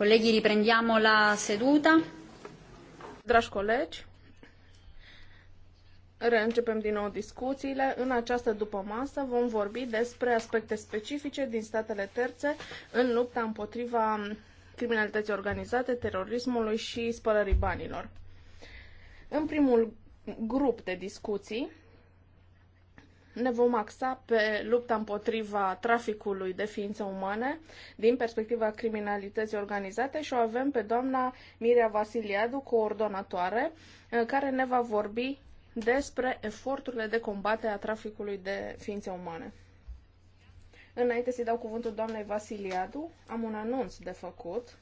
Colleghi, riprendiamo la seduta. Dragi colegi, reîncepem din nou discuțiile. În această dupămasă vom vorbi despre aspecte specifice din statele terțe în lupta împotriva criminalității organizate, terorismului și spălării banilor. În primul grup de discuții ne vom axa pe lupta împotriva traficului de ființe umane din perspectiva criminalității organizate și o avem pe doamna Mirea Vasiliadu, coordonatoare, eh, care ne va vorbi despre eforturile de combate a traficului de ființe umane. Înainte să-i dau cuvântul doamnei Vasiliadu, am un anunț de făcut.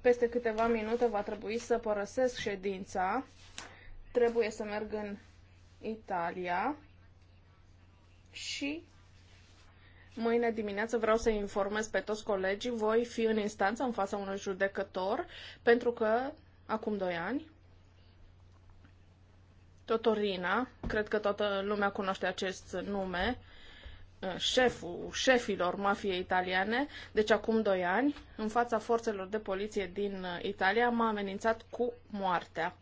Peste câteva minute va trebui să părăsesc ședința. Trebuie să merg în Italia și mâine dimineață vreau să informez pe toți colegii, voi fi în instanță în fața unui judecător, pentru că acum doi ani Totorina, cred că toată lumea cunoaște acest nume, uh, șeful șefilor mafiei italiane, deci acum doi ani, în fața forțelor de poliție din uh, Italia, m-a amenințat cu moartea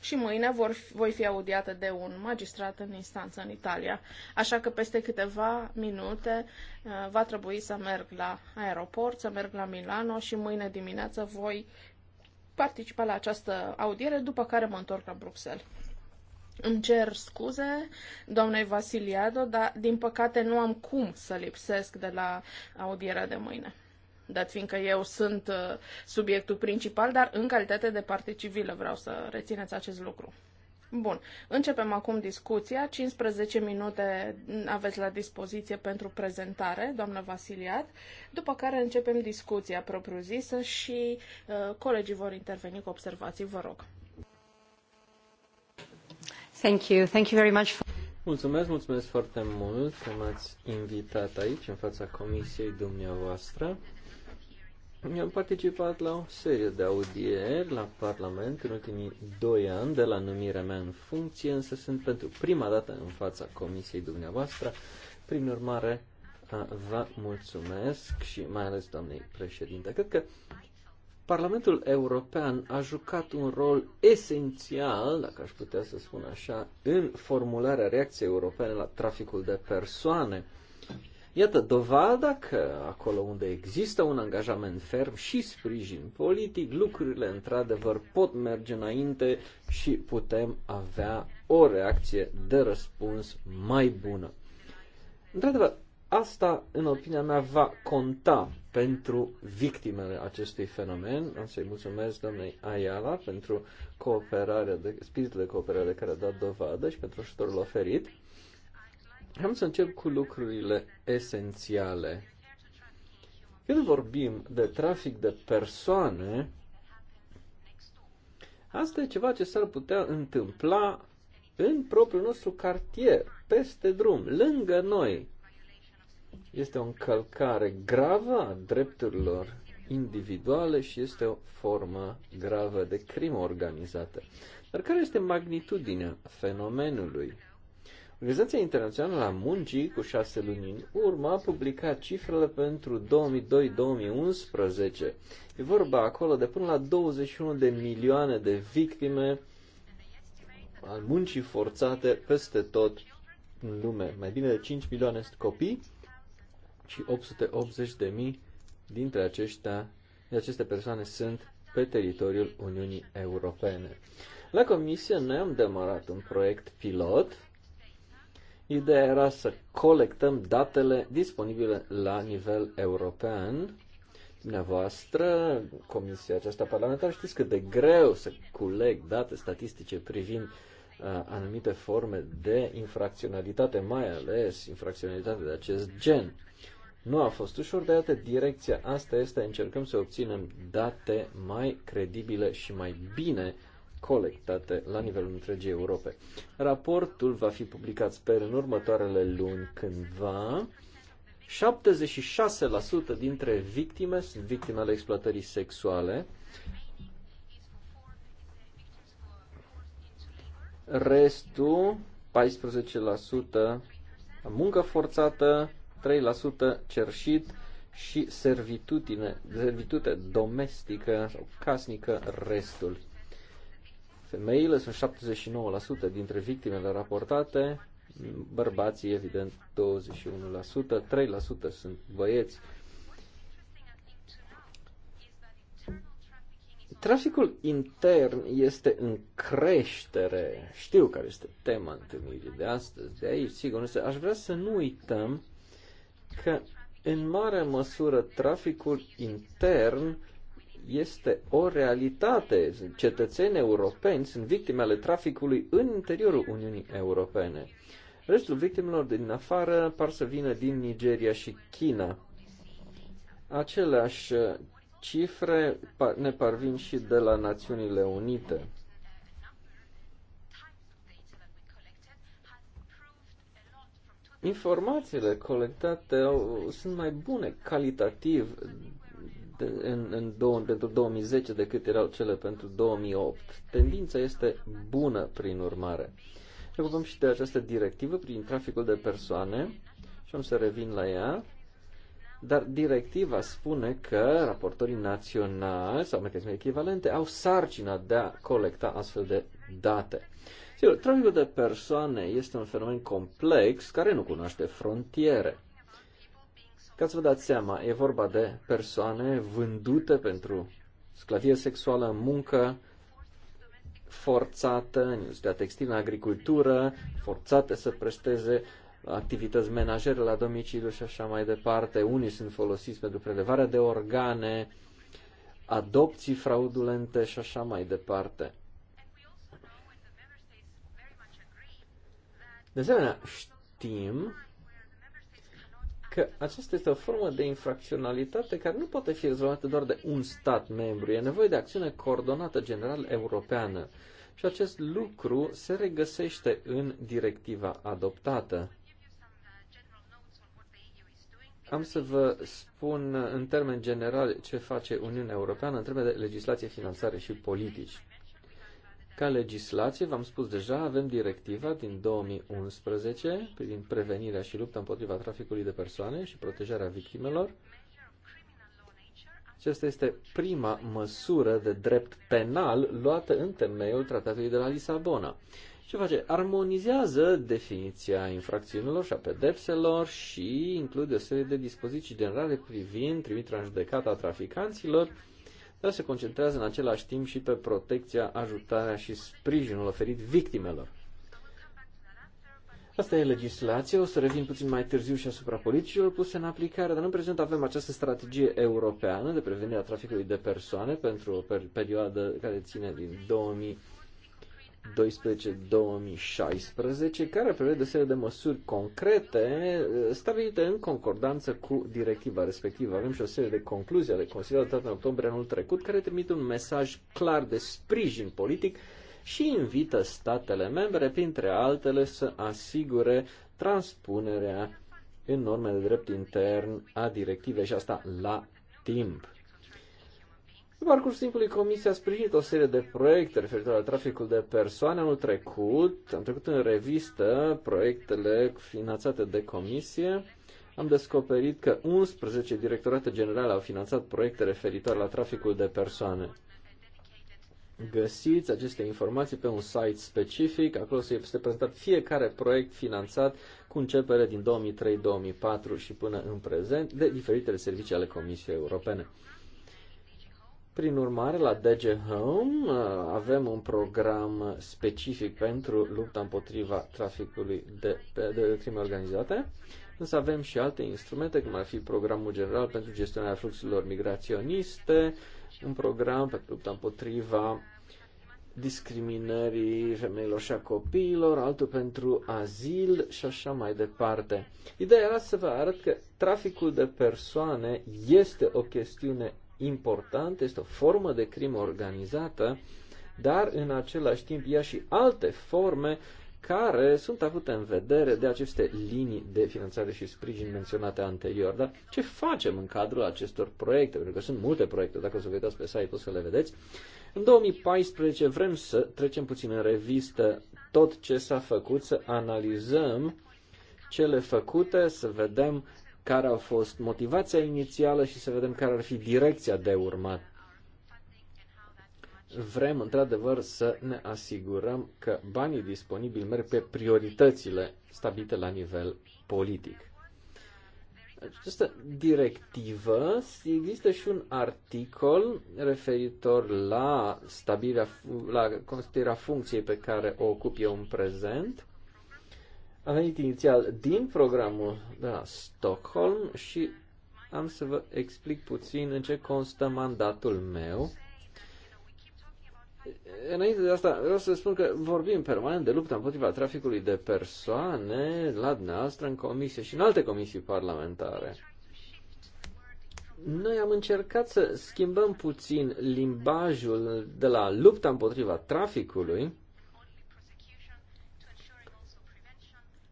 și mâine vor, voi fi audiată de un magistrat în instanță în Italia. Așa că peste câteva minute uh, va trebui să merg la aeroport, să merg la Milano și mâine dimineață voi participa la această audiere, după care mă întorc la Bruxelles. Îmi cer scuze doamnei Vasiliado, dar din păcate nu am cum să lipsesc de la audierea de mâine dat fiindcă eu sunt uh, subiectul principal, dar în calitate de parte civilă vreau să rețineți acest lucru. Bun, începem acum discuția. 15 minute aveți la dispoziție pentru prezentare, doamnă Vasiliat, după care începem discuția propriu-zisă și uh, colegii vor interveni cu observații. Vă rog. Thank you. Thank you very much for... Mulțumesc, mulțumesc foarte mult că m-ați invitat aici, în fața comisiei dumneavoastră am participat la o serie de audieri la Parlament în ultimii doi ani de la numirea mea în funcție, însă sunt pentru prima dată în fața comisiei dumneavoastră. Prin urmare, vă mulțumesc și mai ales doamnei președinte. Cred că Parlamentul European a jucat un rol esențial, dacă aș putea să spun așa, în formularea reacției europene la traficul de persoane Iată dovada că acolo unde există un angajament ferm și sprijin politic, lucrurile într-adevăr pot merge înainte și putem avea o reacție de răspuns mai bună. Într-adevăr, asta, în opinia mea, va conta pentru victimele acestui fenomen. Am să-i mulțumesc doamnei Ayala pentru cooperarea de, spiritul de cooperare care a dat dovadă și pentru ajutorul oferit. Am să încep cu lucrurile esențiale. Când vorbim de trafic de persoane, asta e ceva ce s-ar putea întâmpla în propriul nostru cartier, peste drum, lângă noi. Este o încălcare gravă a drepturilor individuale și este o formă gravă de crimă organizată. Dar care este magnitudinea fenomenului? Organizația Internațională a Muncii, cu șase luni în urmă, a publicat cifrele pentru 2002-2011. E vorba acolo de până la 21 de milioane de victime al muncii forțate peste tot în lume. Mai bine de 5 milioane sunt copii și 880 de mii dintre aceștia, de aceste persoane sunt pe teritoriul Uniunii Europene. La Comisie ne-am demarat un proiect pilot Ideea era să colectăm datele disponibile la nivel european. Dumneavoastră, Comisia aceasta parlamentară, știți cât de greu să culeg date statistice privind uh, anumite forme de infracționalitate, mai ales infracționalitate de acest gen. Nu a fost ușor, de atât direcția asta este încercăm să obținem date mai credibile și mai bine colectate la nivelul întregii Europe. Raportul va fi publicat, sper, în următoarele luni cândva. 76% dintre victime sunt victime ale exploatării sexuale. Restul, 14%, muncă forțată, 3% cerșit și servitutine, servitute domestică sau casnică restul. Femeile sunt 79% dintre victimele raportate, bărbații, evident, 21%, 3% sunt băieți. Traficul intern este în creștere. Știu care este tema întâlnirii de astăzi, de aici, sigur. Însă aș vrea să nu uităm că, în mare măsură, traficul intern este o realitate. Cetățenii europeni sunt victime ale traficului în interiorul Uniunii Europene. Restul victimelor din afară par să vină din Nigeria și China. Aceleași uh, cifre ne parvin și de la Națiunile Unite. Informațiile colectate au, sunt mai bune calitativ de, în, în două, pentru 2010 decât erau cele pentru 2008. Tendința este bună, prin urmare. Ne ocupăm și de această directivă prin traficul de persoane și am să revin la ea. Dar directiva spune că raportorii naționali sau mecanisme echivalente au sarcina de a colecta astfel de date. Sigur, traficul de persoane este un fenomen complex care nu cunoaște frontiere. Ca să vă dați seama, e vorba de persoane vândute pentru sclavie sexuală, muncă forțată în industria textilă, în agricultură, forțate să presteze activități menajere la domiciliu și așa mai departe. Unii sunt folosiți pentru prelevarea de organe, adopții fraudulente și așa mai departe. De asemenea, știm că aceasta este o formă de infracționalitate care nu poate fi rezolvată doar de un stat membru. E nevoie de acțiune coordonată general europeană. Și acest lucru se regăsește în directiva adoptată. Am să vă spun în termen general ce face Uniunea Europeană în termen de legislație, finanțare și politici. Ca legislație, v-am spus deja, avem directiva din 2011 privind prevenirea și lupta împotriva traficului de persoane și protejarea victimelor. Aceasta este prima măsură de drept penal luată în temeiul Tratatului de la Lisabona. Ce face? Armonizează definiția infracțiunilor și a pedepselor și include o serie de dispoziții generale privind trimiterea în judecată a traficanților, dar se concentrează în același timp și pe protecția, ajutarea și sprijinul oferit victimelor. Asta e legislație, o să revin puțin mai târziu și asupra politicilor puse în aplicare, dar în prezent avem această strategie europeană de prevenire a traficului de persoane pentru o perioadă care ține din 2000 2016, care prevede o serie de măsuri concrete eh, stabilite în concordanță cu directiva respectivă. Avem și o serie de concluzii ale Consiliului dată în octombrie anul trecut, care trimit un mesaj clar de sprijin politic și invită statele membre, printre altele, să asigure transpunerea în norme de drept intern a directivei și asta la timp. În parcursul timpului, Comisia a sprijinit o serie de proiecte referitoare la traficul de persoane. Anul trecut am trecut în revistă proiectele finanțate de Comisie. Am descoperit că 11 directorate generale au finanțat proiecte referitoare la traficul de persoane. Găsiți aceste informații pe un site specific, acolo se este prezentat fiecare proiect finanțat cu începere din 2003-2004 și până în prezent de diferitele servicii ale Comisiei Europene. Prin urmare, la DG Home uh, avem un program specific pentru lupta împotriva traficului de, de, de crime organizate, însă avem și alte instrumente, cum ar fi programul general pentru gestionarea fluxurilor migraționiste, un program pentru lupta împotriva discriminării femeilor și a copiilor, altul pentru azil și așa mai departe. Ideea era să vă arăt că traficul de persoane este o chestiune important, este o formă de crimă organizată, dar în același timp ia și alte forme care sunt avute în vedere de aceste linii de finanțare și sprijin menționate anterior. Dar ce facem în cadrul acestor proiecte? Pentru că sunt multe proiecte, dacă o să vă uitați pe site o să le vedeți. În 2014 vrem să trecem puțin în revistă tot ce s-a făcut, să analizăm cele făcute, să vedem care a fost motivația inițială și să vedem care ar fi direcția de urmat. Vrem, într-adevăr, să ne asigurăm că banii disponibili merg pe prioritățile stabilite la nivel politic. Această directivă există și un articol referitor la stabilirea, la constituirea funcției pe care o ocup eu în prezent a venit inițial din programul de la Stockholm și am să vă explic puțin în ce constă mandatul meu. Înainte de asta, vreau să spun că vorbim permanent de lupta împotriva traficului de persoane la dumneavoastră, în comisie și în alte comisii parlamentare. Noi am încercat să schimbăm puțin limbajul de la lupta împotriva traficului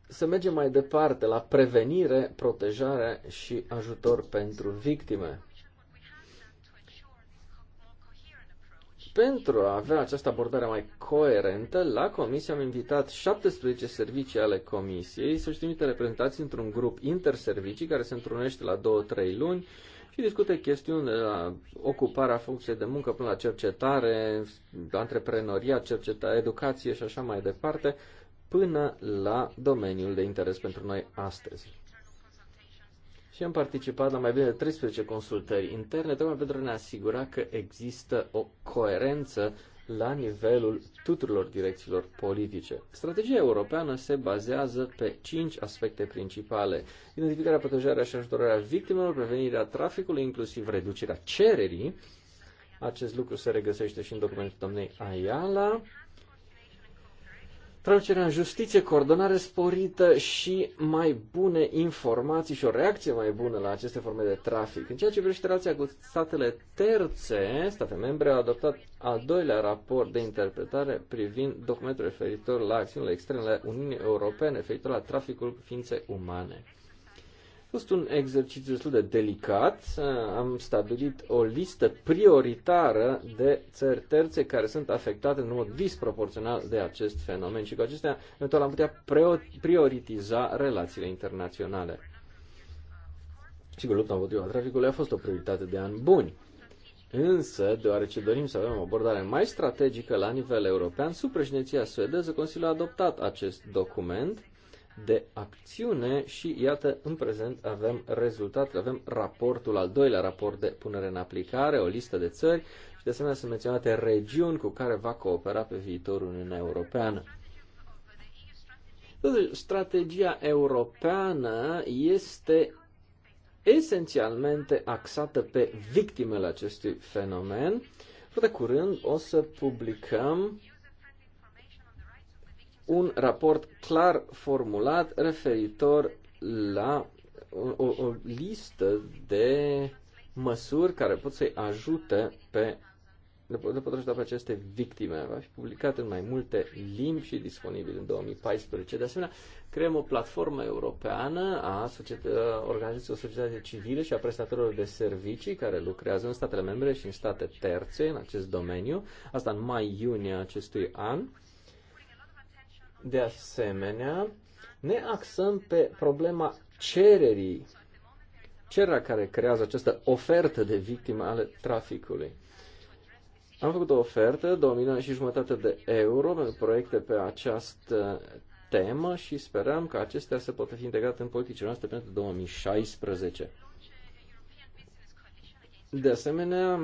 să mergem mai departe la prevenire, protejare și ajutor pentru victime. Pentru a avea această abordare mai coerentă, la comisie am invitat 17 servicii ale comisiei să-și trimite reprezentații într-un grup interservicii care se întrunește la 2-3 luni și discute chestiuni de la ocuparea funcției de muncă până la cercetare, antreprenoria, cercetare, educație și așa mai departe, până la domeniul de interes pentru noi astăzi. Și am participat la mai bine de 13 consultări interne, tocmai pentru a ne asigura că există o coerență la nivelul tuturor direcțiilor politice. Strategia europeană se bazează pe cinci aspecte principale. Identificarea, protejarea și ajutorarea victimelor, prevenirea traficului, inclusiv reducerea cererii. Acest lucru se regăsește și în documentul domnei Ayala traducerea în justiție, coordonare sporită și mai bune informații și o reacție mai bună la aceste forme de trafic. În ceea ce privește relația cu statele terțe, state membre au adoptat al doilea raport de interpretare privind documentul referitor la acțiunile externe ale Uniunii Europene, referitor la traficul cu ființe umane. A fost un exercițiu destul de delicat. Am stabilit o listă prioritară de țări terțe care sunt afectate în mod disproporțional de acest fenomen și cu acestea eventual am putea prioritiza relațiile internaționale. Sigur, lupta împotriva traficului a fost o prioritate de ani buni. Însă, deoarece dorim să avem o abordare mai strategică la nivel european, sub președinția suedeză Consiliul a adoptat acest document de acțiune și iată, în prezent avem rezultatele, avem raportul, al doilea raport de punere în aplicare, o listă de țări și de asemenea sunt menționate regiuni cu care va coopera pe viitorul Uniunea Europeană. Totuși, strategia europeană este esențialmente axată pe victimele acestui fenomen. Foarte curând o să publicăm un raport clar formulat referitor la o, o listă de măsuri care pot să-i ajute pe le pot, le pot ajuta pe aceste victime. Va fi publicat în mai multe limbi și disponibil în 2014. De asemenea, creăm o platformă europeană a organizațiilor societate civile și a prestatorilor de servicii care lucrează în statele membre și în state terțe în acest domeniu. Asta în mai-iunie acestui an. De asemenea, ne axăm pe problema cererii, cererea care creează această ofertă de victime ale traficului. Am făcut o ofertă, 2 milioane și jumătate de euro pentru proiecte pe această temă și sperăm că acestea se pot fi integrate în politicile noastre pentru 2016. De asemenea,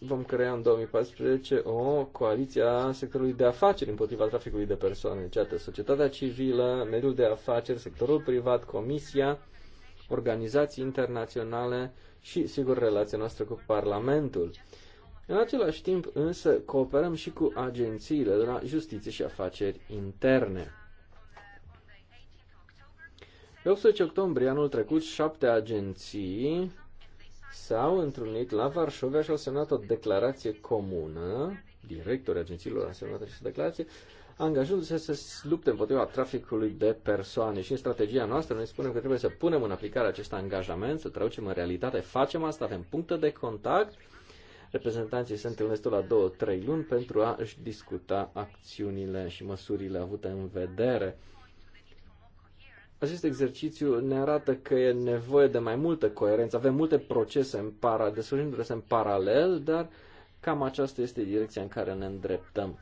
vom crea în 2014 o coaliție a sectorului de afaceri împotriva traficului de persoane. Deci, atât societatea civilă, mediul de afaceri, sectorul privat, comisia, organizații internaționale și, sigur, relația noastră cu Parlamentul. În același timp, însă, cooperăm și cu agențiile de la justiție și afaceri interne. Pe 18 octombrie anul trecut, șapte agenții s-au întrunit la Varșovia și au semnat o declarație comună, directorii agențiilor au semnat această declarație, angajându-se să lupte împotriva traficului de persoane. Și în strategia noastră noi spunem că trebuie să punem în aplicare acest angajament, să traducem în realitate, facem asta, avem puncte de contact, reprezentanții se întâlnesc la 2-3 luni pentru a-și discuta acțiunile și măsurile avute în vedere acest exercițiu ne arată că e nevoie de mai multă coerență. Avem multe procese în para, desfășurându se în paralel, dar cam aceasta este direcția în care ne îndreptăm.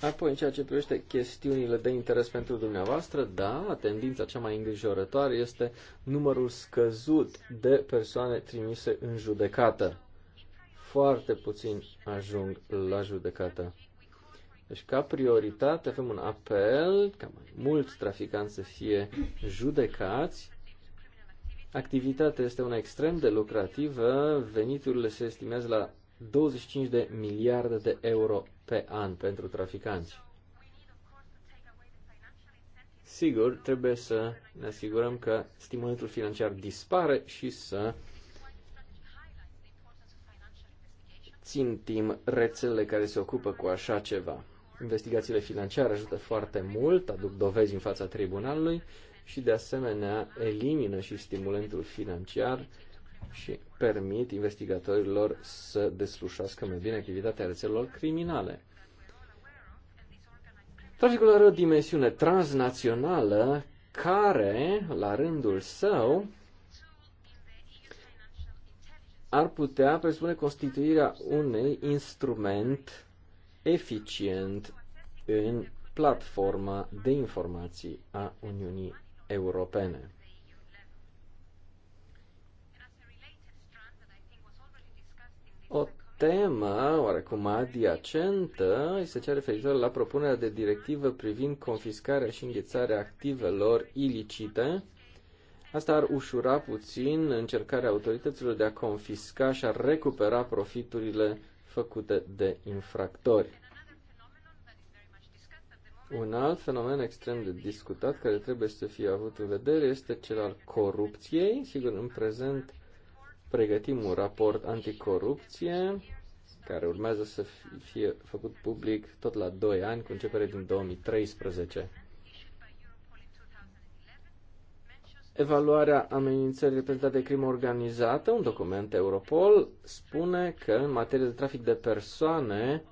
Apoi, în ceea ce privește chestiunile de interes pentru dumneavoastră, da, tendința cea mai îngrijorătoare este numărul scăzut de persoane trimise în judecată. Foarte puțin ajung la judecată. Deci, ca prioritate, avem un apel ca mai mulți traficanți să fie judecați. Activitatea este una extrem de lucrativă, veniturile se estimează la 25 de miliarde de euro pe an pentru traficanți. Sigur, trebuie să ne asigurăm că stimulentul financiar dispare și să țintim rețelele care se ocupă cu așa ceva investigațiile financiare ajută foarte mult, aduc dovezi în fața tribunalului și de asemenea elimină și stimulentul financiar și permit investigatorilor să deslușească mai bine activitatea rețelelor criminale. Traficul are o dimensiune transnațională care, la rândul său, ar putea presupune constituirea unei instrument eficient în platforma de informații a Uniunii Europene. O temă oarecum adiacentă este cea referitoare la propunerea de directivă privind confiscarea și înghețarea activelor ilicite. Asta ar ușura puțin încercarea autorităților de a confisca și a recupera profiturile făcute de infractori. Un alt fenomen extrem de discutat care trebuie să fie avut în vedere este cel al corupției. Sigur, în prezent pregătim un raport anticorupție care urmează să fie făcut public tot la 2 ani, cu începere din 2013. Evaluarea amenințării reprezentate de crimă organizată, un document Europol, spune că în materie de trafic de persoane,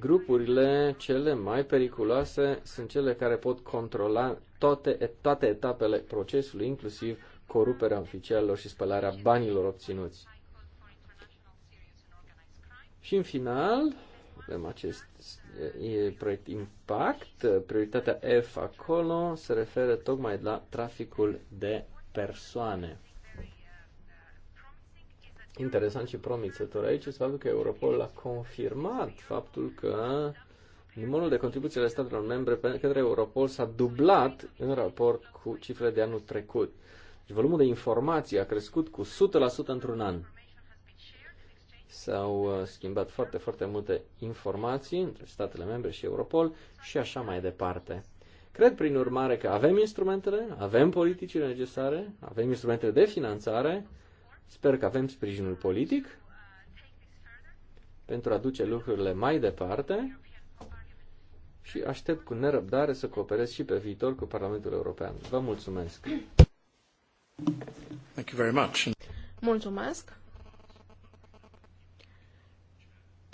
grupurile cele mai periculoase sunt cele care pot controla toate, toate etapele procesului, inclusiv coruperea oficialilor și spălarea banilor obținuți. Și în final, avem acest proiect Impact, prioritatea F acolo se referă tocmai la traficul de persoane. Interesant și promițător aici este faptul că Europol a confirmat faptul că numărul de contribuții ale statelor membre către Europol s-a dublat în raport cu cifrele de anul trecut. Deci volumul de informații a crescut cu 100% într-un an s-au uh, schimbat foarte, foarte multe informații între statele membre și Europol și așa mai departe. Cred, prin urmare, că avem instrumentele, avem politicile necesare, avem instrumentele de finanțare, sper că avem sprijinul politic pentru a duce lucrurile mai departe și aștept cu nerăbdare să cooperez și pe viitor cu Parlamentul European. Vă mulțumesc! Thank you very much. Mulțumesc!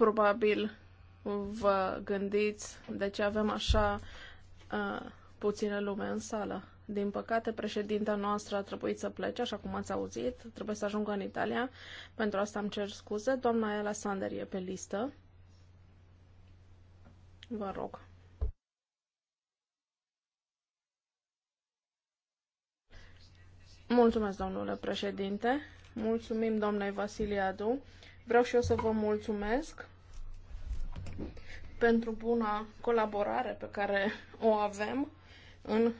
Probabil vă gândiți de ce avem așa uh, puțină lume în sală. Din păcate, președinta noastră a trebuit să plece, așa cum ați auzit, trebuie să ajungă în Italia. Pentru asta îmi cer scuze. Doamna Ela Sander e pe listă. Vă rog. Mulțumesc, domnule președinte. Mulțumim, doamnei Vasiliadu Vreau și eu să vă mulțumesc pentru buna colaborare pe care o avem în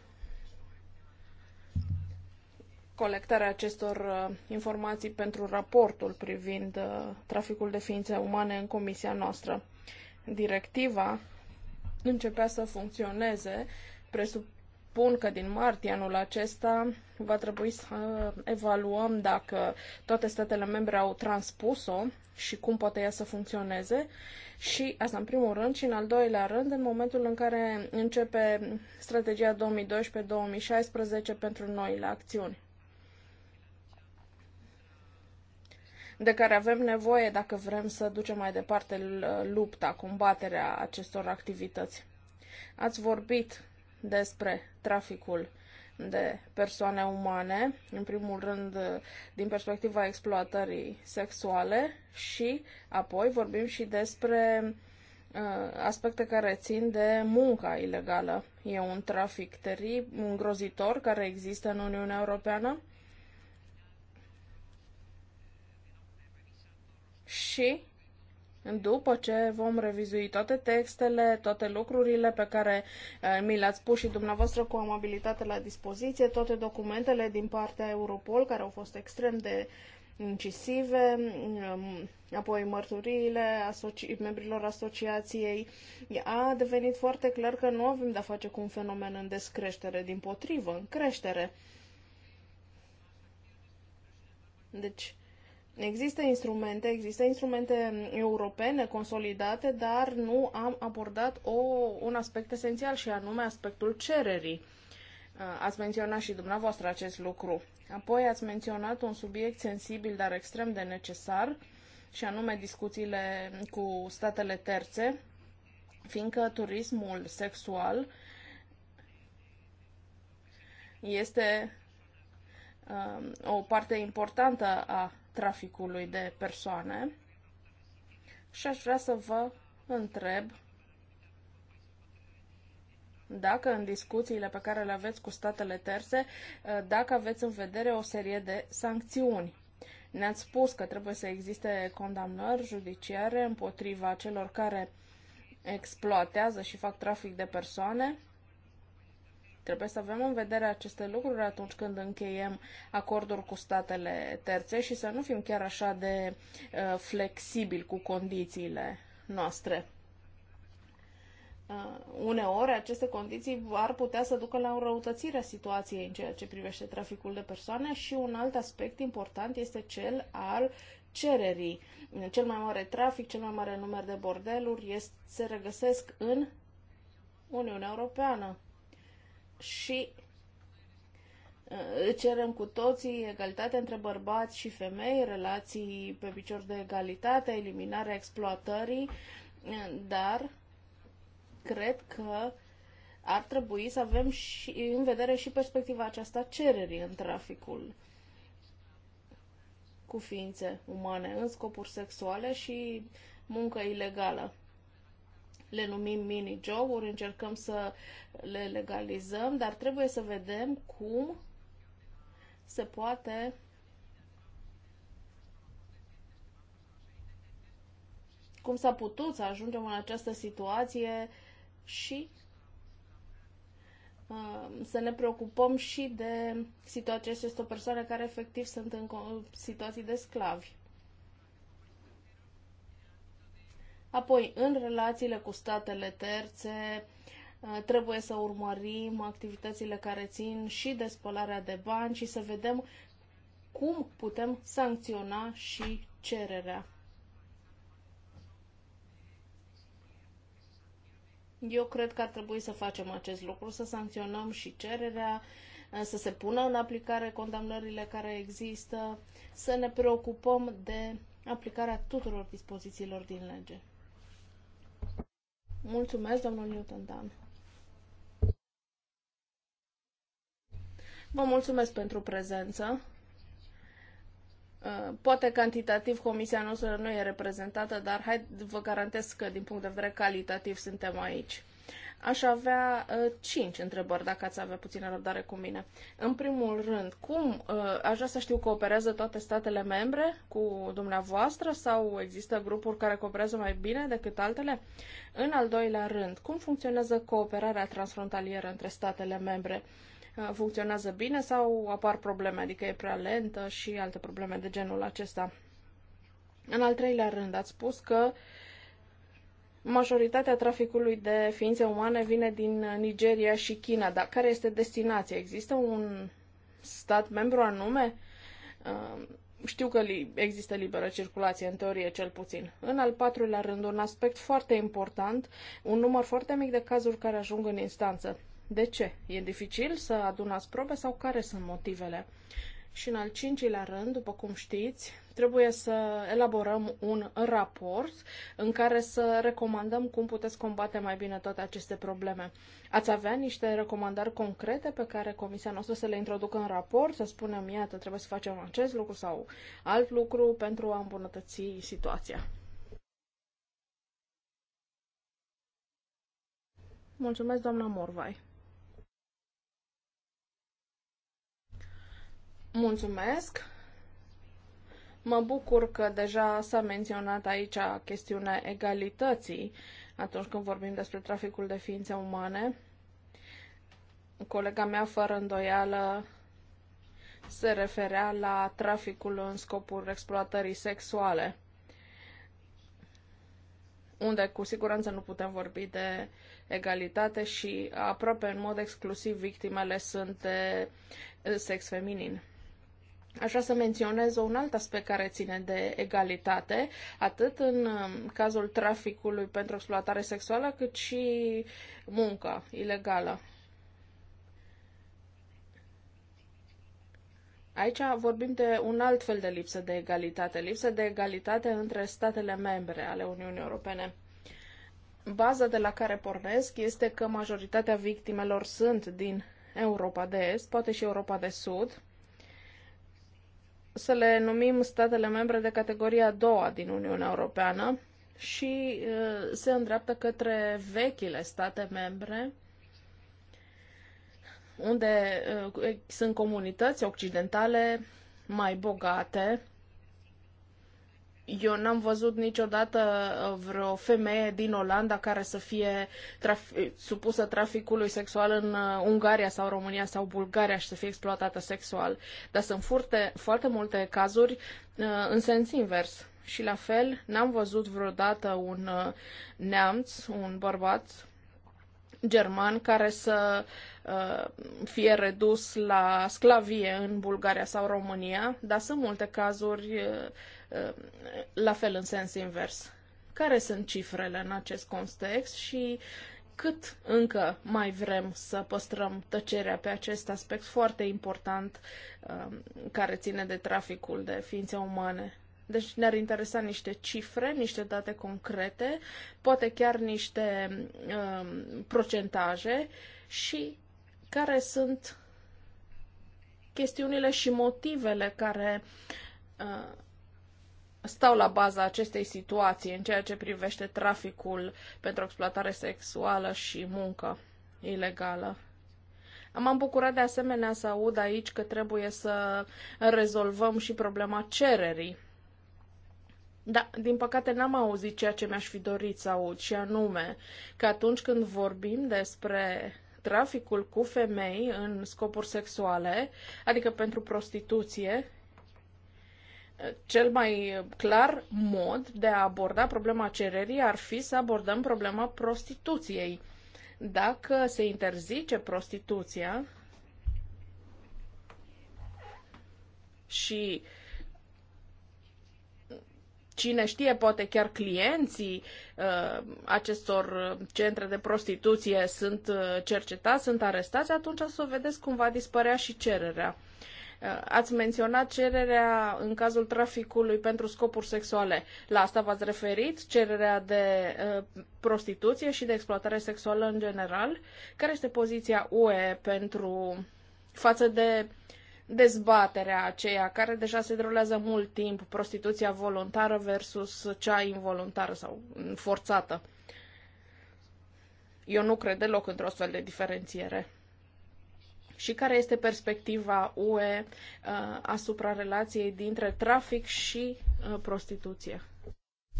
colectarea acestor uh, informații pentru raportul privind uh, traficul de ființe umane în comisia noastră. Directiva începea să funcționeze spun că din martie anul acesta va trebui să evaluăm dacă toate statele membre au transpus-o și cum poate ea să funcționeze. Și asta în primul rând și în al doilea rând, în momentul în care începe strategia 2012-2016 pentru noile acțiuni. de care avem nevoie dacă vrem să ducem mai departe lupta, combaterea acestor activități. Ați vorbit despre traficul de persoane umane, în primul rând din perspectiva exploatării sexuale și apoi vorbim și despre uh, aspecte care țin de munca ilegală. E un trafic terib, un grozitor care există în Uniunea Europeană. Și după ce vom revizui toate textele, toate lucrurile pe care eh, mi le-ați pus și dumneavoastră cu amabilitate la dispoziție, toate documentele din partea Europol care au fost extrem de incisive, mm, apoi mărturiile asoci- membrilor asociației, a devenit foarte clar că nu avem de-a face cu un fenomen în descreștere, din potrivă, în creștere. Deci, Există instrumente, există instrumente mm, europene consolidate, dar nu am abordat o, un aspect esențial și anume aspectul cererii. Uh, ați menționat și dumneavoastră acest lucru. Apoi ați menționat un subiect sensibil, dar extrem de necesar, și anume discuțiile cu statele terțe, fiindcă turismul sexual este um, o parte importantă a traficului de persoane și aș vrea să vă întreb dacă în discuțiile pe care le aveți cu statele terțe, uh, dacă aveți în vedere o serie de sancțiuni. Ne-ați spus că trebuie să existe condamnări judiciare împotriva celor care exploatează și fac trafic de persoane, Trebuie să avem în vedere aceste lucruri atunci când încheiem acorduri cu statele terțe și să nu fim chiar așa de uh, flexibili cu condițiile noastre. Uh, uneori, aceste condiții ar putea să ducă la înrăutățirea situației în ceea ce privește traficul de persoane și un alt aspect important este cel al cererii. Cel mai mare trafic, cel mai mare număr de bordeluri este, se regăsesc în Uniunea Europeană și uh, cerem cu toții egalitate între bărbați și femei, relații pe picior de egalitate, eliminarea exploatării, uh, dar cred că ar trebui să avem și, în vedere și perspectiva aceasta cererii în traficul cu ființe umane în scopuri sexuale și muncă ilegală le numim mini joburi încercăm să le legalizăm, dar trebuie să vedem cum se poate cum s-a putut să ajungem în această situație și uh, să ne preocupăm și de situația acestor persoane care efectiv sunt în situații de sclavi. Apoi, în relațiile cu statele terțe, uh, trebuie să urmărim activitățile care țin și de spălarea de bani și să vedem cum putem sancționa și cererea. Eu cred că ar trebui să facem acest lucru, să sancționăm și cererea, uh, să se pună în aplicare condamnările care există, să ne preocupăm de aplicarea tuturor dispozițiilor din lege. Mulțumesc, domnul Newton Dan. Vă mulțumesc pentru prezență. Uh, poate cantitativ comisia noastră nu e reprezentată, dar hai, vă garantez că din punct de vedere calitativ suntem aici aș avea uh, cinci întrebări, dacă ați avea puțină răbdare cu mine. În primul rând, cum uh, aș vrea să știu cooperează toate statele membre cu dumneavoastră sau există grupuri care cooperează mai bine decât altele? În al doilea rând, cum funcționează cooperarea transfrontalieră între statele membre? Ă, funcționează bine sau apar probleme, adică e prea lentă și alte probleme de genul acesta? În al treilea rând, ați spus că uh, Majoritatea traficului de ființe umane vine din Nigeria și China, dar care este destinația? Există un stat membru anume? Știu că există liberă circulație, în teorie cel puțin. În al patrulea rând, un aspect foarte important, un număr foarte mic de cazuri care ajung în instanță. De ce? E dificil să adunați probe sau care sunt motivele? Și în al cincilea rând, după cum știți, trebuie să elaborăm un raport în care să recomandăm cum puteți combate mai bine toate aceste probleme. Ați avea niște recomandări concrete pe care comisia noastră să le introducă în raport, să spunem, iată, trebuie să facem acest lucru sau alt lucru pentru a îmbunătăți situația. Mulțumesc, doamna Morvai. Mulțumesc. Mă bucur că deja s-a menționat aici chestiunea egalității atunci când vorbim despre traficul de ființe umane. Colega mea, fără îndoială, se referea la traficul în scopul exploatării sexuale, unde cu siguranță nu putem vorbi de egalitate și aproape în mod exclusiv victimele sunt de sex feminin. Aș vrea să menționez un alt aspect care ține de egalitate, atât în um, cazul traficului pentru exploatare sexuală, cât și munca ilegală. Aici vorbim de un alt fel de lipsă de egalitate, lipsă de egalitate între statele membre ale Uniunii Europene. Baza de la care pornesc este că majoritatea victimelor sunt din Europa de Est, poate și Europa de Sud, să le numim statele membre de categoria a doua din Uniunea Europeană și se îndreaptă către vechile state membre unde sunt comunități occidentale mai bogate eu n-am văzut niciodată uh, vreo femeie din Olanda care să fie traf- eh, supusă traficului sexual în uh, Ungaria sau România sau Bulgaria și să fie exploatată sexual. Dar sunt furte, foarte multe cazuri uh, în sens invers. Și la fel, n-am văzut vreodată un neamț, un bărbat german care să uh, fie redus la sclavie în Bulgaria sau România, dar sunt multe cazuri uh, uh, la fel în sens invers. Care sunt cifrele în acest context și cât încă mai vrem să păstrăm tăcerea pe acest aspect foarte important care ține de traficul de ființe umane? Deci ne-ar interesa niște cifre, niște date concrete, poate chiar niște um, procentaje și care sunt chestiunile și motivele care uh, stau la baza acestei situații în ceea ce privește traficul pentru exploatare sexuală și muncă ilegală. M-am bucurat de asemenea să aud aici că trebuie să rezolvăm și problema cererii da, din păcate n-am auzit ceea ce mi-aș fi dorit să aud, și anume că atunci când vorbim despre traficul cu femei în scopuri sexuale, adică pentru prostituție, cel mai clar mod de a aborda problema cererii ar fi să abordăm problema prostituției. Dacă se interzice prostituția și uh, cine știe, poate chiar clienții uh, acestor centre de prostituție sunt uh, cercetați, sunt arestați, atunci o să vedeți cum va dispărea și cererea. Uh, ați menționat cererea în cazul traficului pentru scopuri sexuale. La asta v-ați referit? Cererea de uh, prostituție și de exploatare sexuală în general? Care este poziția UE pentru față de uh, dezbaterea aceea care deja se derulează mult timp, prostituția voluntară versus cea involuntară sau forțată. Eu nu cred deloc într-o astfel de diferențiere. Și care este perspectiva UE uh, asupra relației dintre trafic și uh, prostituție?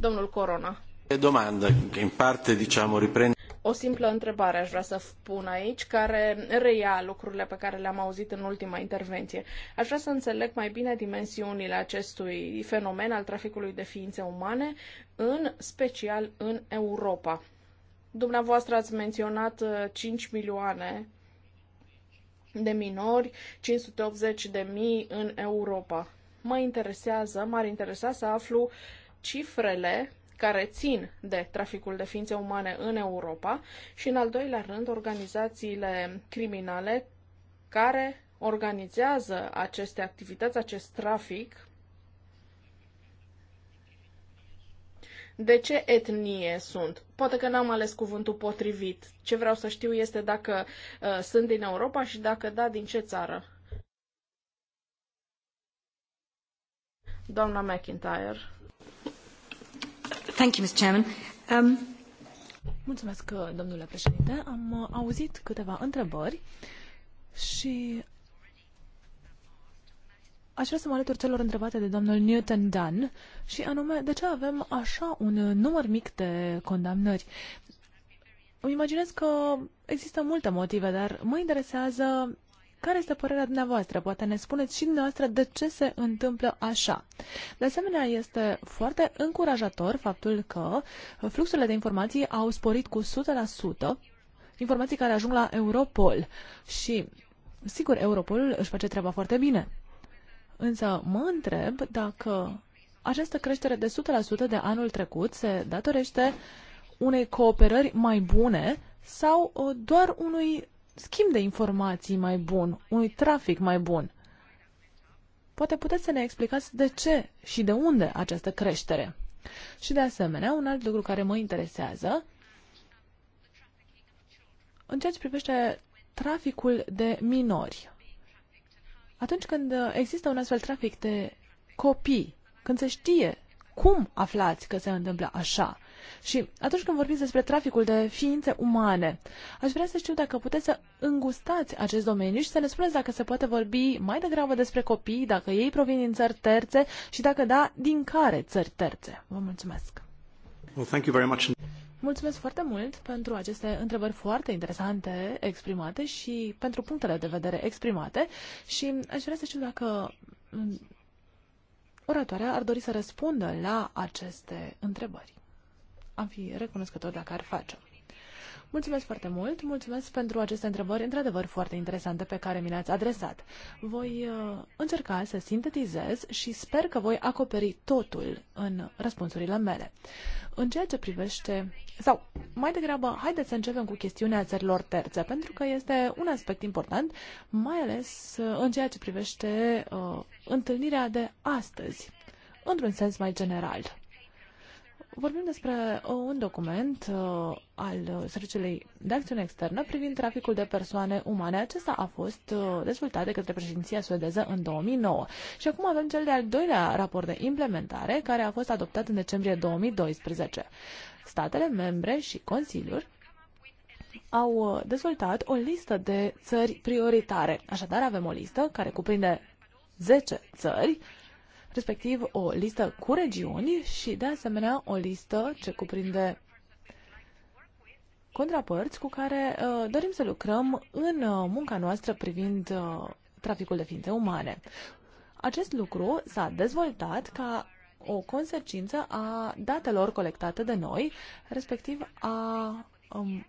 Domnul Corona. domandă, în parte, diciamo, riprende... O simplă întrebare aș vrea să pun aici, care reia lucrurile pe care le-am auzit în ultima intervenție. Aș vrea să înțeleg mai bine dimensiunile acestui fenomen al traficului de ființe umane, în special în Europa. Dumneavoastră ați menționat 5 uh, milioane de minori, 580 de mii în Europa. Mă interesează, m-ar interesa să aflu cifrele care țin de traficul de ființe umane în Europa și, în al doilea rând, organizațiile criminale care organizează aceste activități, acest trafic. De ce etnie sunt? Poate că n-am ales cuvântul potrivit. Ce vreau să știu este dacă uh, sunt din Europa și dacă da, din ce țară? Doamna McIntyre. Um, domnule președinte. Am uh, auzit câteva întrebări și aș vrea să mă alătur celor întrebate de domnul Newton Dunn și anume, de ce avem așa un număr mic de condamnări? Îmi imaginez că există multe motive, dar mă interesează care este părerea dumneavoastră? Poate ne spuneți și dumneavoastră de ce se întâmplă așa. De asemenea, este foarte încurajator faptul că fluxurile de informații au sporit cu 100% informații care ajung la Europol și, sigur, Europolul își face treaba foarte bine. Însă mă întreb dacă această creștere de 100% de anul trecut se datorește unei cooperări mai bune sau uh, doar unui schimb de informații mai bun, unui trafic mai bun. Poate puteți să ne explicați de ce și de unde această creștere. Și de asemenea, un alt lucru care mă interesează, în ceea ce privește traficul de minori. Atunci când există un astfel trafic de copii, când se știe cum aflați că se întâmplă așa, și atunci când vorbiți despre traficul de ființe umane, aș vrea să știu dacă puteți să îngustați acest domeniu și să ne spuneți dacă se poate vorbi mai degrabă despre copii, dacă ei provin din țări terțe și dacă da, din care țări terțe. Vă mulțumesc! Well, thank you very much. Mulțumesc foarte mult pentru aceste întrebări foarte interesante exprimate și pentru punctele de vedere exprimate și aș vrea să știu dacă mm, oratoarea ar dori să răspundă la aceste întrebări am fi recunoscător dacă ar face. Mulțumesc foarte mult, mulțumesc pentru aceste întrebări într-adevăr foarte interesante pe care mi le-ați adresat. Voi uh, încerca să sintetizez și sper că voi acoperi totul în răspunsurile mele. În ceea ce privește, sau mai degrabă, haideți să începem cu chestiunea țărilor terțe, pentru că este un aspect important, mai ales uh, în ceea ce privește uh, întâlnirea de astăzi, într-un sens mai general. Vorbim despre uh, un document uh, al Serviciului de Acțiune Externă privind traficul de persoane umane. Acesta a fost uh, dezvoltat de către președinția suedeză în 2009. Și acum avem cel de-al doilea raport de implementare, care a fost adoptat în decembrie 2012. Statele membre și Consiliul au dezvoltat o listă de țări prioritare. Așadar, avem o listă care cuprinde 10 țări respectiv o listă cu regiuni și, de asemenea, o listă ce cuprinde contrapărți cu care uh, dorim să lucrăm în uh, munca noastră privind uh, traficul de ființe umane. Acest lucru s-a dezvoltat ca o consecință a datelor colectate de noi, respectiv a um,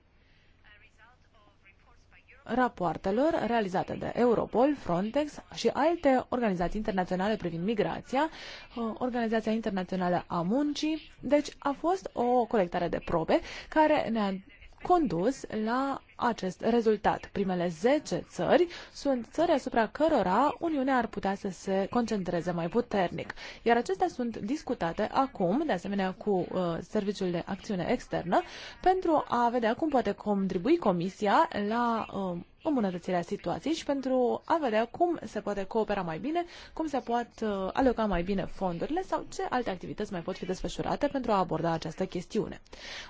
rapoartelor realizate de Europol, Frontex și alte organizații internaționale privind migrația, uh, Organizația Internațională a Muncii. Deci a fost o colectare de probe care ne-a condus la acest rezultat. Primele 10 țări sunt țări asupra cărora Uniunea ar putea să se concentreze mai puternic, iar acestea sunt discutate acum, de asemenea cu uh, Serviciul de Acțiune Externă, pentru a vedea cum poate contribui Comisia la uh, îmbunătățirea situației și pentru a vedea cum se poate coopera mai bine, cum se pot uh, aloca mai bine fondurile sau ce alte activități mai pot fi desfășurate pentru a aborda această chestiune.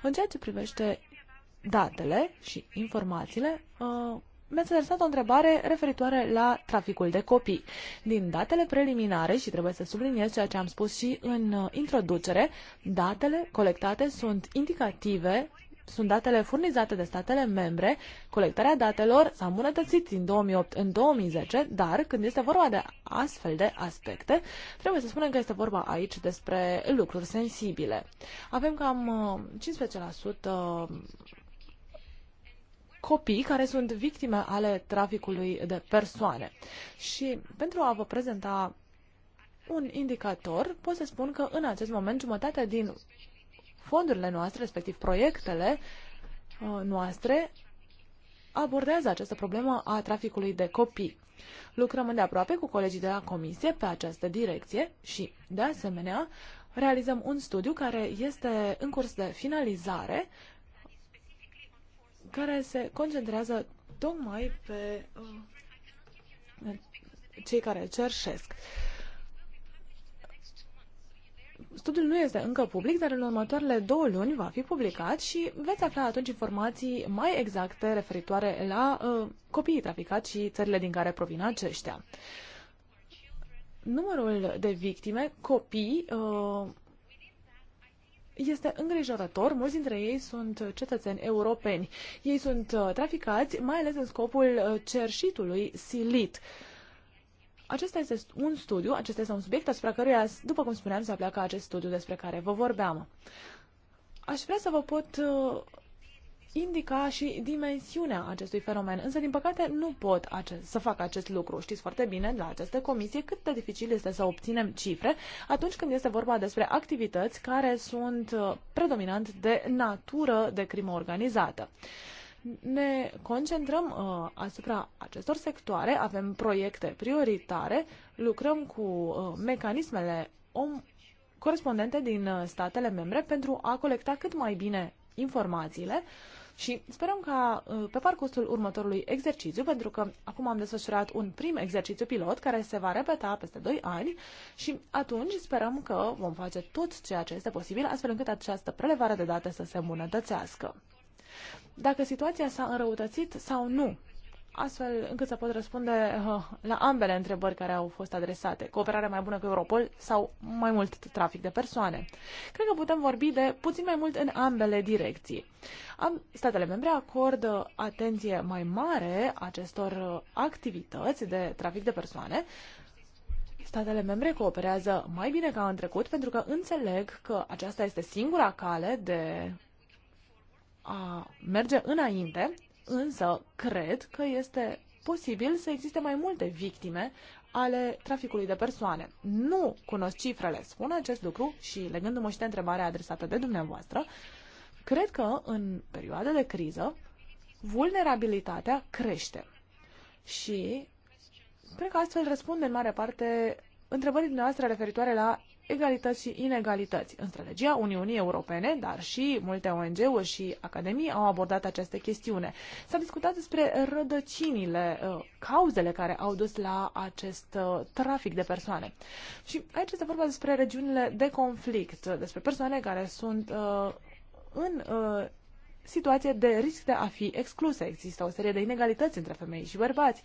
În ceea ce privește datele și informațiile, uh, mi-ați adresat o întrebare referitoare la traficul de copii. Din datele preliminare, și trebuie să subliniez ceea ce am spus și în uh, introducere, datele colectate sunt indicative sunt datele furnizate de statele membre, colectarea datelor s-a îmbunătățit din 2008 în 2010, dar când este vorba de astfel de aspecte, trebuie să spunem că este vorba aici despre lucruri sensibile. Avem cam 15% uh, copii care sunt victime ale traficului de persoane. Și pentru a vă prezenta un indicator, pot să spun că în acest moment jumătate din fondurile noastre, respectiv proiectele uh, noastre, abordează această problemă a traficului de copii. Lucrăm îndeaproape cu colegii de la comisie pe această direcție și, de asemenea, realizăm un studiu care este în curs de finalizare care se concentrează tocmai pe uh, cei care cerșesc. Studiul nu este încă public, dar în următoarele două luni va fi publicat și veți afla atunci informații mai exacte referitoare la uh, copiii traficați și țările din care provin aceștia. Numărul de victime, copii, uh, este îngrijorător. Mulți dintre ei sunt cetățeni europeni. Ei sunt uh, traficați, mai ales în scopul uh, cerșitului silit. Acesta este un studiu, acesta este un subiect asupra căruia, după cum spuneam, se apleacă acest studiu despre care vă vorbeam. Aș vrea să vă pot uh, indica și dimensiunea acestui fenomen, însă, din păcate, nu pot acest, să fac acest lucru. Știți foarte bine la această comisie cât de dificil este să obținem cifre atunci când este vorba despre activități care sunt uh, predominant de natură de crimă organizată ne concentrăm uh, asupra acestor sectoare, avem proiecte prioritare, lucrăm cu uh, mecanismele om corespondente din uh, statele membre pentru a colecta cât mai bine informațiile și sperăm ca uh, pe parcursul următorului exercițiu, pentru că acum am desfășurat un prim exercițiu pilot care se va repeta peste 2 ani și atunci sperăm că vom face tot ceea ce este posibil astfel încât această prelevare de date să se îmbunătățească. Dacă situația s-a înrăutățit sau nu, astfel încât să pot răspunde uh, la ambele întrebări care au fost adresate. Cooperare mai bună cu Europol sau mai mult trafic de persoane. Cred că putem vorbi de puțin mai mult în ambele direcții. Am, statele membre acordă atenție mai mare acestor uh, activități de trafic de persoane, Statele membre cooperează mai bine ca în trecut pentru că înțeleg că aceasta este singura cale de a merge înainte însă cred că este posibil să existe mai multe victime ale traficului de persoane. Nu cunosc cifrele, spun acest lucru și legându-mă și de întrebarea adresată de dumneavoastră, cred că în perioada de criză vulnerabilitatea crește. Și cred că astfel răspund în mare parte întrebării dumneavoastră referitoare la egalități și inegalități. În strategia Uniunii Europene, dar și multe ONG-uri și academii au abordat această chestiune. S-a discutat despre rădăcinile, uh, cauzele care au dus la acest uh, trafic de persoane. Și aici este vorba despre regiunile de conflict, despre persoane care sunt uh, în situație de risc de a fi excluse. Există o serie de inegalități între femei și bărbați.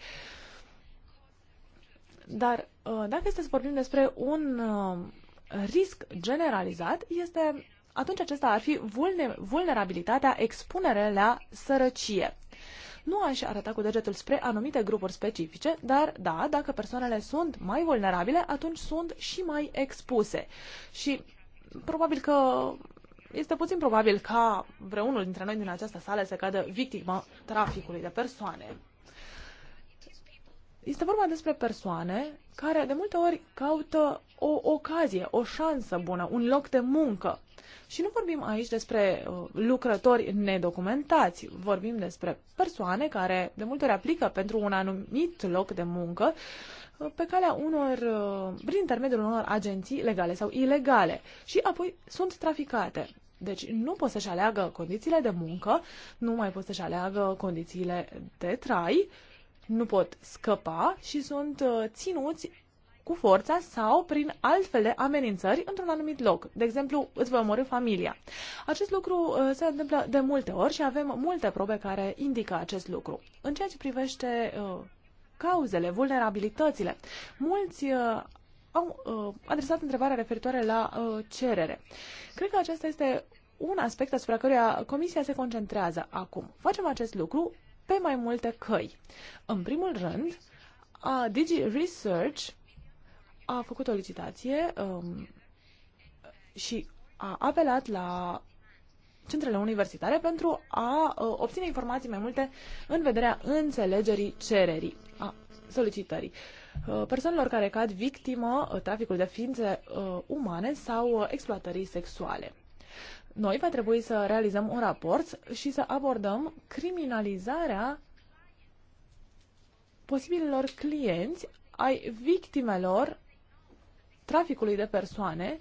Dar dacă este să vorbim despre un risc generalizat este atunci acesta ar fi vulnerabilitatea expunere la sărăcie. Nu aș arăta cu degetul spre anumite grupuri specifice, dar da, dacă persoanele sunt mai vulnerabile, atunci sunt și mai expuse. Și probabil că este puțin probabil ca vreunul dintre noi din această sală să cadă victima traficului de persoane. Este vorba despre persoane care de multe ori caută o ocazie, o șansă bună, un loc de muncă. Și nu vorbim aici despre uh, lucrători nedocumentați, vorbim despre persoane care de multe ori aplică pentru un anumit loc de muncă uh, pe calea unor, uh, prin intermediul unor agenții legale sau ilegale și apoi sunt traficate. Deci nu pot să-și aleagă condițiile de muncă, nu mai pot să-și aleagă condițiile de trai, nu pot scăpa și sunt uh, ținuți cu forța sau prin altfel de amenințări într-un anumit loc. De exemplu, îți voi omorâ familia. Acest lucru uh, se întâmplă de multe ori și avem multe probe care indică acest lucru. În ceea ce privește uh, cauzele, vulnerabilitățile, mulți au adresat întrebarea referitoare la cerere. Cred că acesta este un aspect asupra căruia Comisia se concentrează acum. Facem acest lucru pe mai multe căi. În primul rând, a Digi Research a făcut o licitație um, și a apelat la centrele universitare pentru a uh, obține informații mai multe în vederea înțelegerii cererii, a solicitării. Uh, persoanelor care cad victimă uh, traficului de ființe uh, umane sau uh, exploatării sexuale noi va trebui să realizăm un raport și să abordăm criminalizarea posibililor clienți ai victimelor traficului de persoane.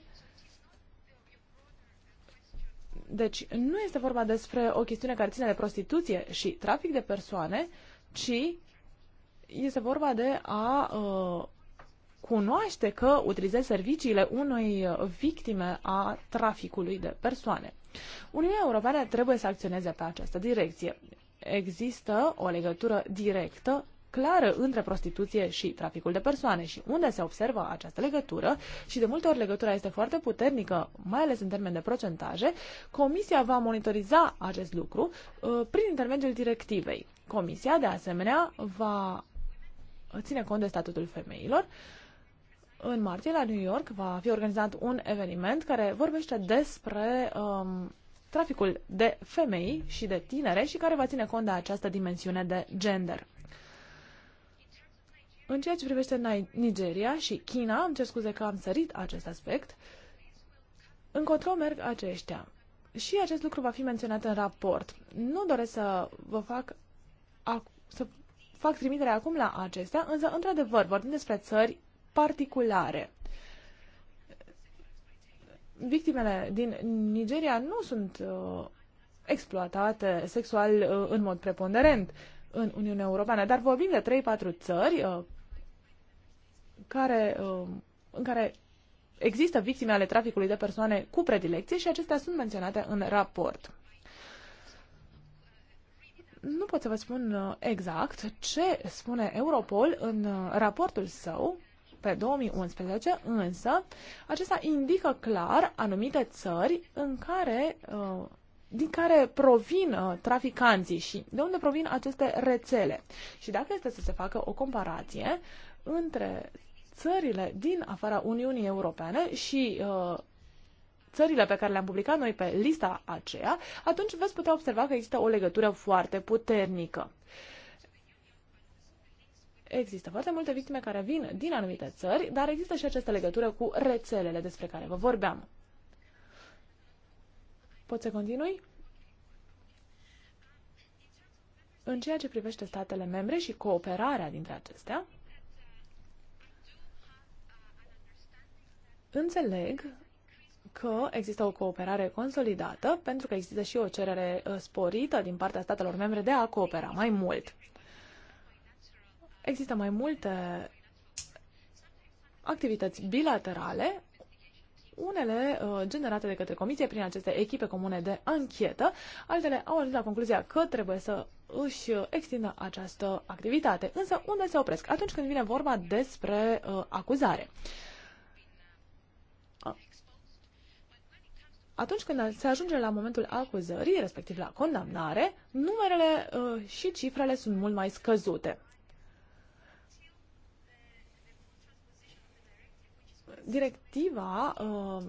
Deci nu este vorba despre o chestiune care ține de prostituție și trafic de persoane, ci este vorba de a uh, cunoaște că utilizezi serviciile unei victime a traficului de persoane. Uniunea Europeană trebuie să acționeze pe această direcție. Există o legătură directă clară între prostituție și traficul de persoane și unde se observă această legătură și de multe ori legătura este foarte puternică, mai ales în termen de procentaje, Comisia va monitoriza acest lucru uh, prin intermediul directivei. Comisia, de asemenea, va ține cont de statutul femeilor uh, în martie la New York va fi organizat un eveniment care vorbește despre um, traficul de femei și de tinere și care va ține cont de această dimensiune de gender. În ceea ce privește Nigeria și China, îmi cer scuze că am sărit acest aspect, încotro merg aceștia. Și acest lucru va fi menționat în raport. Nu doresc să vă fac, să fac trimitere acum la acestea, însă, într-adevăr, vorbim despre țări particulare. Victimele din Nigeria nu sunt uh, exploatate sexual uh, în mod preponderent în Uniunea Europeană, dar vorbim de 3-4 țări uh, care, uh, în care există victime ale traficului de persoane cu predilecție și acestea sunt menționate în raport. Nu pot să vă spun uh, exact ce spune Europol în uh, raportul său, pe 2011, însă acesta indică clar anumite țări în care, uh, din care provin uh, traficanții și de unde provin aceste rețele. Și dacă este să se facă o comparație între țările din afara Uniunii Europene și uh, țările pe care le-am publicat noi pe lista aceea, atunci veți putea observa că există o legătură foarte puternică. Uh, Există foarte multe victime care vin din anumite țări, dar există și această legătură cu rețelele despre care vă vorbeam. Poți să continui? În ceea ce privește statele membre și cooperarea dintre acestea, înțeleg că există o cooperare consolidată, pentru că există și o cerere uh, sporită din partea statelor membre de a coopera mai mult. Există mai multe activități bilaterale, unele uh, generate de către comisie prin aceste echipe comune de anchetă, altele au ajuns la concluzia că trebuie să își extindă această activitate. Însă unde se opresc? Atunci când vine vorba despre uh, acuzare. Atunci când se ajunge la momentul acuzării, respectiv la condamnare, numerele uh, și cifrele sunt mult mai scăzute. directiva uh,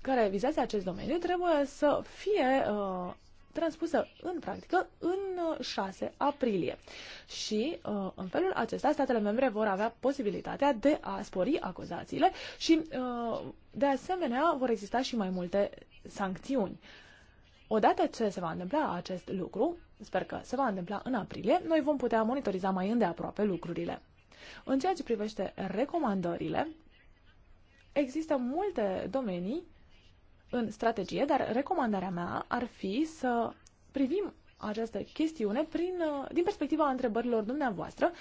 care vizează acest domeniu trebuie să fie uh, transpusă în practică în 6 uh, aprilie. Și în felul acesta statele membre vor avea posibilitatea de a spori acuzațiile și de asemenea vor exista și mai multe sancțiuni. Odată ce se va întâmpla acest lucru, sper că se va întâmpla în aprilie, noi vom putea monitoriza mai îndeaproape lucrurile. În ceea ce privește recomandările, există multe domenii în strategie, dar recomandarea mea ar fi să privim această chestiune prin, uh, din perspectiva întrebărilor dumneavoastră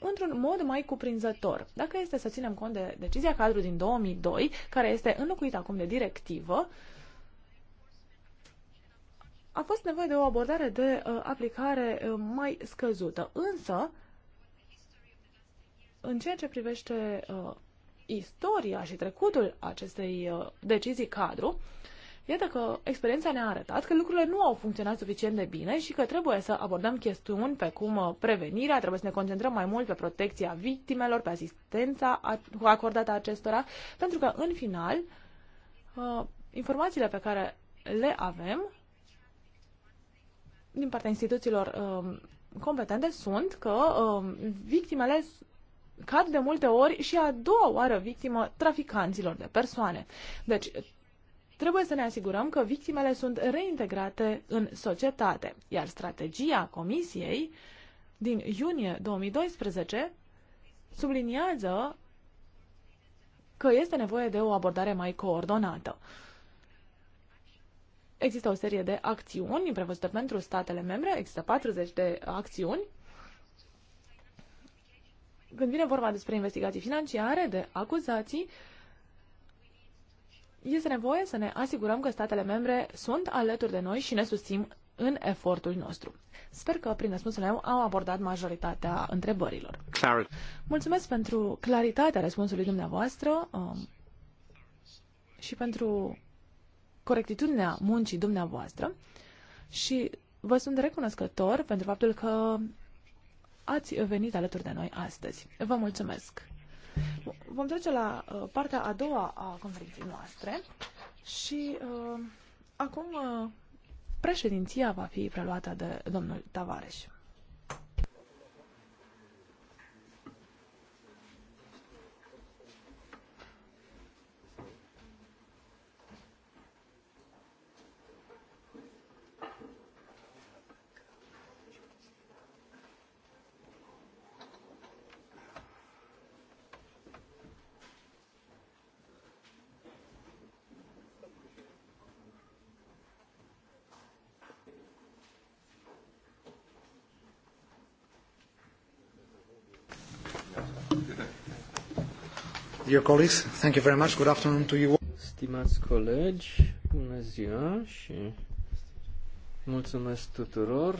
într-un mod mai cuprinzător. Dacă este să ținem cont de decizia cadru din 2002, care este înlocuită acum de directivă, a fost nevoie de o abordare de uh, aplicare uh, mai scăzută. Însă, în ceea ce privește uh, istoria și trecutul acestei uh, decizii cadru, iată că experiența ne-a arătat că lucrurile nu au funcționat suficient de bine și că trebuie să abordăm chestiuni pe cum uh, prevenirea, trebuie să ne concentrăm mai mult pe protecția victimelor, pe asistența acordată acestora, pentru că, în final, uh, informațiile pe care le avem din partea instituțiilor uh, competente sunt că uh, victimele cad de multe ori și a doua oară victimă traficanților de persoane. Deci, trebuie să ne asigurăm că victimele sunt reintegrate în societate, iar strategia Comisiei din iunie 2012 subliniază că este nevoie de o abordare mai coordonată. Există o serie de acțiuni prevăzute pentru statele membre, există 40 de acțiuni când vine vorba despre investigații financiare, de acuzații, este nevoie să ne asigurăm că statele membre sunt alături de noi și ne susțin în efortul nostru. Sper că prin răspunsul meu am abordat majoritatea întrebărilor. Clar. Mulțumesc pentru claritatea răspunsului dumneavoastră um, și pentru corectitudinea muncii dumneavoastră și vă sunt recunoscător pentru faptul că ați venit alături de noi astăzi. Vă mulțumesc! Vom trece la uh, partea a doua a conferinței noastre și uh, acum uh, președinția va fi preluată de domnul Tavares. Dear colleagues, thank you very much. Good afternoon to you. Stimați colegi, bună ziua și mulțumesc tuturor.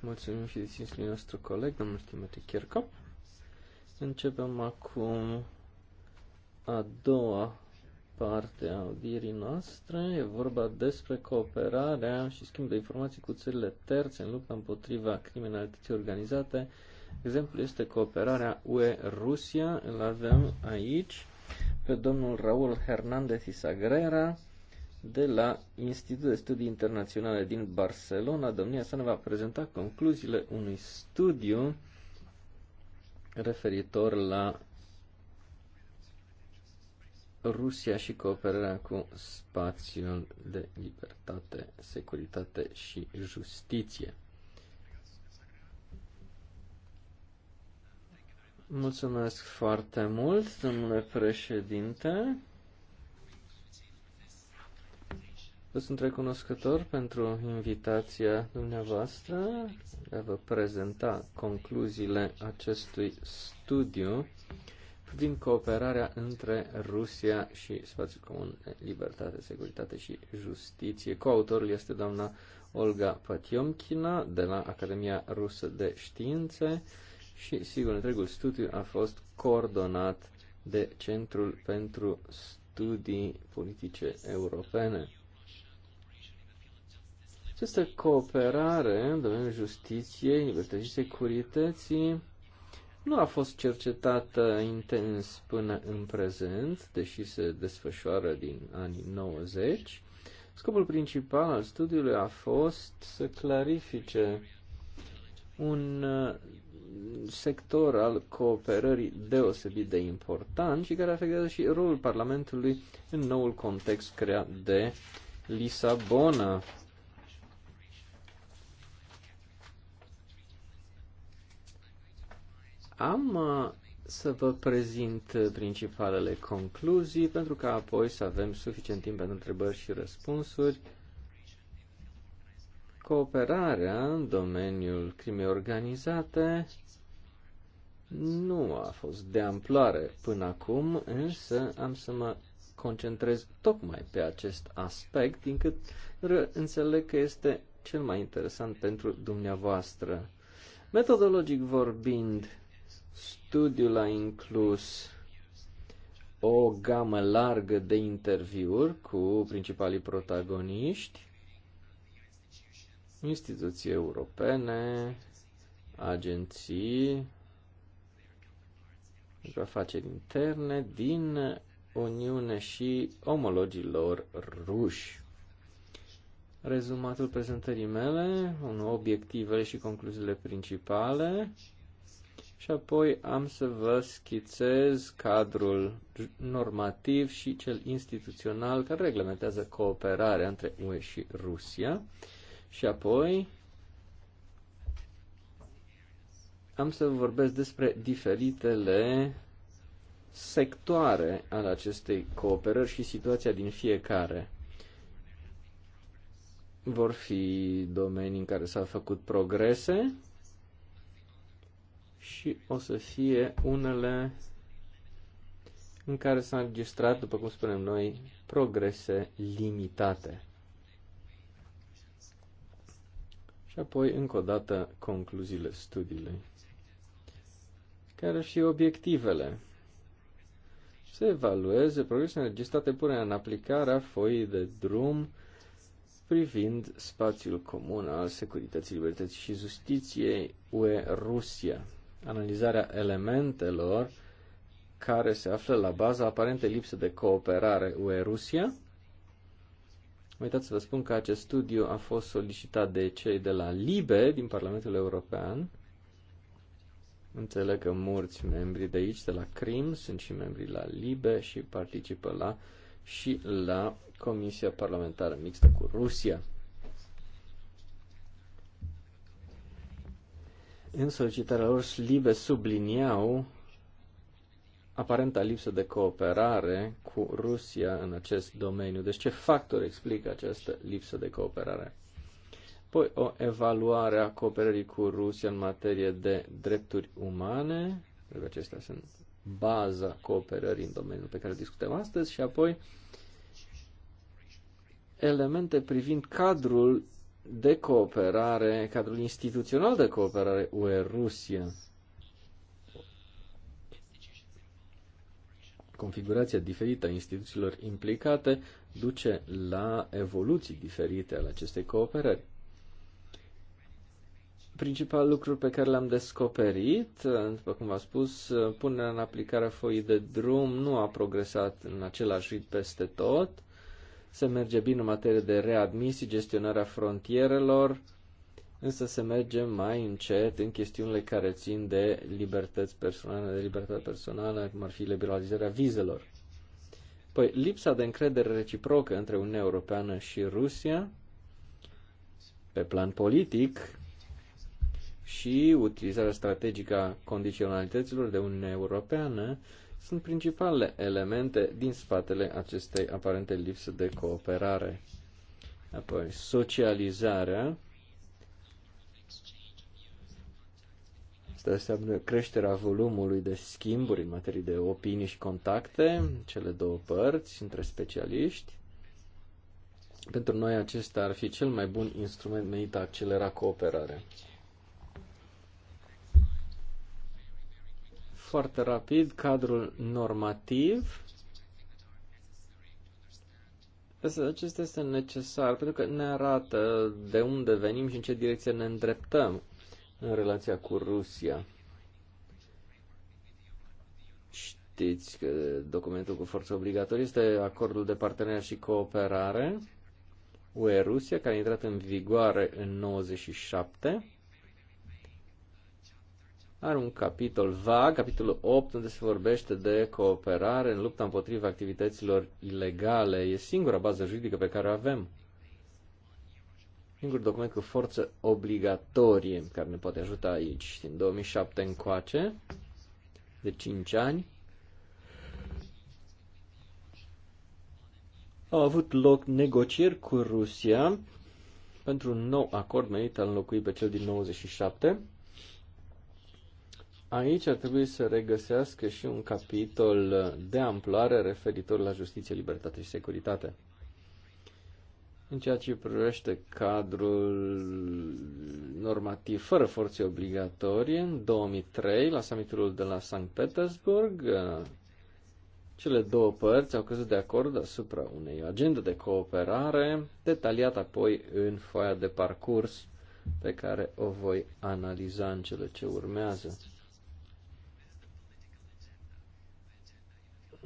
Mulțumim și distințului nostru coleg, domnul Timothy Kirchhoff. Începem acum a doua parte a audierii noastre. E vorba despre cooperarea și schimb de informații cu țările terțe în lupta împotriva criminalității organizate, Exemplu este cooperarea UE-Rusia, îl avem aici pe domnul Raul Hernández Isagrera de la Institutul de Studii Internaționale din Barcelona. Domnia sa ne va prezenta concluziile unui studiu referitor la Rusia și cooperarea cu spațiul de libertate, securitate și justiție. Mulțumesc foarte mult, domnule președinte. Vă sunt recunoscător pentru invitația dumneavoastră de a vă prezenta concluziile acestui studiu privind cooperarea între Rusia și spațiul comun Libertate, Securitate și Justiție. Coautorul este doamna Olga Patiomchina de la Academia Rusă de Științe și, sigur, întregul studiu a fost coordonat de Centrul pentru Studii Politice Europene. Această cooperare în domeniul justiției, libertății și securității nu a fost cercetată intens până în prezent, deși se desfășoară din anii 90. Scopul principal al studiului a fost să clarifice un sector al cooperării deosebit de important și care afectează și rolul Parlamentului în noul context creat de Lisabona. Am uh, să vă prezint principalele concluzii pentru că apoi să avem suficient timp pentru întrebări și răspunsuri. Cooperarea în domeniul crimei organizate nu a fost de amploare până acum, însă am să mă concentrez tocmai pe acest aspect, încât înțeleg că este cel mai interesant pentru dumneavoastră. Metodologic vorbind, studiul a inclus o gamă largă de interviuri cu principalii protagoniști, instituții europene, agenții, pentru afaceri interne din Uniune și omologii lor ruși. Rezumatul prezentării mele, un obiectivele și concluziile principale și apoi am să vă schițez cadrul normativ și cel instituțional care reglementează cooperarea între UE și Rusia și apoi Am să vorbesc despre diferitele sectoare ale acestei cooperări și situația din fiecare. Vor fi domenii în care s-au făcut progrese și o să fie unele în care s au înregistrat, după cum spunem noi, progrese limitate. Și apoi, încă o dată, concluziile studiului care ar fi obiectivele. Să evalueze progresele înregistrate pune în aplicarea foii de drum privind spațiul comun al securității, libertății și justiției UE-Rusia. Analizarea elementelor care se află la baza aparente lipse de cooperare UE-Rusia. Uitați să vă spun că acest studiu a fost solicitat de cei de la LIBE din Parlamentul European Înțeleg că mulți membri de aici, de la CRIM, sunt și membri la LIBE și participă la și la Comisia Parlamentară Mixtă cu Rusia. În solicitarea lor, LIBE subliniau aparenta lipsă de cooperare cu Rusia în acest domeniu. Deci ce factor explică această lipsă de cooperare? apoi o evaluare a cooperării cu Rusia în materie de drepturi umane, pentru că acestea sunt baza cooperării în domeniul pe care discutăm astăzi, și apoi elemente privind cadrul de cooperare, cadrul instituțional de cooperare UE-Rusia. Configurația diferită a instituțiilor implicate duce la evoluții diferite ale acestei cooperări principal lucru pe care l-am descoperit, după cum v-am spus, punerea în aplicare a foii de drum nu a progresat în același rit peste tot. Se merge bine în materie de readmisii, gestionarea frontierelor, însă se merge mai încet în chestiunile care țin de libertăți personale, de libertate personală, cum ar fi liberalizarea vizelor. Păi, lipsa de încredere reciprocă între Uniunea Europeană și Rusia, pe plan politic, și utilizarea strategică a condiționalităților de Uniunea Europeană sunt principalele elemente din spatele acestei aparente lipsă de cooperare. Apoi, socializarea. Asta înseamnă creșterea volumului de schimburi în materie de opinii și contacte, cele două părți, între specialiști. Pentru noi acesta ar fi cel mai bun instrument menit a accelera cooperarea. foarte rapid cadrul normativ. Acesta este necesar pentru că ne arată de unde venim și în ce direcție ne îndreptăm în relația cu Rusia. Știți că documentul cu forță obligatorie este acordul de parteneriat și cooperare UE-Rusia, care a intrat în vigoare în 97 are un capitol vag, capitolul 8, unde se vorbește de cooperare în lupta împotriva activităților ilegale. E singura bază juridică pe care o avem. Singur document cu forță obligatorie care ne poate ajuta aici. Din 2007 încoace, de 5 ani, au avut loc negocieri cu Rusia pentru un nou acord menit al înlocui pe cel din 97 Aici ar trebui să regăsească și un capitol de amploare referitor la justiție, libertate și securitate. În ceea ce privește cadrul normativ fără forțe obligatorie, în 2003, la summitul de la Sankt Petersburg, cele două părți au căzut de acord asupra unei agende de cooperare, detaliată, apoi în foaia de parcurs pe care o voi analiza în cele ce urmează.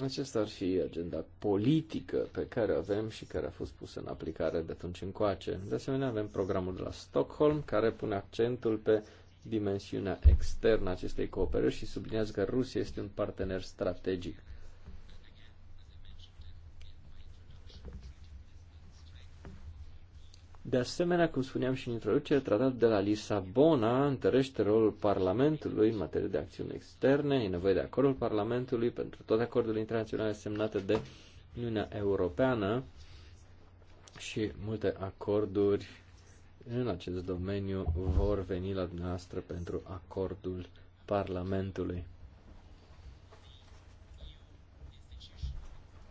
Aceasta ar fi agenda politică pe care o avem și care a fost pusă în aplicare de atunci încoace. De asemenea, avem programul de la Stockholm care pune accentul pe dimensiunea externă a acestei cooperări și sublinează că Rusia este un partener strategic. De asemenea, cum spuneam și în introducere, tratatul de la Lisabona întărește rolul Parlamentului în materie de acțiuni externe. E nevoie de acordul Parlamentului pentru toate acordurile internaționale semnate de Uniunea Europeană și multe acorduri în acest domeniu vor veni la dumneavoastră pentru acordul Parlamentului.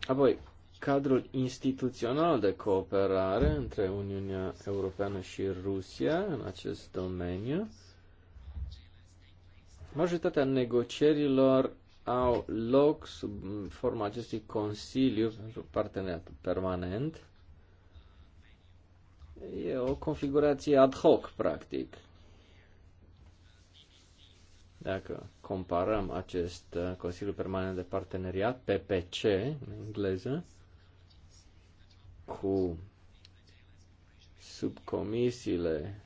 Apoi, cadrul instituțional de cooperare între Uniunea Europeană și Rusia în acest domeniu. Majoritatea negocierilor au loc sub forma acestui Consiliu pentru parteneriat permanent. E o configurație ad hoc, practic. Dacă comparăm acest uh, Consiliu Permanent de Parteneriat, PPC, în engleză, cu subcomisiile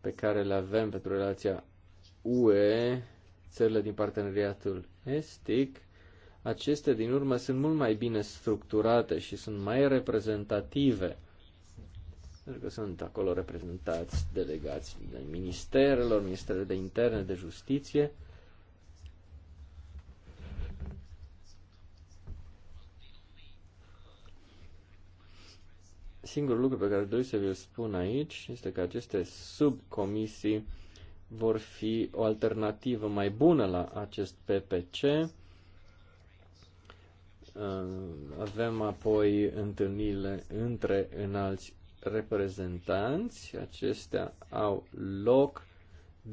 pe care le avem pentru relația UE, țările din parteneriatul estic, aceste din urmă sunt mult mai bine structurate și sunt mai reprezentative. Pentru că sunt acolo reprezentați delegați de ministerelor, ministerele de interne, de justiție, singurul lucru pe care doresc să vi-l spun aici este că aceste subcomisii vor fi o alternativă mai bună la acest PPC. Uh, avem apoi întâlnirile între înalți reprezentanți. Acestea au loc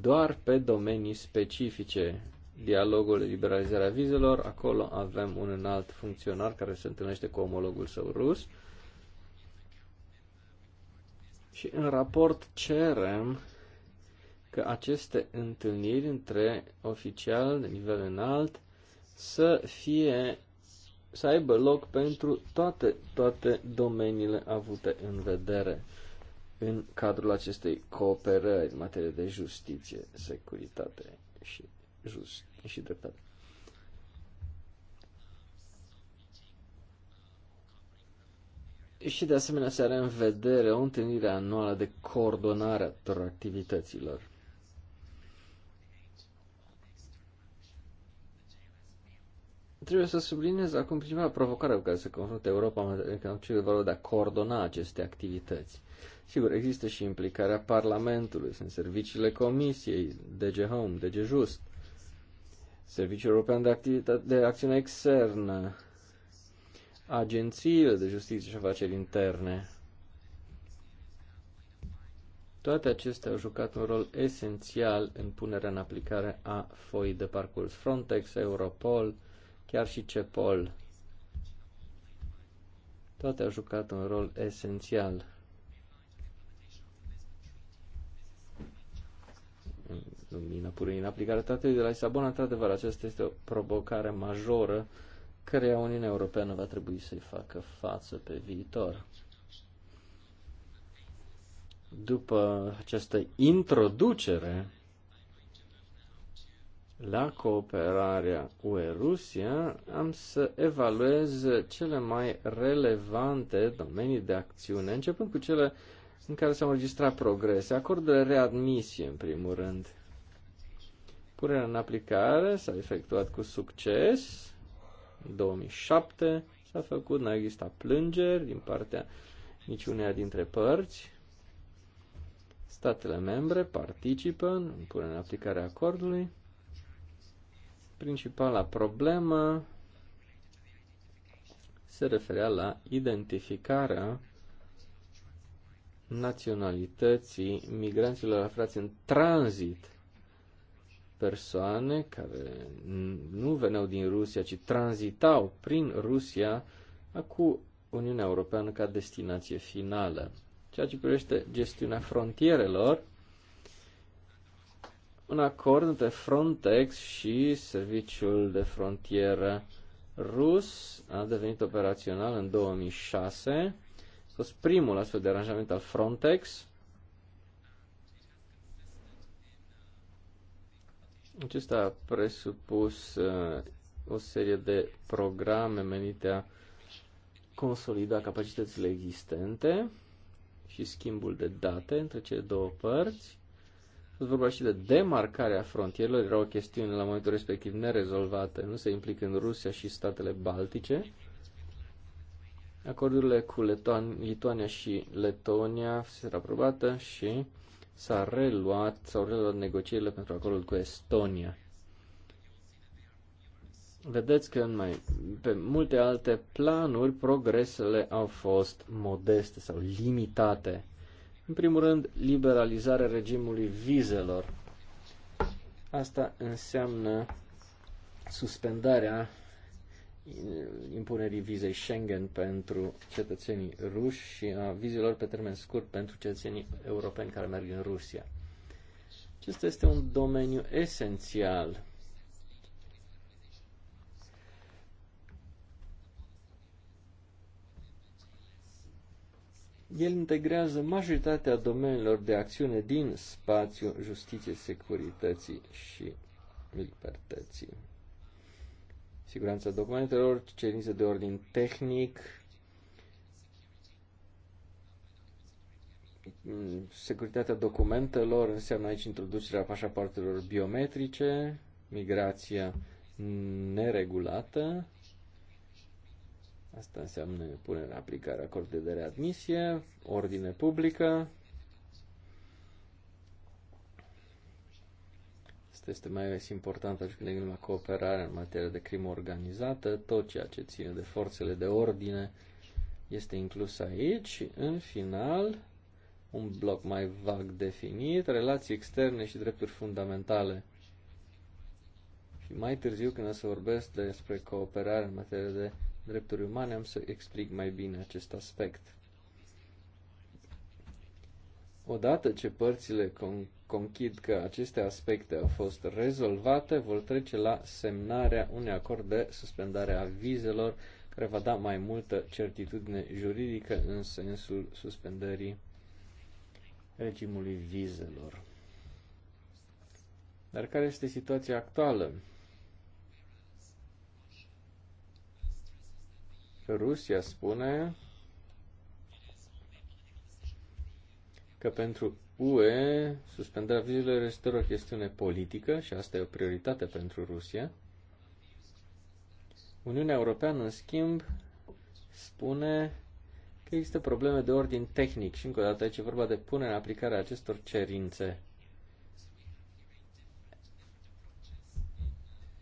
doar pe domenii specifice. Dialogul de liberalizare a vizelor, acolo avem un înalt funcționar care se întâlnește cu omologul său rus. Și în raport cerem că aceste întâlniri între oficiali de nivel înalt să fie să aibă loc pentru toate, toate domeniile avute în vedere în cadrul acestei cooperări în materie de justiție, securitate și, just, și dreptate. și de asemenea se are în vedere o întâlnire anuală de coordonare a tuturor activităților. Trebuie să subliniez acum prima provocare cu care se confruntă Europa în economicii de de a coordona aceste activități. Sigur, există și implicarea Parlamentului, sunt serviciile Comisiei, DG Home, DG Just, Serviciul European de, Activitate, de Acțiune Externă, agențiile de justiție și afaceri interne. Toate acestea au jucat un rol esențial în punerea în aplicare a foii de parcurs Frontex, Europol, chiar și CEPOL. Toate au jucat un rol esențial. Lumina pură în aplicare tratatului de la Lisabona, într-adevăr, aceasta este o provocare majoră căreia Uniunea Europeană va trebui să-i facă față pe viitor. După această introducere la cooperarea UE-Rusia, am să evaluez cele mai relevante domenii de acțiune, începând cu cele în care s-au înregistrat progrese. Acordul de readmisie, în primul rând. Punerea în aplicare s-a efectuat cu succes 2007 s-a făcut, n-a existat plângeri din partea niciunea dintre părți. Statele membre participă în punerea în aplicare acordului. Principala problemă se referea la identificarea naționalității migranților aflați în tranzit persoane care nu veneau din Rusia, ci tranzitau prin Rusia cu Uniunea Europeană ca destinație finală. Ceea ce privește gestiunea frontierelor, un acord între Frontex și Serviciul de Frontieră rus a devenit operațional în 2006. A fost primul astfel de aranjament al Frontex Acesta a presupus uh, o serie de programe menite a consolida capacitățile existente și schimbul de date între cele două părți. Ați vorba și de demarcarea frontierelor, era o chestiune la momentul respectiv nerezolvată, nu se implică în Rusia și statele Baltice. Acordurile cu Letoan, Lituania și Letonia se aprobată și s-a reluat, s-au reluat negocierile pentru acordul cu Estonia. Vedeți că în mai, pe multe alte planuri progresele au fost modeste sau limitate. În primul rând, liberalizarea regimului vizelor. Asta înseamnă suspendarea impunerii vizei Schengen pentru cetățenii ruși și a vizelor pe termen scurt pentru cetățenii europeni care merg în Rusia. Acesta este un domeniu esențial El integrează majoritatea domeniilor de acțiune din spațiul justiției, securității și libertății siguranța documentelor, cerințe de ordin tehnic, securitatea documentelor înseamnă aici introducerea pașapoartelor biometrice, migrația neregulată, asta înseamnă punerea aplicare acordului de readmisie, ordine publică, Asta este mai ales important atunci când ne gândim la cooperare în materie de crimă organizată. Tot ceea ce ține de forțele de ordine este inclus aici și, în final, un bloc mai vag definit, relații externe și drepturi fundamentale. Și mai târziu, când o să vorbesc despre cooperare în materie de drepturi umane, am să explic mai bine acest aspect. Odată ce părțile conchid că aceste aspecte au fost rezolvate, vor trece la semnarea unui acord de suspendare a vizelor, care va da mai multă certitudine juridică în sensul suspendării regimului vizelor. Dar care este situația actuală? Rusia spune că pentru UE, suspendarea vizelor este o chestiune politică și asta e o prioritate pentru Rusia. Uniunea Europeană, în schimb, spune că există probleme de ordin tehnic și, încă o dată, aici e vorba de punerea în aplicare a acestor cerințe.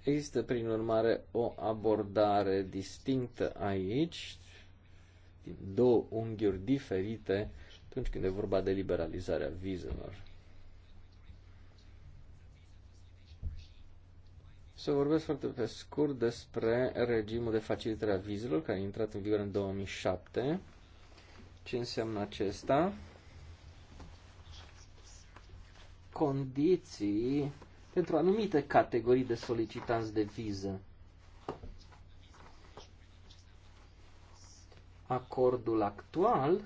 Există, prin urmare, o abordare distinctă aici, din două unghiuri diferite atunci când e vorba de liberalizarea vizelor. Să vorbesc foarte pe scurt despre regimul de facilitare a vizelor care a intrat în vigoare în 2007. Ce înseamnă acesta? Condiții pentru anumite categorii de solicitanți de viză. Acordul actual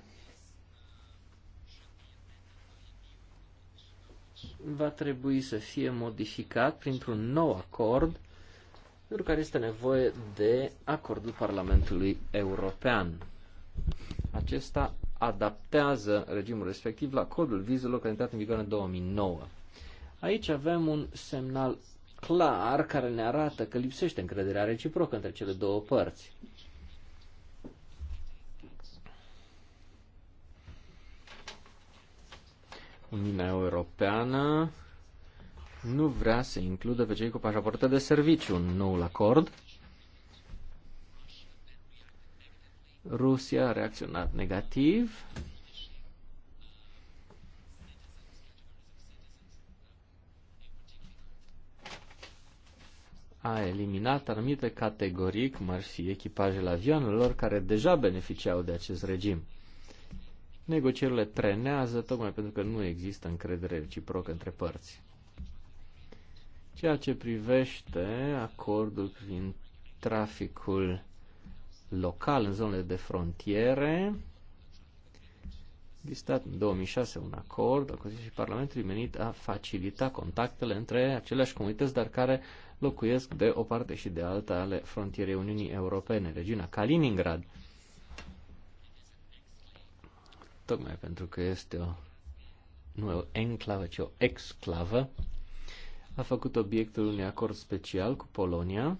va trebui să fie modificat printr-un nou acord pentru care este nevoie de acordul Parlamentului European. Acesta adaptează regimul respectiv la codul vizelor care a intrat în vigoare în 2009. Aici avem un semnal clar care ne arată că lipsește încrederea reciprocă între cele două părți. Uniunea Europeană nu vrea să includă pe cei cu pașaporte de serviciu în noul acord. Rusia a reacționat negativ. A eliminat anumite categorii, cum ar fi echipajele avioanelor, care deja beneficiau de acest regim. Negocierile trenează tocmai pentru că nu există încredere reciprocă între părți. Ceea ce privește acordul privind traficul local în zonele de frontiere, existat în 2006 un acord al Consiliului și Parlamentului menit a facilita contactele între aceleași comunități, dar care locuiesc de o parte și de alta ale frontierei Uniunii Europene, regiunea Kaliningrad tocmai pentru că este o, nu o enclavă, ci o exclavă, a făcut obiectul unui acord special cu Polonia.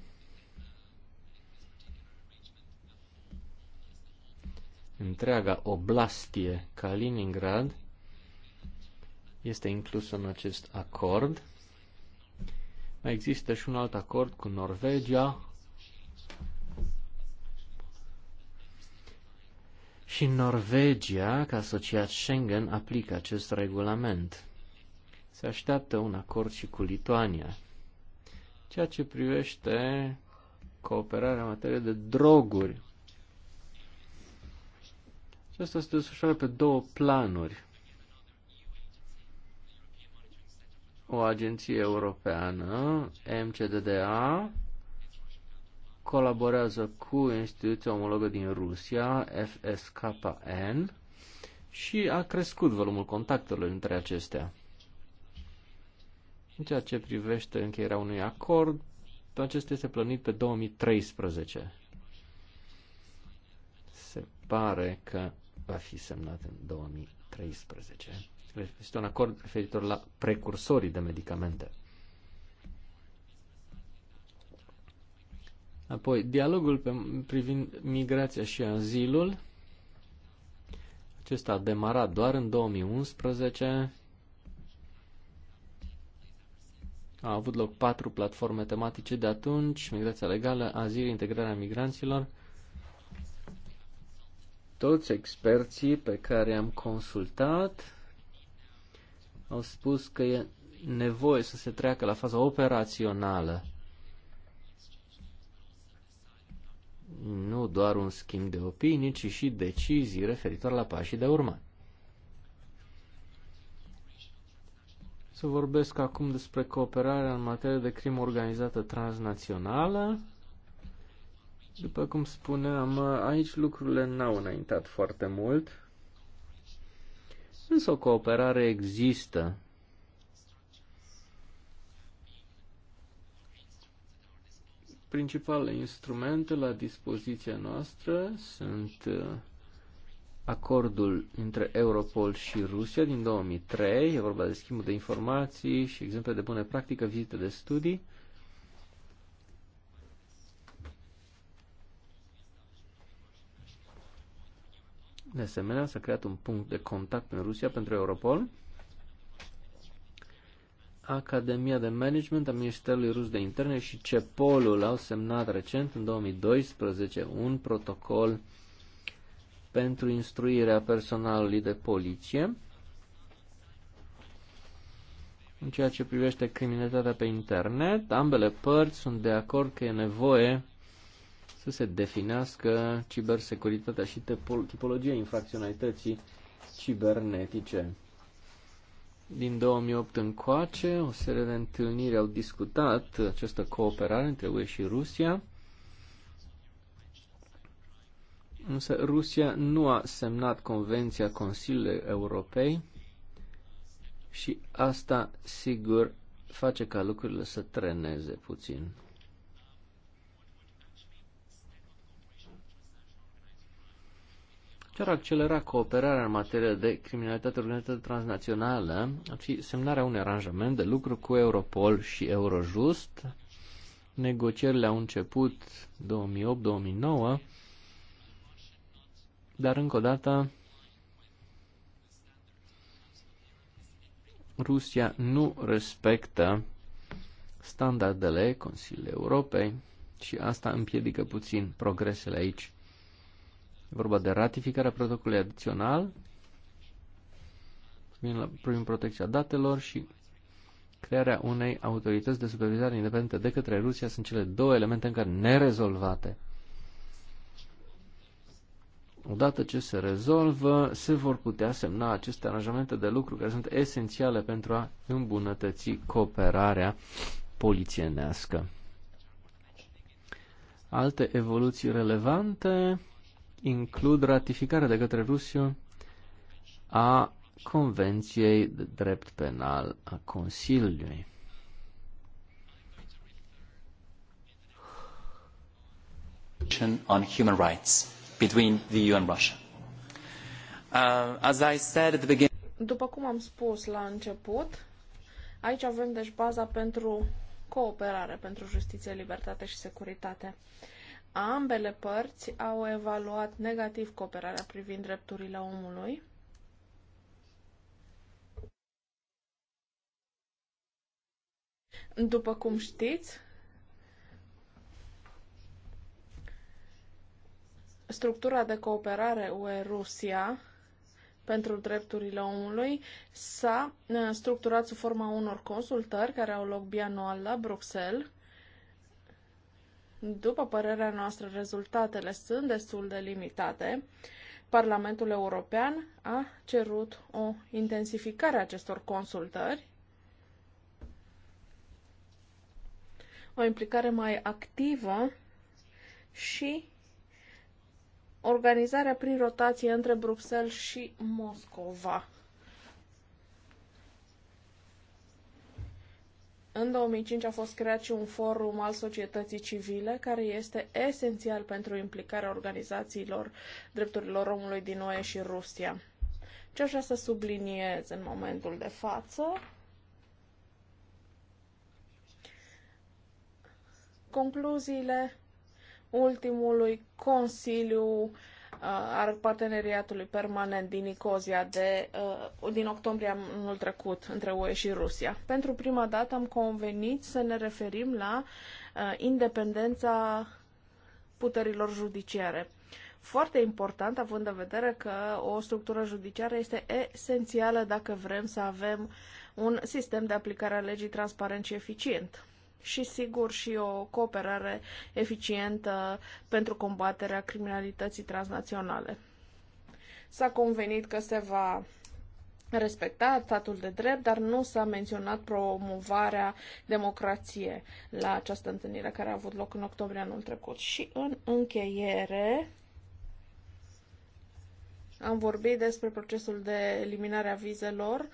Întreaga oblastie Kaliningrad este inclusă în acest acord. Mai există și un alt acord cu Norvegia, Și Norvegia, ca asociat Schengen, aplică acest regulament. Se așteaptă un acord și cu Lituania. Ceea ce privește cooperarea în materie de droguri. Și asta se desfășoară pe două planuri. O agenție europeană, MCDDA, colaborează cu instituția omologă din Rusia, FSKN, și a crescut volumul contactelor între acestea. În ceea ce privește încheierea unui acord, acesta este plănit pe 2013. Se pare că va fi semnat în 2013. Este un acord referitor la precursorii de medicamente. Apoi, dialogul pe, privind migrația și azilul. Acesta a demarat doar în 2011. Au avut loc patru platforme tematice de atunci, migrația legală, azil, integrarea migranților. Toți experții pe care am consultat au spus că e nevoie să se treacă la faza operațională nu doar un schimb de opinii, ci și decizii referitor la pașii de urmă. Să vorbesc acum despre cooperarea în materie de crimă organizată transnațională. După cum spuneam, aici lucrurile n-au înaintat foarte mult, însă o cooperare există Principalele instrumente la dispoziția noastră sunt uh, acordul între Europol și Rusia din 2003, e vorba de schimbul de informații și exemple de bune practică, vizite de studii. De asemenea, s-a creat un punct de contact în Rusia pentru Europol. Academia de Management a Ministerului Rus de Interne și CEPOL-ul au semnat recent, în 2012, un protocol pentru instruirea personalului de poliție în ceea ce privește criminalitatea pe internet. Ambele părți sunt de acord că e nevoie să se definească cibersecuritatea și tipologia infracționalității cibernetice. Din 2008 încoace, o serie de întâlniri au discutat această cooperare între UE și Rusia. Însă Rusia nu a semnat Convenția Consiliului Europei și asta, sigur, face ca lucrurile să treneze puțin. ce ar accelera cooperarea în materie de criminalitate organizată transnațională, ar fi semnarea unui aranjament de lucru cu Europol și Eurojust. Negocierile au început 2008-2009, dar încă o dată Rusia nu respectă standardele Consiliului Europei și asta împiedică puțin progresele aici. E vorba de ratificarea protocolului adițional privind protecția datelor și crearea unei autorități de supervizare independente de către Rusia sunt cele două elemente încă nerezolvate. Odată ce se rezolvă, se vor putea semna aceste aranjamente de lucru care sunt esențiale pentru a îmbunătăți cooperarea polițienească. Alte evoluții relevante includ ratificarea de către Rusia a Convenției de Drept Penal a Consiliului. on human rights between the Russia. Uh, as I said at the beginning... După cum am spus la început, aici avem deci baza pentru cooperare pentru justiție, libertate și securitate. Uh, Ambele părți au evaluat negativ cooperarea privind drepturile omului. După cum știți, structura de cooperare UE-Rusia pentru drepturile omului s-a eh, structurat sub forma unor consultări care au loc bianual la Bruxelles după părerea noastră, rezultatele sunt destul de limitate. Parlamentul European a cerut o intensificare a acestor consultări, o implicare mai activă și organizarea prin rotație între Bruxelles și Moscova. În 2005 a fost creat și un forum al societății civile, care este esențial pentru implicarea organizațiilor drepturilor omului din UE și Rusia. Ce aș vrea să subliniez în momentul de față concluziile ultimului Consiliu Uh, al parteneriatului permanent din Nicozia de, uh, din octombrie anul trecut între UE și Rusia. Pentru prima dată am convenit să ne referim la uh, independența puterilor judiciare foarte important, având în vedere că o structură judiciară este esențială dacă vrem să avem un sistem de aplicare a legii transparent și eficient și, sigur, și o cooperare eficientă pentru combaterea criminalității transnaționale. S-a convenit că se va respecta statul de drept, dar nu s-a menționat promovarea democrației la această întâlnire care a avut loc în octombrie anul trecut. Și în încheiere am vorbit despre procesul de eliminare a vizelor,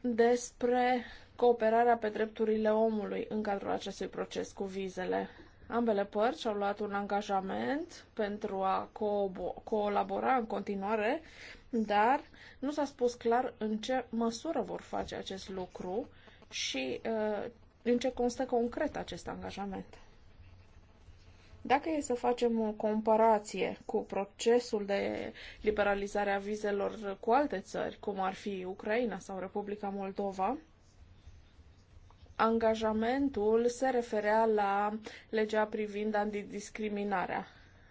despre cooperarea pe drepturile omului în cadrul acestui proces cu vizele. Ambele părți au luat un angajament pentru a co- colabora în continuare, dar nu s-a spus clar în ce măsură vor face acest lucru și uh, în ce constă concret acest angajament. Dacă e să facem o comparație cu procesul de liberalizare a vizelor cu alte țări, cum ar fi Ucraina sau Republica Moldova, angajamentul se referea la legea privind antidiscriminarea.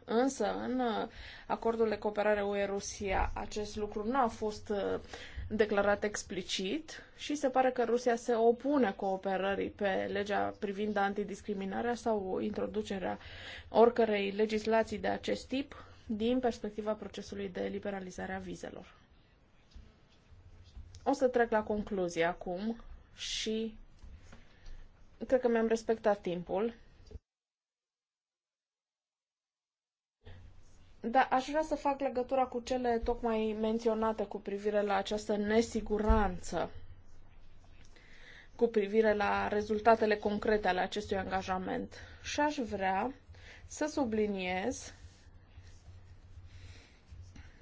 Însă, în uh, acordul de cooperare UE-Rusia, acest lucru nu a fost uh, declarat explicit și se pare că Rusia se opune cooperării pe legea privind antidiscriminarea sau introducerea oricărei legislații de acest tip din perspectiva procesului de liberalizare a vizelor. O să trec la concluzie acum și Cred că mi-am respectat timpul. Da, aș vrea să fac legătura cu cele tocmai menționate cu privire la această nesiguranță, cu privire la rezultatele concrete ale acestui angajament. Și aș vrea să subliniez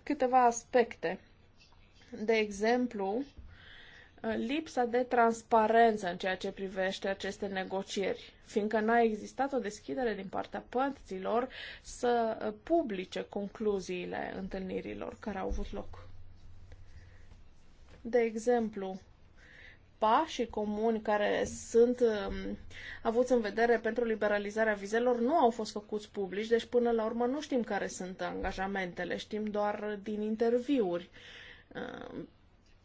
câteva aspecte. De exemplu, lipsa de transparență în ceea ce privește aceste negocieri, fiindcă n-a existat o deschidere din partea părților să publice concluziile întâlnirilor care au avut loc. De exemplu, pașii comuni care sunt um, avuți în vedere pentru liberalizarea vizelor nu au fost făcuți publici, deci până la urmă nu știm care sunt angajamentele, știm doar din interviuri. Um,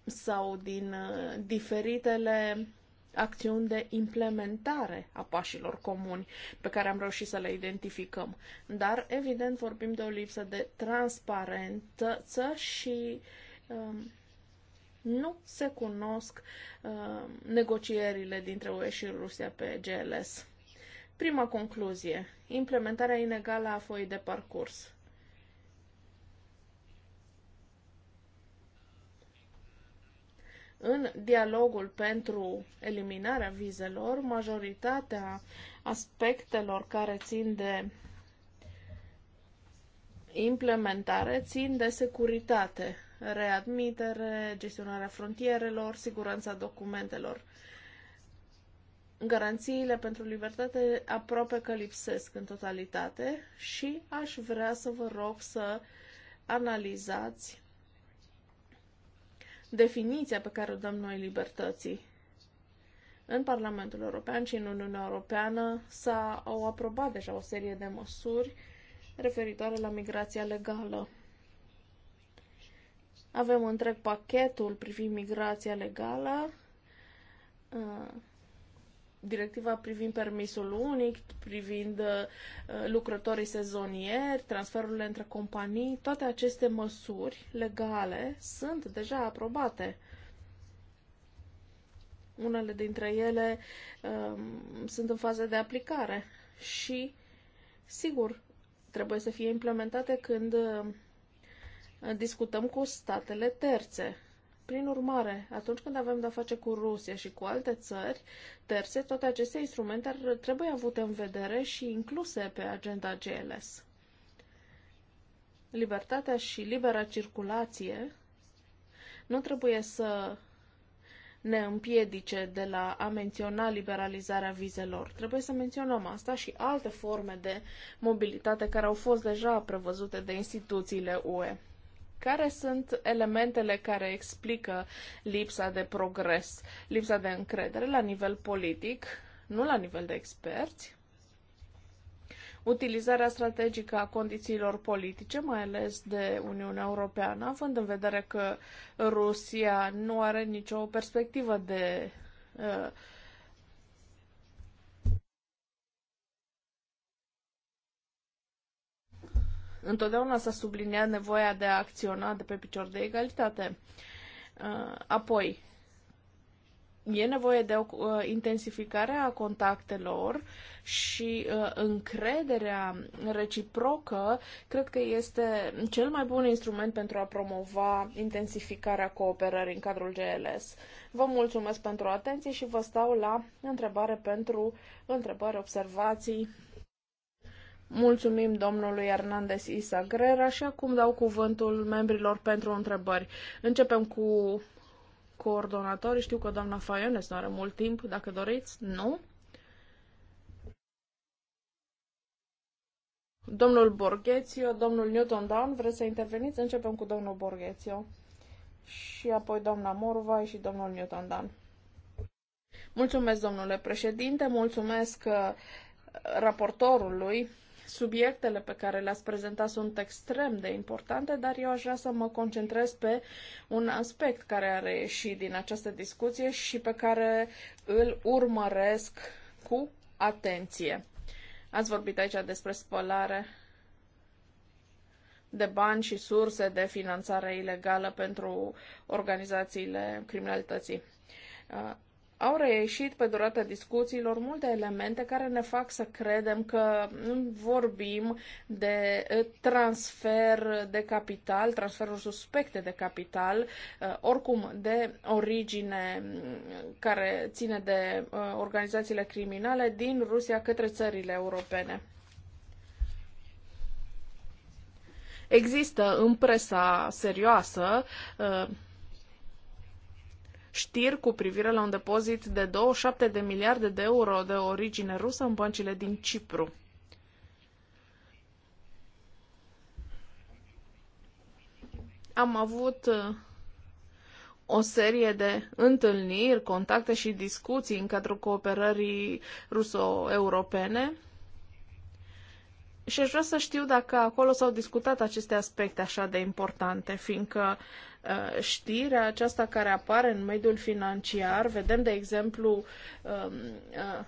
sau din uh, diferitele acțiuni de implementare a pașilor comuni pe care am reușit să le identificăm. Dar, evident, vorbim de o lipsă de transparență și um, nu se cunosc uh, negocierile dintre UE și Rusia pe GLS. Prima concluzie. Implementarea inegală a foii de parcurs. În dialogul pentru eliminarea vizelor, majoritatea aspectelor care țin de implementare țin de securitate, readmitere, gestionarea frontierelor, siguranța documentelor. Garanțiile pentru libertate aproape că lipsesc în totalitate și aș vrea să vă rog să analizați definiția pe care o dăm noi libertății. În Parlamentul European și în Uniunea Europeană s-au aprobat deja o serie de măsuri referitoare la migrația legală. Avem întreg pachetul privind migrația legală, uh, directiva privind permisul unic, privind uh, lucrătorii sezonieri, transferurile între companii, toate aceste măsuri legale sunt deja aprobate. Unele dintre ele um, sunt în fază de aplicare și, sigur, trebuie să fie implementate când uh, discutăm cu statele terțe. Prin urmare, atunci când avem de-a face cu Rusia și cu alte țări terțe, toate aceste instrumente ar trebui avute în vedere și incluse pe agenda GLS. Libertatea și libera circulație nu trebuie să ne împiedice de la a menționa liberalizarea vizelor. Trebuie să menționăm asta și alte forme de mobilitate care au fost deja prevăzute de instituțiile UE. Care sunt elementele care explică lipsa de progres, lipsa de încredere la nivel politic, nu la nivel de experți? Utilizarea strategică a condițiilor politice, mai ales de Uniunea Europeană, având în vedere că Rusia nu are nicio perspectivă de uh, Întotdeauna s-a subliniat nevoia de a acționa de pe picior de egalitate. Uh, apoi, e nevoie de o uh, intensificare a contactelor și uh, încrederea reciprocă, cred că este cel mai bun instrument pentru a promova intensificarea cooperării în cadrul GLS. Vă mulțumesc pentru atenție și vă stau la întrebare pentru întrebări, observații Mulțumim domnului Hernandez Isa Grera și acum dau cuvântul membrilor pentru întrebări. Începem cu coordonatorii. Știu că doamna Faiones nu are mult timp, dacă doriți. Nu? Domnul Borghețiu, domnul Newton Down, vreți să interveniți? Începem cu domnul Borghețiu și apoi doamna Morvai și domnul Newton Down. Mulțumesc, domnule președinte, mulțumesc uh, raportorului Subiectele pe care le-ați prezentat sunt extrem de importante, dar eu aș vrea să mă concentrez pe un aspect care a reieșit din această discuție și pe care îl urmăresc cu atenție. Ați vorbit aici despre spălare de bani și surse de finanțare ilegală pentru organizațiile criminalității. Uh, au reieșit pe durata discuțiilor multe elemente care ne fac să credem că vorbim de eh, transfer de capital, transferuri suspecte de capital, eh, oricum de origine mm, care ține de eh, organizațiile criminale din Rusia către țările europene. Există în presa serioasă știri cu privire la un depozit de 27 de miliarde de euro de origine rusă în băncile din Cipru. Am avut uh, o serie de întâlniri, contacte și discuții în cadrul cooperării ruso-europene și aș vrea să știu dacă acolo s-au discutat aceste aspecte așa de importante, fiindcă uh, știrea aceasta care apare în mediul financiar, vedem, de exemplu, um, uh,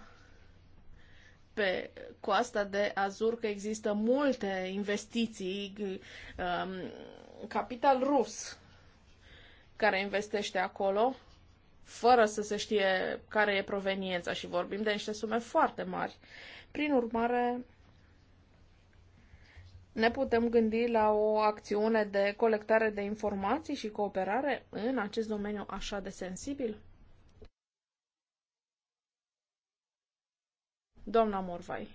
pe coasta de Azur că există multe investiții, um, capital rus care investește acolo, fără să se știe care e proveniența și vorbim de niște sume foarte mari. Prin urmare, ne putem gândi la o acțiune de colectare de informații și cooperare în acest domeniu așa de sensibil? Doamna Morvai.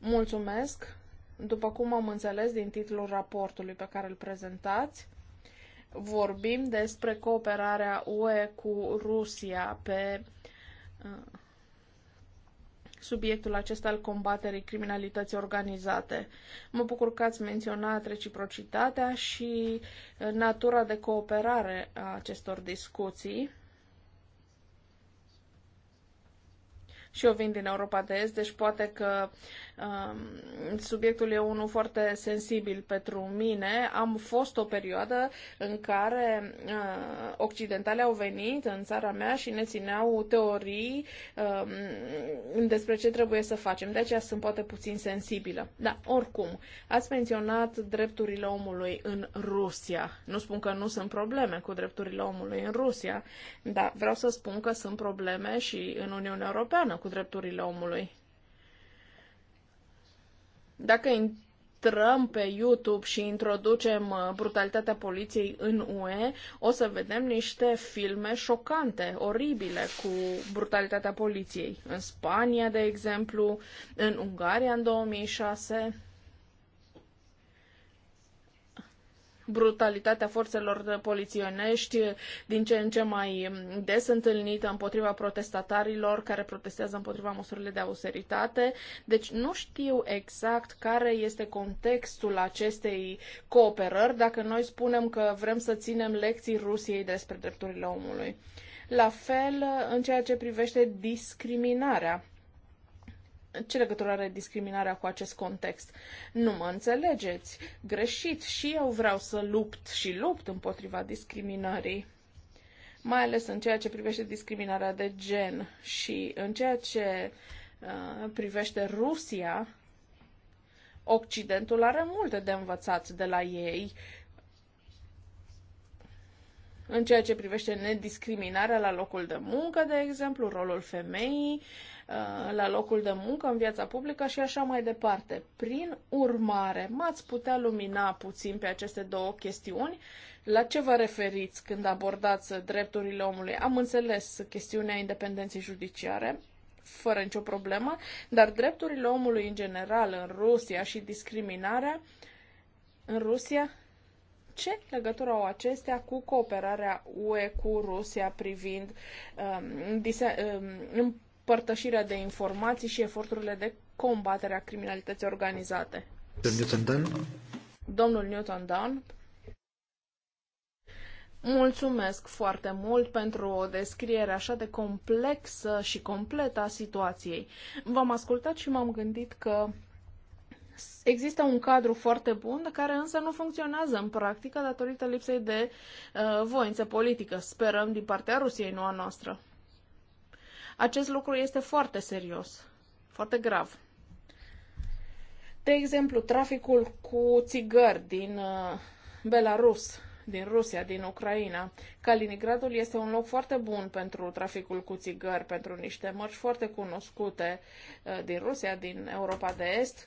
Mulțumesc. După cum am înțeles din titlul raportului pe care îl prezentați, vorbim despre cooperarea UE cu Rusia pe uh, subiectul acesta al combaterii criminalității organizate. Mă bucur că ați menționat reciprocitatea și uh, natura de cooperare a acestor discuții și eu vin din Europa de Est, deci poate că um, subiectul e unul foarte sensibil pentru mine. Am fost o perioadă în care uh, occidentale au venit în țara mea și ne țineau teorii um, despre ce trebuie să facem. De aceea sunt poate puțin sensibilă. Da, oricum, ați menționat drepturile omului în Rusia. Nu spun că nu sunt probleme cu drepturile omului în Rusia, dar vreau să spun că sunt probleme și în Uniunea Europeană cu drepturile omului. Dacă intrăm pe YouTube și introducem uh, brutalitatea poliției în UE, o să vedem niște filme șocante, oribile cu brutalitatea poliției. În Spania, de exemplu, în Ungaria în 2006 brutalitatea forțelor polițienești din ce în ce mai des întâlnită împotriva protestatarilor care protestează împotriva măsurilor de austeritate. Deci nu știu exact care este contextul acestei cooperări dacă noi spunem că vrem să ținem lecții Rusiei despre drepturile omului. La fel în ceea ce privește discriminarea ce legătură are discriminarea cu acest context? Nu mă înțelegeți. Greșit. Și eu vreau să lupt și lupt împotriva discriminării. Mai ales în ceea ce privește discriminarea de gen și în ceea ce uh, privește Rusia, Occidentul are multe de învățat de la ei în ceea ce privește nediscriminarea la locul de muncă, de exemplu, rolul femeii uh, la locul de muncă, în viața publică și așa mai departe. Prin urmare, m-ați putea lumina puțin pe aceste două chestiuni? La ce vă referiți când abordați drepturile omului? Am înțeles chestiunea independenței judiciare, fără nicio problemă, dar drepturile omului în general în Rusia și discriminarea în Rusia ce legătură au acestea cu cooperarea UE cu Rusia privind um, dise, um, împărtășirea de informații și eforturile de combatere a criminalității organizate? Domnul Newton Dan. Mulțumesc foarte mult pentru o descriere așa de complexă și completă a situației. V-am ascultat și m-am gândit că Există un cadru foarte bun, care însă nu funcționează în practică datorită lipsei de uh, voință politică, sperăm, din partea Rusiei, nu a noastră. Acest lucru este foarte serios, foarte grav. De exemplu, traficul cu țigări din uh, Belarus, din Rusia, din Ucraina. Kaliningradul este un loc foarte bun pentru traficul cu țigări, pentru niște mărci foarte cunoscute uh, din Rusia, din Europa de Est.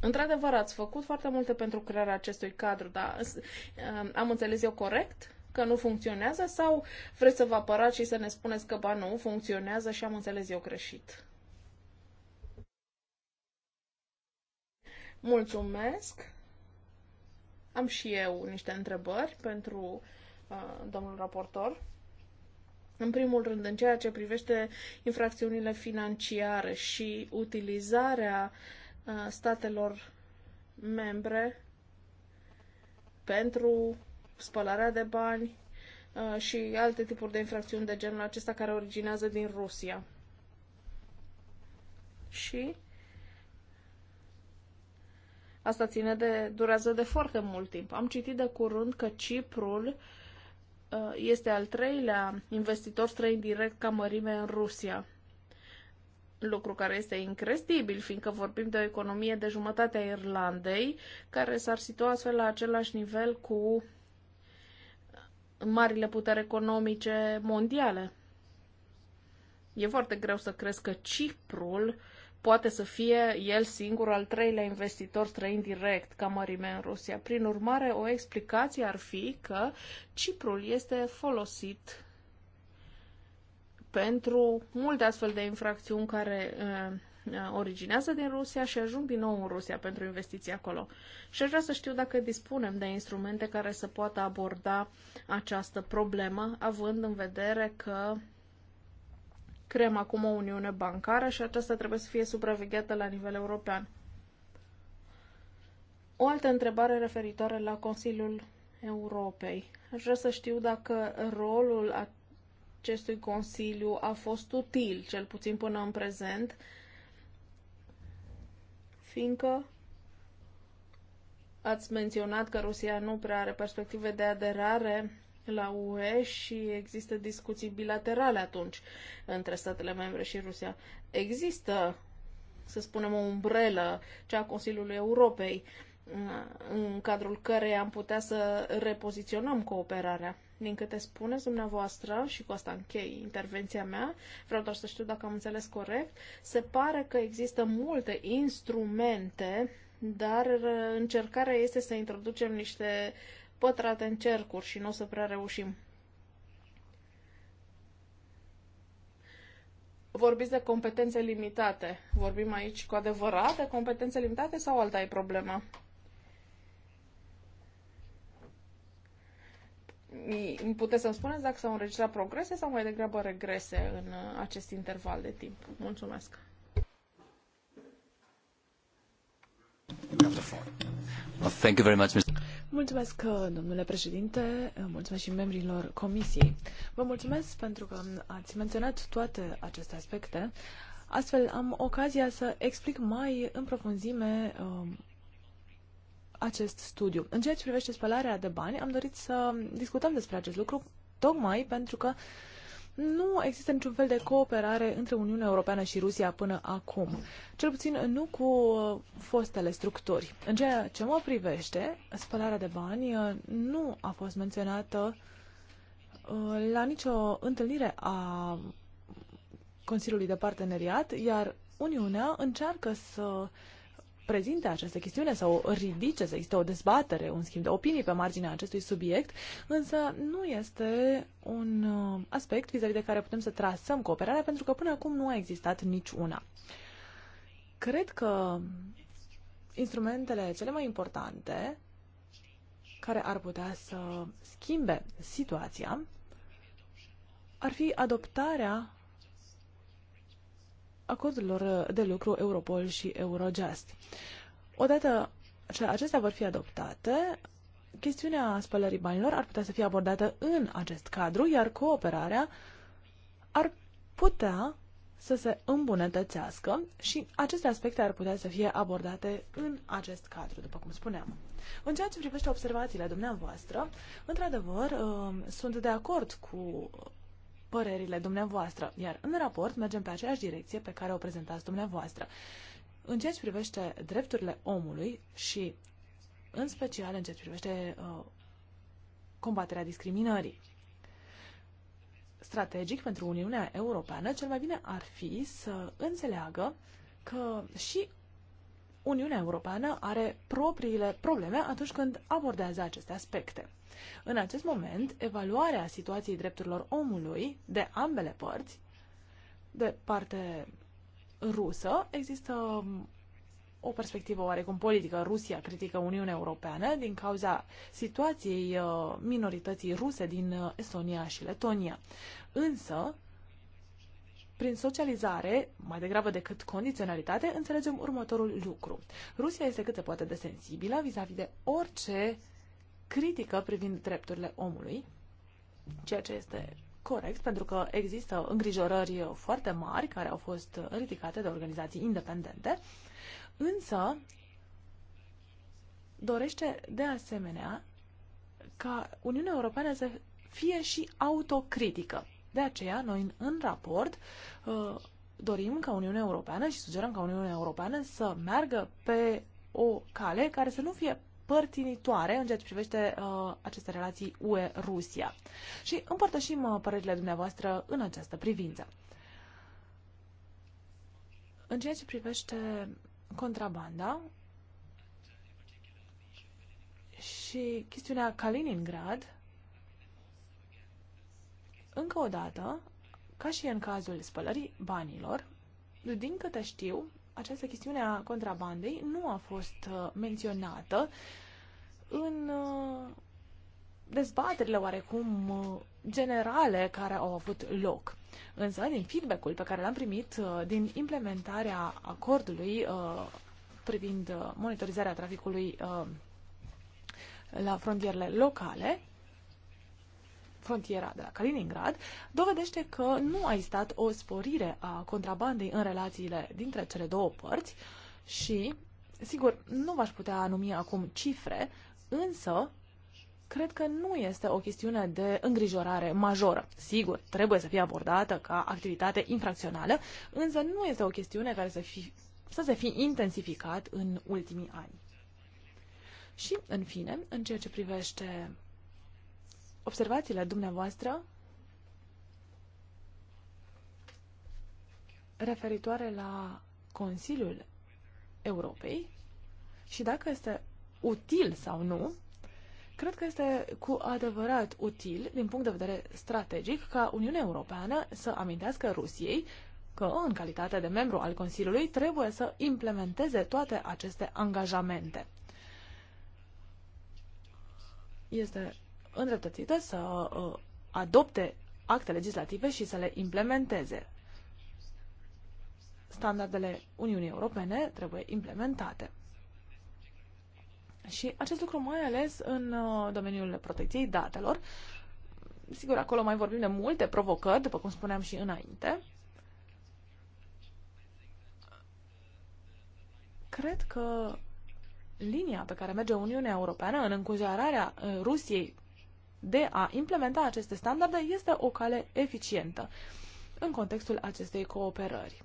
Într-adevăr, ați făcut foarte multe pentru crearea acestui cadru, dar uh, am înțeles eu corect că nu funcționează sau vreți să vă apărați și să ne spuneți că ba nu, funcționează și am înțeles eu greșit? Mulțumesc! Am și eu niște întrebări pentru uh, domnul raportor. În primul rând, în ceea ce privește infracțiunile financiare și utilizarea uh, Uh, statelor membre pentru spălarea de bani uh, și alte tipuri de infracțiuni de genul acesta care originează din Rusia. Și asta ține de, durează de foarte mult timp. Am citit de curând că Ciprul uh, este al treilea investitor străin direct ca mărime în Rusia lucru care este incredibil, fiindcă vorbim de o economie de a Irlandei, care s-ar situa astfel la același nivel cu marile puteri economice mondiale. E foarte greu să crezi că Ciprul poate să fie el singur al treilea investitor străin direct ca mărime în Rusia. Prin urmare, o explicație ar fi că Ciprul este folosit pentru multe astfel de infracțiuni care uh, uh, originează din Rusia și ajung din nou în Rusia pentru investiții acolo. Și aș vrea să știu dacă dispunem de instrumente care să poată aborda această problemă, având în vedere că creăm acum o uniune bancară și aceasta trebuie să fie supravegheată la nivel european. O altă întrebare referitoare la Consiliul Europei. Aș vrea să știu dacă rolul acestui Consiliu a fost util, cel puțin până în prezent, fiindcă ați menționat că Rusia nu prea are perspective de aderare la UE și există discuții bilaterale atunci între statele membre și Rusia. Există, să spunem, o umbrelă, cea a Consiliului Europei, în cadrul cărei am putea să repoziționăm cooperarea. Din câte spuneți dumneavoastră, și cu asta închei intervenția mea, vreau doar să știu dacă am înțeles corect, se pare că există multe instrumente, dar încercarea este să introducem niște pătrate în cercuri și nu o să prea reușim. vorbiți de competențe limitate. Vorbim aici cu adevărat de competențe limitate sau alta e problema? puteți să-mi spuneți dacă s-au înregistrat progrese sau mai degrabă regrese în uh, acest interval de timp. Mulțumesc! Mulțumesc, uh, domnule președinte, uh, mulțumesc și membrilor comisiei. Vă mulțumesc pentru că ați menționat toate aceste aspecte. Astfel am ocazia să explic mai în profunzime acest studiu. În ceea ce privește spălarea de bani, am dorit să discutăm despre acest lucru tocmai pentru că nu există niciun fel de cooperare între Uniunea Europeană și Rusia până acum. Cel puțin nu cu fostele structuri. În ceea ce mă privește, spălarea de bani nu a fost menționată uh, la nicio întâlnire a Consiliului de Parteneriat, iar Uniunea încearcă să prezinte această chestiune sau ridice, să existe o dezbatere, un schimb de opinii pe marginea acestui subiect, însă nu este un uh, aspect vis-a-vis -vis de care putem să trasăm cooperarea, pentru că până acum nu a existat niciuna. Cred că instrumentele cele mai importante care ar putea să schimbe situația ar fi adoptarea acordurilor de lucru Europol și Eurojust. Odată ce acestea vor fi adoptate, chestiunea spălării banilor ar putea să fie abordată în acest cadru, iar cooperarea ar putea să se îmbunătățească și aceste aspecte ar putea să fie abordate în acest cadru, după cum spuneam. În ceea ce privește observațiile dumneavoastră, într-adevăr, ă, sunt de acord cu părerile dumneavoastră, iar în raport mergem pe aceeași direcție pe care o prezentați dumneavoastră. În ceea ce privește drepturile omului și în special în ceea ce privește uh, combaterea discriminării. Strategic pentru Uniunea Europeană, cel mai bine ar fi să înțeleagă că și Uniunea Europeană are propriile probleme atunci când abordează aceste aspecte. În acest moment, evaluarea situației drepturilor omului de ambele părți, de parte rusă, există um, o perspectivă oarecum politică. Rusia critică Uniunea Europeană din cauza situației uh, minorității ruse din uh, Estonia și Letonia. Însă, prin socializare, mai degrabă decât condiționalitate, înțelegem următorul lucru. Rusia este cât se poate de sensibilă vis-a-vis -vis de orice uh, critică privind drepturile omului, ceea ce este corect, pentru că există îngrijorări foarte mari care au fost ridicate de organizații independente, însă dorește de asemenea ca Uniunea Europeană să fie și autocritică. De aceea, noi în, în raport uh, dorim ca Uniunea Europeană și sugerăm ca Uniunea Europeană să meargă pe o cale care să nu fie părtinitoare în ceea ce privește uh, aceste relații UE-Rusia. Și împărtășim uh, părerile dumneavoastră în această privință. În ceea ce privește contrabanda și chestiunea Kaliningrad, încă o dată, ca și în cazul spălării banilor, din câte știu, această chestiune a contrabandei nu a fost uh, menționată în uh, dezbaterile oarecum uh, generale care au avut loc. Însă, din feedback-ul pe care l-am primit din implementarea acordului privind monitorizarea traficului la frontierele locale, frontiera de la Kaliningrad, dovedește că nu a existat o sporire a contrabandei în relațiile dintre cele două părți și, sigur, nu v-aș putea numi acum cifre, însă cred că nu este o chestiune de îngrijorare majoră. Sigur, trebuie să fie abordată ca activitate infracțională, însă nu este o chestiune care să, fi, să se fi intensificat în ultimii ani. Și, în fine, în ceea ce privește observațiile dumneavoastră referitoare la Consiliul Europei și dacă este util sau nu, cred că este cu adevărat util din punct de vedere strategic ca Uniunea Europeană să amintească Rusiei că, în calitate de membru al Consiliului, trebuie să implementeze toate aceste angajamente. Este îndreptățită să uh, adopte acte legislative și să le implementeze. Standardele Uniunii Europene trebuie implementate. Și acest lucru mai ales în uh, domeniul protecției datelor. Sigur, acolo mai vorbim de multe provocări, după cum spuneam și înainte. Cred că linia pe care merge Uniunea Europeană în încurajarea uh, Rusiei de a implementa aceste standarde este o cale eficientă în contextul acestei cooperări.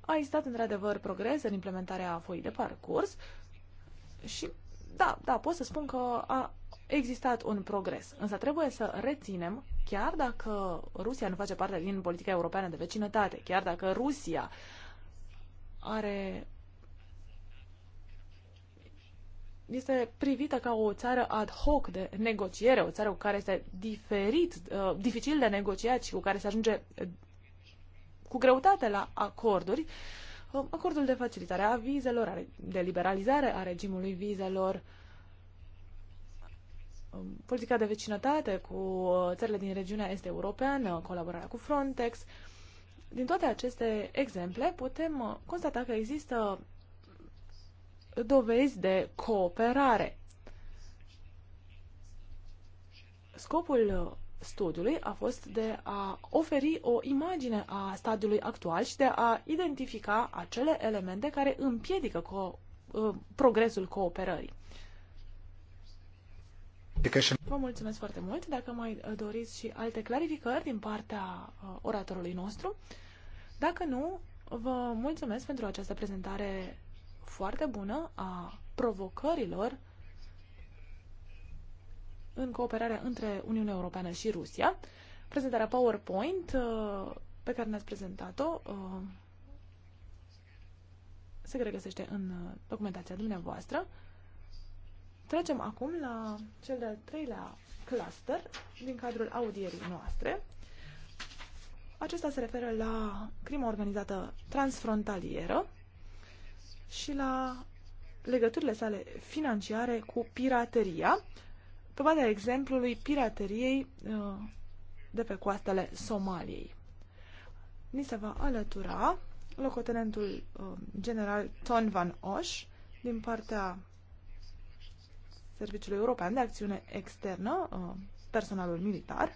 A existat într-adevăr progres în implementarea foii de parcurs și da, da, pot să spun că a existat un progres, însă trebuie să reținem, chiar dacă Rusia nu face parte din politica europeană de vecinătate, chiar dacă Rusia are este privită ca o țară ad hoc de negociere, o țară cu care este diferit, uh, dificil de negociat și cu care se ajunge uh, cu greutate la acorduri, uh, acordul de facilitare a vizelor, de liberalizare a regimului vizelor, um, politica de vecinătate cu uh, țările din regiunea este europeană, colaborarea cu Frontex. Din toate aceste exemple putem uh, constata că există dovezi de cooperare. Scopul uh, studiului a fost de a oferi o imagine a stadiului actual și de a identifica acele elemente care împiedică co- uh, progresul cooperării. Vă mulțumesc foarte mult. Dacă mai uh, doriți și alte clarificări din partea oratorului nostru, dacă nu, vă mulțumesc pentru această prezentare foarte bună a provocărilor în cooperarea între Uniunea Europeană și Rusia. Prezentarea PowerPoint uh, pe care ne-ați prezentat-o uh, se regăsește în uh, documentația dumneavoastră. Trecem acum la cel de-al treilea cluster din cadrul audierii noastre. Acesta se referă la crima organizată transfrontalieră și la legăturile sale financiare cu pirateria, pe baza exemplului pirateriei uh, de pe coastele Somaliei. Ni se va alătura locotenentul uh, general Ton Van Osh din partea Serviciului European de Acțiune Externă, uh, personalul militar.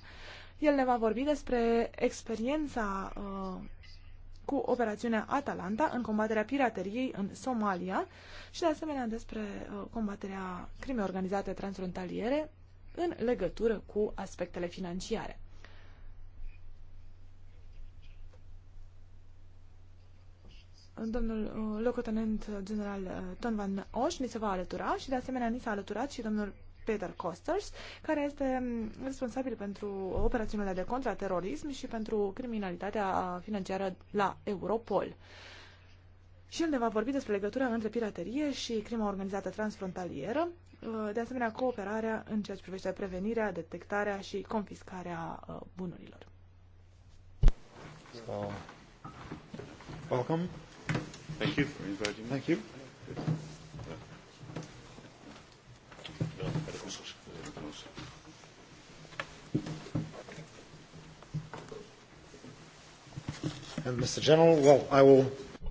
El ne va vorbi despre experiența cu operațiunea Atalanta în combaterea pirateriei în Somalia și de asemenea despre uh, combaterea crimei organizate transfrontaliere în legătură cu aspectele financiare. Domnul uh, locotenent general uh, Ton Van Oș ni se va alătura și de asemenea ni s-a alăturat și domnul Peter Costers, care este responsabil pentru operațiunile de contraterorism și pentru criminalitatea financiară la Europol. Și el ne va vorbi despre legătura între piraterie și crima organizată transfrontalieră, uh, de asemenea cooperarea în ceea ce privește prevenirea, detectarea și confiscarea uh, bunurilor. So, welcome. Thank you for inviting me. Thank you profesor. Mr. General, well, I will...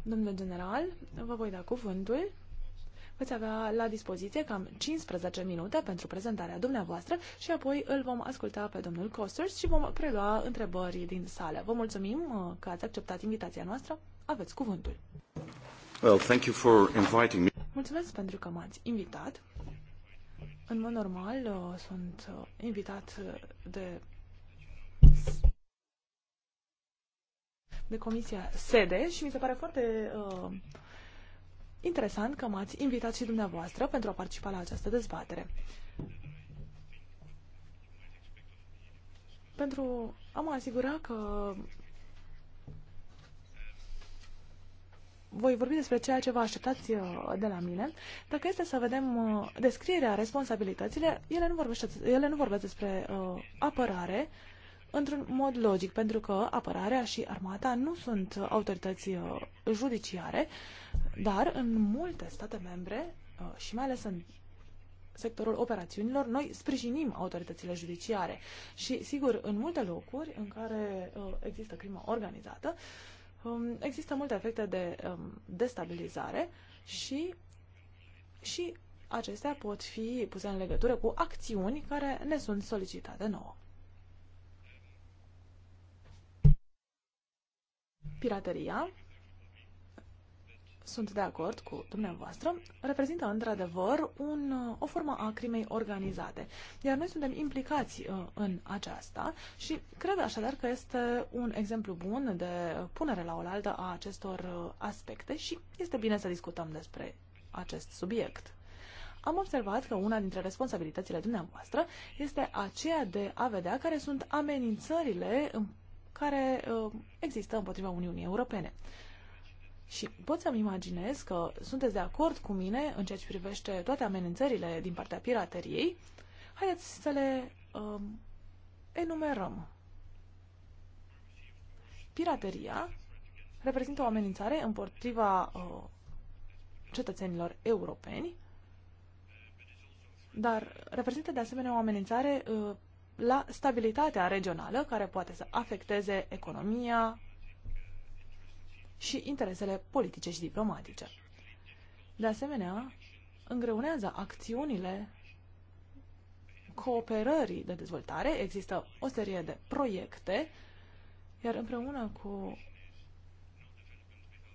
Domnule general, vă voi da cuvântul. Veți avea la dispoziție cam 15 minute pentru prezentarea dumneavoastră și apoi îl vom asculta pe domnul Costers și vom prelua întrebări din sală. Vă mulțumim uh, că ați acceptat invitația noastră. Aveți cuvântul. Well, thank you for inviting me. Mulțumesc pentru că m-ați invitat. În mod normal, uh, sunt uh, invitat uh, de de comisia sede și mi se pare foarte uh, interesant că m-ați invitat și dumneavoastră pentru a participa la această dezbatere. Pentru a mă asigura că voi vorbi despre ceea ce vă așteptați uh, de la mine. Dacă este să vedem uh, descrierea responsabilităților, ele nu, vorbesc, ele nu vorbesc despre uh, apărare într-un mod logic, pentru că apărarea și armata nu sunt autorități uh, judiciare, dar în multe state membre și mai ales în sectorul operațiunilor, noi sprijinim autoritățile judiciare. Și, sigur, în multe locuri în care există crimă organizată, uh, um, există multe efecte de um, destabilizare și, și acestea pot fi puse în legătură cu acțiuni care ne sunt solicitate nouă. Pirateria sunt de acord cu dumneavoastră, reprezintă într-adevăr un, o formă a crimei organizate. Iar noi suntem implicați uh, în aceasta și cred așadar că este un exemplu bun de punere la oaltă a acestor uh, aspecte și este bine să discutăm despre acest subiect. Am observat că una dintre responsabilitățile dumneavoastră este aceea de a vedea care sunt amenințările care uh, există împotriva Uniunii Europene. Și pot să-mi imaginez că sunteți de acord cu mine în ceea ce privește toate amenințările din partea pirateriei. Haideți să le um, enumerăm. Pirateria reprezintă o amenințare împotriva uh, cetățenilor europeni, dar reprezintă de asemenea o amenințare uh, la stabilitatea regională, care poate să afecteze economia, și interesele politice și diplomatice. De asemenea, îngreunează acțiunile cooperării de dezvoltare. Există o serie de proiecte, iar împreună cu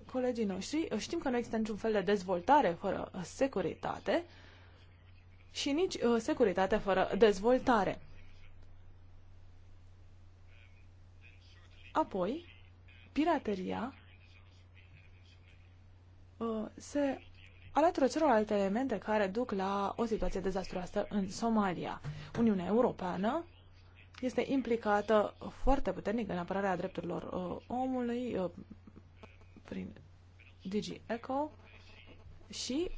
colegii noștri știm că nu există niciun fel de dezvoltare fără securitate și nici uh, securitate fără dezvoltare. Apoi, pirateria Uh, se alătură celorlalte elemente care duc la o situație dezastroasă în Somalia. Uniunea Europeană este implicată foarte puternic în apărarea drepturilor uh, omului uh, prin Digi și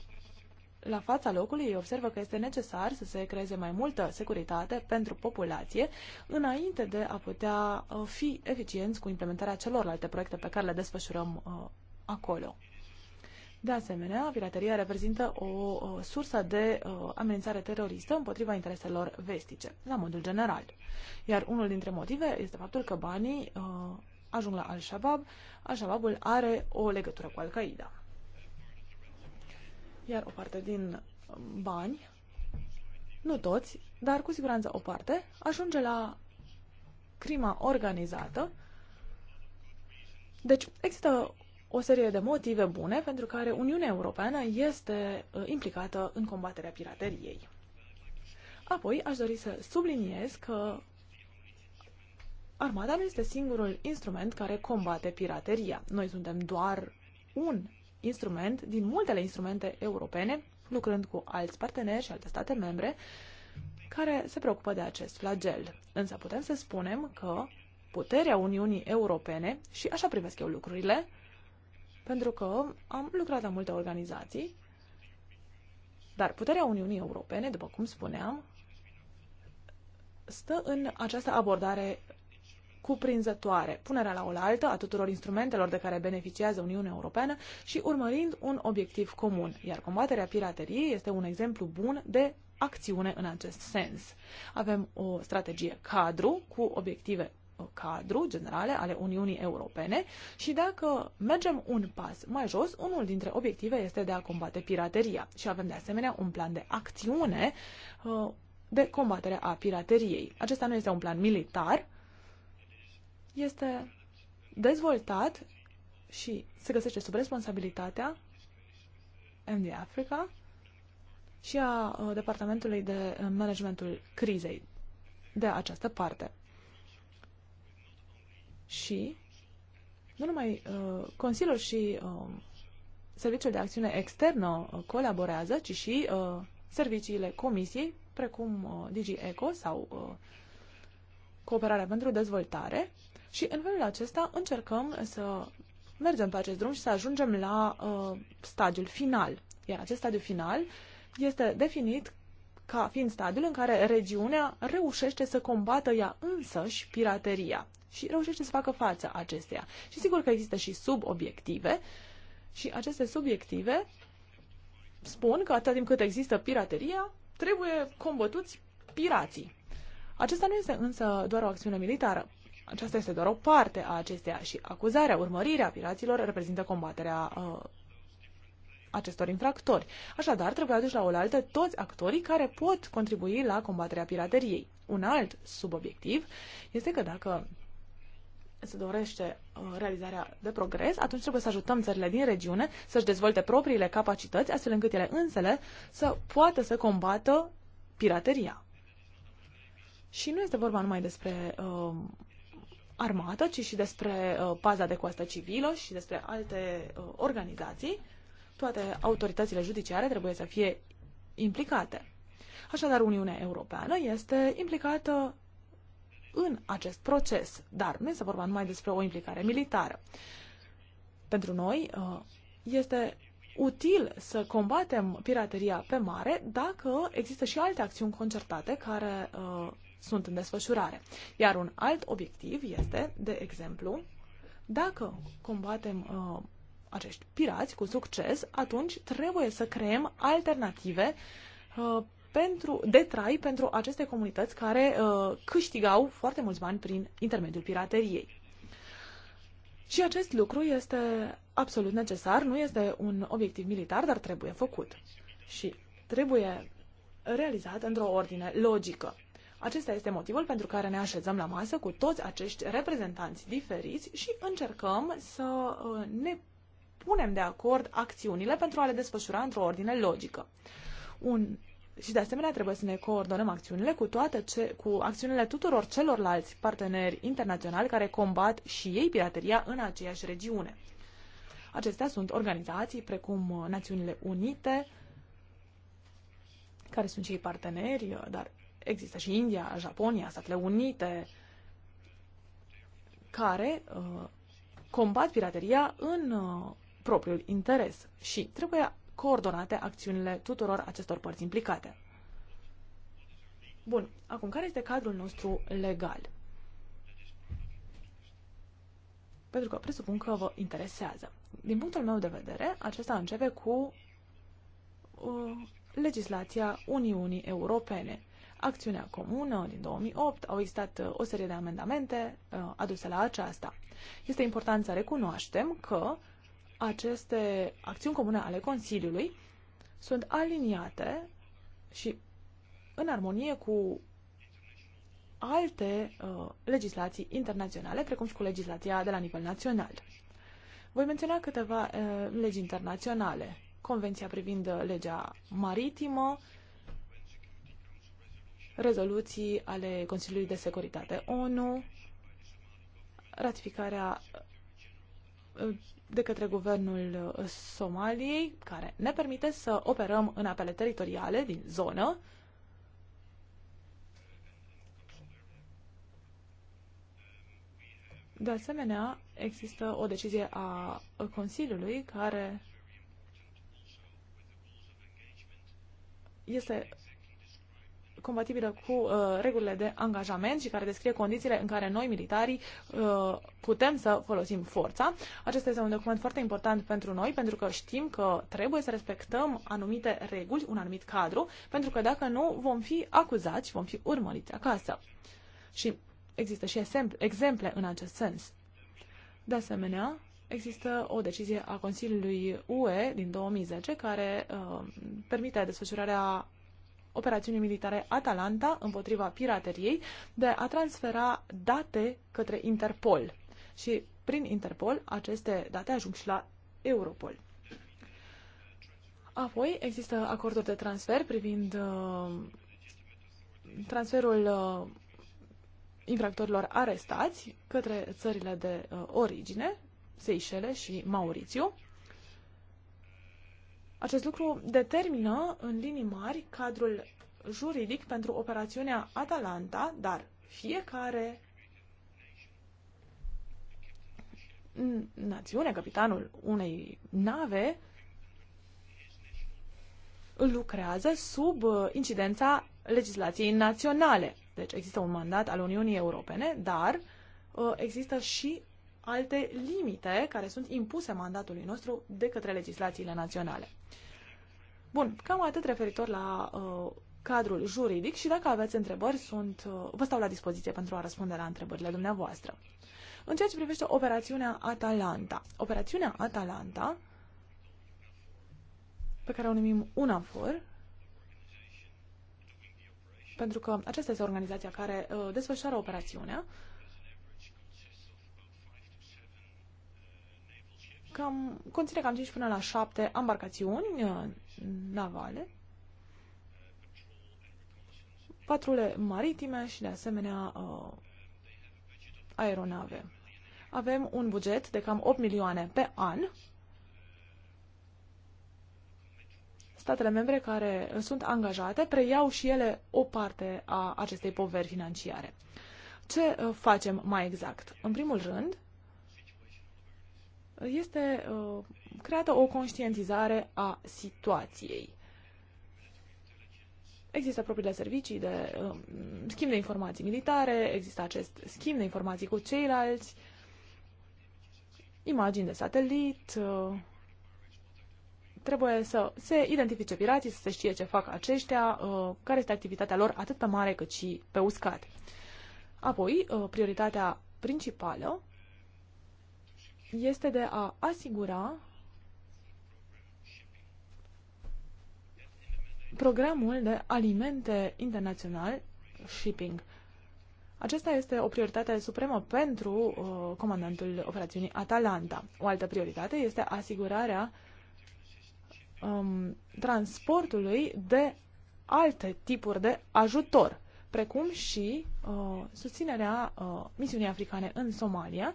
la fața locului observă că este necesar să se creeze mai multă securitate pentru populație înainte de a putea uh, fi eficienți cu implementarea celorlalte proiecte pe care le desfășurăm uh, acolo. De asemenea, pirateria reprezintă o, sursă de amenințare teroristă împotriva intereselor vestice, la modul general. Iar unul dintre motive este faptul că banii ajung la Al-Shabaab, Al-Shabaabul are o legătură cu Al-Qaeda. Iar o parte din bani, nu toți, dar cu siguranță o parte, ajunge la crima organizată. Deci există o serie de motive bune pentru care Uniunea Europeană este uh, implicată în combaterea pirateriei. Apoi, aș dori să subliniez că armada nu este singurul instrument care combate pirateria. Noi suntem doar un instrument din multele instrumente europene, lucrând cu alți parteneri și alte state membre, care se preocupă de acest flagel. Însă putem să spunem că puterea Uniunii Europene, și așa privesc eu lucrurile, pentru că am lucrat la multe organizații, dar puterea Uniunii Europene, după cum spuneam, stă în această abordare cuprinzătoare, punerea la oaltă a tuturor instrumentelor de care beneficiază Uniunea Europeană și urmărind un obiectiv comun, iar combaterea pirateriei este un exemplu bun de acțiune în acest sens. Avem o strategie cadru cu obiective cadru generale ale Uniunii Europene și dacă mergem un pas mai jos, unul dintre obiective este de a combate pirateria și avem de asemenea un plan de acțiune uh, de combatere a pirateriei. Acesta nu este un plan militar, este dezvoltat și se găsește sub responsabilitatea MD Africa și a uh, Departamentului de uh, Managementul Crizei de această parte și nu numai uh, Consiliul și uh, Serviciul de Acțiune Externă uh, colaborează, ci și uh, serviciile Comisiei, precum uh, DigiEco ECO sau uh, Cooperarea pentru Dezvoltare. Și în felul acesta încercăm să mergem pe acest drum și să ajungem la uh, stadiul final. Iar acest stadiu final este definit ca fiind stadiul în care regiunea reușește să combată ea însăși pirateria și reușește să facă față acesteia. Și sigur că există și subobiective și aceste subiective spun că atât timp cât există pirateria, trebuie combătuți pirații. Acesta nu este însă doar o acțiune militară. Aceasta este doar o parte a acesteia și acuzarea, urmărirea piraților reprezintă combaterea uh, acestor infractori. Așadar, trebuie aduși la oaltă toți actorii care pot contribui la combaterea pirateriei. Un alt subobiectiv este că dacă se dorește uh, realizarea de progres, atunci trebuie să ajutăm țările din regiune să-și dezvolte propriile capacități, astfel încât ele însele să poată să combată pirateria. Și nu este vorba numai despre uh, armată, ci și despre uh, paza de coastă civilă și despre alte uh, organizații. Toate autoritățile judiciare trebuie să fie implicate. Așadar, Uniunea Europeană este implicată în acest proces, dar nu este vorba numai despre o implicare militară. Pentru noi uh, este util să combatem pirateria pe mare dacă există și alte acțiuni concertate care uh, sunt în desfășurare. Iar un alt obiectiv este, de exemplu, dacă combatem uh, acești pirați cu succes, atunci trebuie să creăm alternative pentru, de trai pentru aceste comunități care uh, câștigau foarte mulți bani prin intermediul pirateriei. Și acest lucru este absolut necesar, nu este un obiectiv militar, dar trebuie făcut. Și trebuie realizat într-o ordine logică. Acesta este motivul pentru care ne așezăm la masă cu toți acești reprezentanți diferiți și încercăm să uh, ne punem de acord acțiunile pentru a le desfășura într-o ordine logică. Un și de asemenea trebuie să ne coordonăm acțiunile cu toate ce, cu acțiunile tuturor celorlalți parteneri internaționali care combat și ei pirateria în aceeași regiune. Acestea sunt organizații precum uh, Națiunile Unite, care sunt cei parteneri, uh, dar există și India, Japonia, Statele Unite, care uh, combat pirateria în uh, propriul interes și trebuie coordonate acțiunile tuturor acestor părți implicate. Bun, acum care este cadrul nostru legal? Pentru că presupun că vă interesează. Din punctul meu de vedere, acesta începe cu uh, legislația Uniunii Europene. Acțiunea comună din 2008 au existat uh, o serie de amendamente uh, aduse la aceasta. Este important să recunoaștem că uh, aceste acțiuni comune ale Consiliului sunt aliniate și în armonie cu alte uh, legislații internaționale, precum și cu legislația de la nivel național. Voi menționa câteva uh, legi internaționale. Convenția privind uh, legea maritimă, rezoluții ale Consiliului de Securitate ONU, ratificarea uh, de către guvernul uh, Somaliei, care ne permite să operăm în apele teritoriale din zonă. De asemenea, există o decizie a Consiliului care este compatibilă cu uh, regulile de angajament și care descrie condițiile în care noi, militarii, uh, putem să folosim forța. Acesta este un document foarte important pentru noi, pentru că știm că trebuie să respectăm anumite reguli, un anumit cadru, pentru că dacă nu, vom fi acuzați vom fi urmăriți acasă. Și există și exemple în acest sens. De asemenea, există o decizie a Consiliului UE din 2010 care uh, permite desfășurarea operațiunii militare Atalanta împotriva pirateriei de a transfera date către Interpol. Și prin Interpol aceste date ajung și la Europol. Apoi există acorduri de transfer privind uh, transferul uh, infractorilor arestați către țările de uh, origine, Seychelles și Mauritiu. Acest lucru determină, în linii mari, cadrul juridic pentru operațiunea Atalanta, dar fiecare națiune, capitanul unei nave, lucrează sub uh, incidența legislației naționale. Deci există un mandat al Uniunii Europene, dar uh, există și alte limite care sunt impuse mandatului nostru de către legislațiile naționale. Bun, cam atât referitor la uh, cadrul juridic și dacă aveți întrebări, sunt, uh, vă stau la dispoziție pentru a răspunde la întrebările dumneavoastră. În ceea ce privește operațiunea Atalanta. Operațiunea Atalanta, pe care o numim UNAFOR, pentru că aceasta este organizația care uh, desfășoară operațiunea, cam, conține cam 5 până la 7 embarcațiuni uh, navale, patrule maritime și, de asemenea, uh, aeronave. Avem un buget de cam 8 milioane pe an. Statele membre care sunt angajate preiau și ele o parte a acestei poveri financiare. Ce uh, facem mai exact? În primul rând, este uh, creată o conștientizare a situației. Există propriile servicii de um, schimb de informații militare, există acest schimb de informații cu ceilalți, imagini de satelit, uh, trebuie să se identifice pirații, să se știe ce fac aceștia, uh, care este activitatea lor atât pe mare cât și pe uscat. Apoi, uh, prioritatea principală este de a asigura programul de alimente internațional shipping. Acesta este o prioritate supremă pentru uh, comandantul operațiunii Atalanta. O altă prioritate este asigurarea um, transportului de alte tipuri de ajutor, precum și uh, susținerea uh, misiunii africane în Somalia, uh,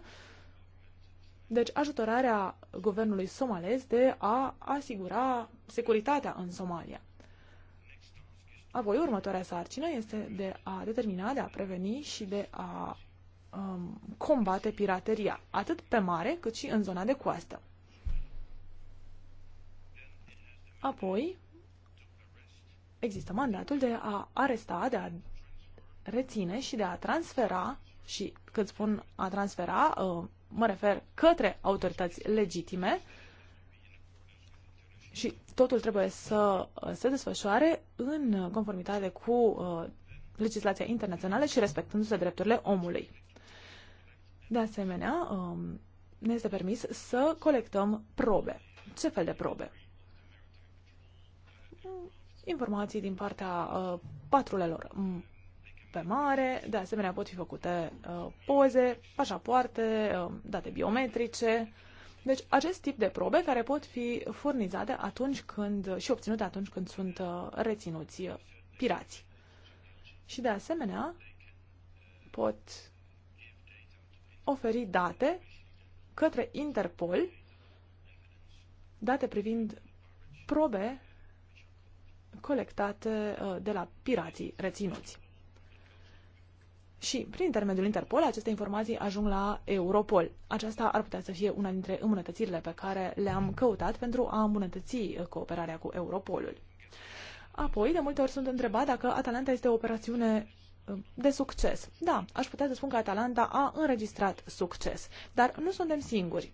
deci ajutorarea guvernului somalez de a asigura securitatea în Somalia. Apoi, următoarea sarcină este de a determina, de a preveni și de a um, combate pirateria, atât pe mare cât și în zona de coastă. Apoi, există mandatul de a aresta, de a reține și de a transfera, și când spun a transfera, uh, mă refer către autorități legitime și totul trebuie să uh, se desfășoare în conformitate cu uh, legislația internațională și respectându-se drepturile omului. De asemenea, um, ne este permis să colectăm probe. Ce fel de probe? Informații din partea uh, patrulelor pe mare, de asemenea pot fi făcute uh, poze, pașapoarte, uh, date biometrice. Deci acest tip de probe care pot fi furnizate atunci când și obținute atunci când sunt uh, reținuți uh, pirați. Și de asemenea pot oferi date către Interpol, date privind probe colectate uh, de la pirații reținuți și prin intermediul Interpol aceste informații ajung la Europol. Aceasta ar putea să fie una dintre îmbunătățirile pe care le-am căutat pentru a îmbunătăți uh, cooperarea cu Europolul. Apoi, de multe ori sunt întrebat dacă Atalanta este o operațiune uh, de succes. Da, aș putea să spun că Atalanta a înregistrat succes, dar nu suntem singuri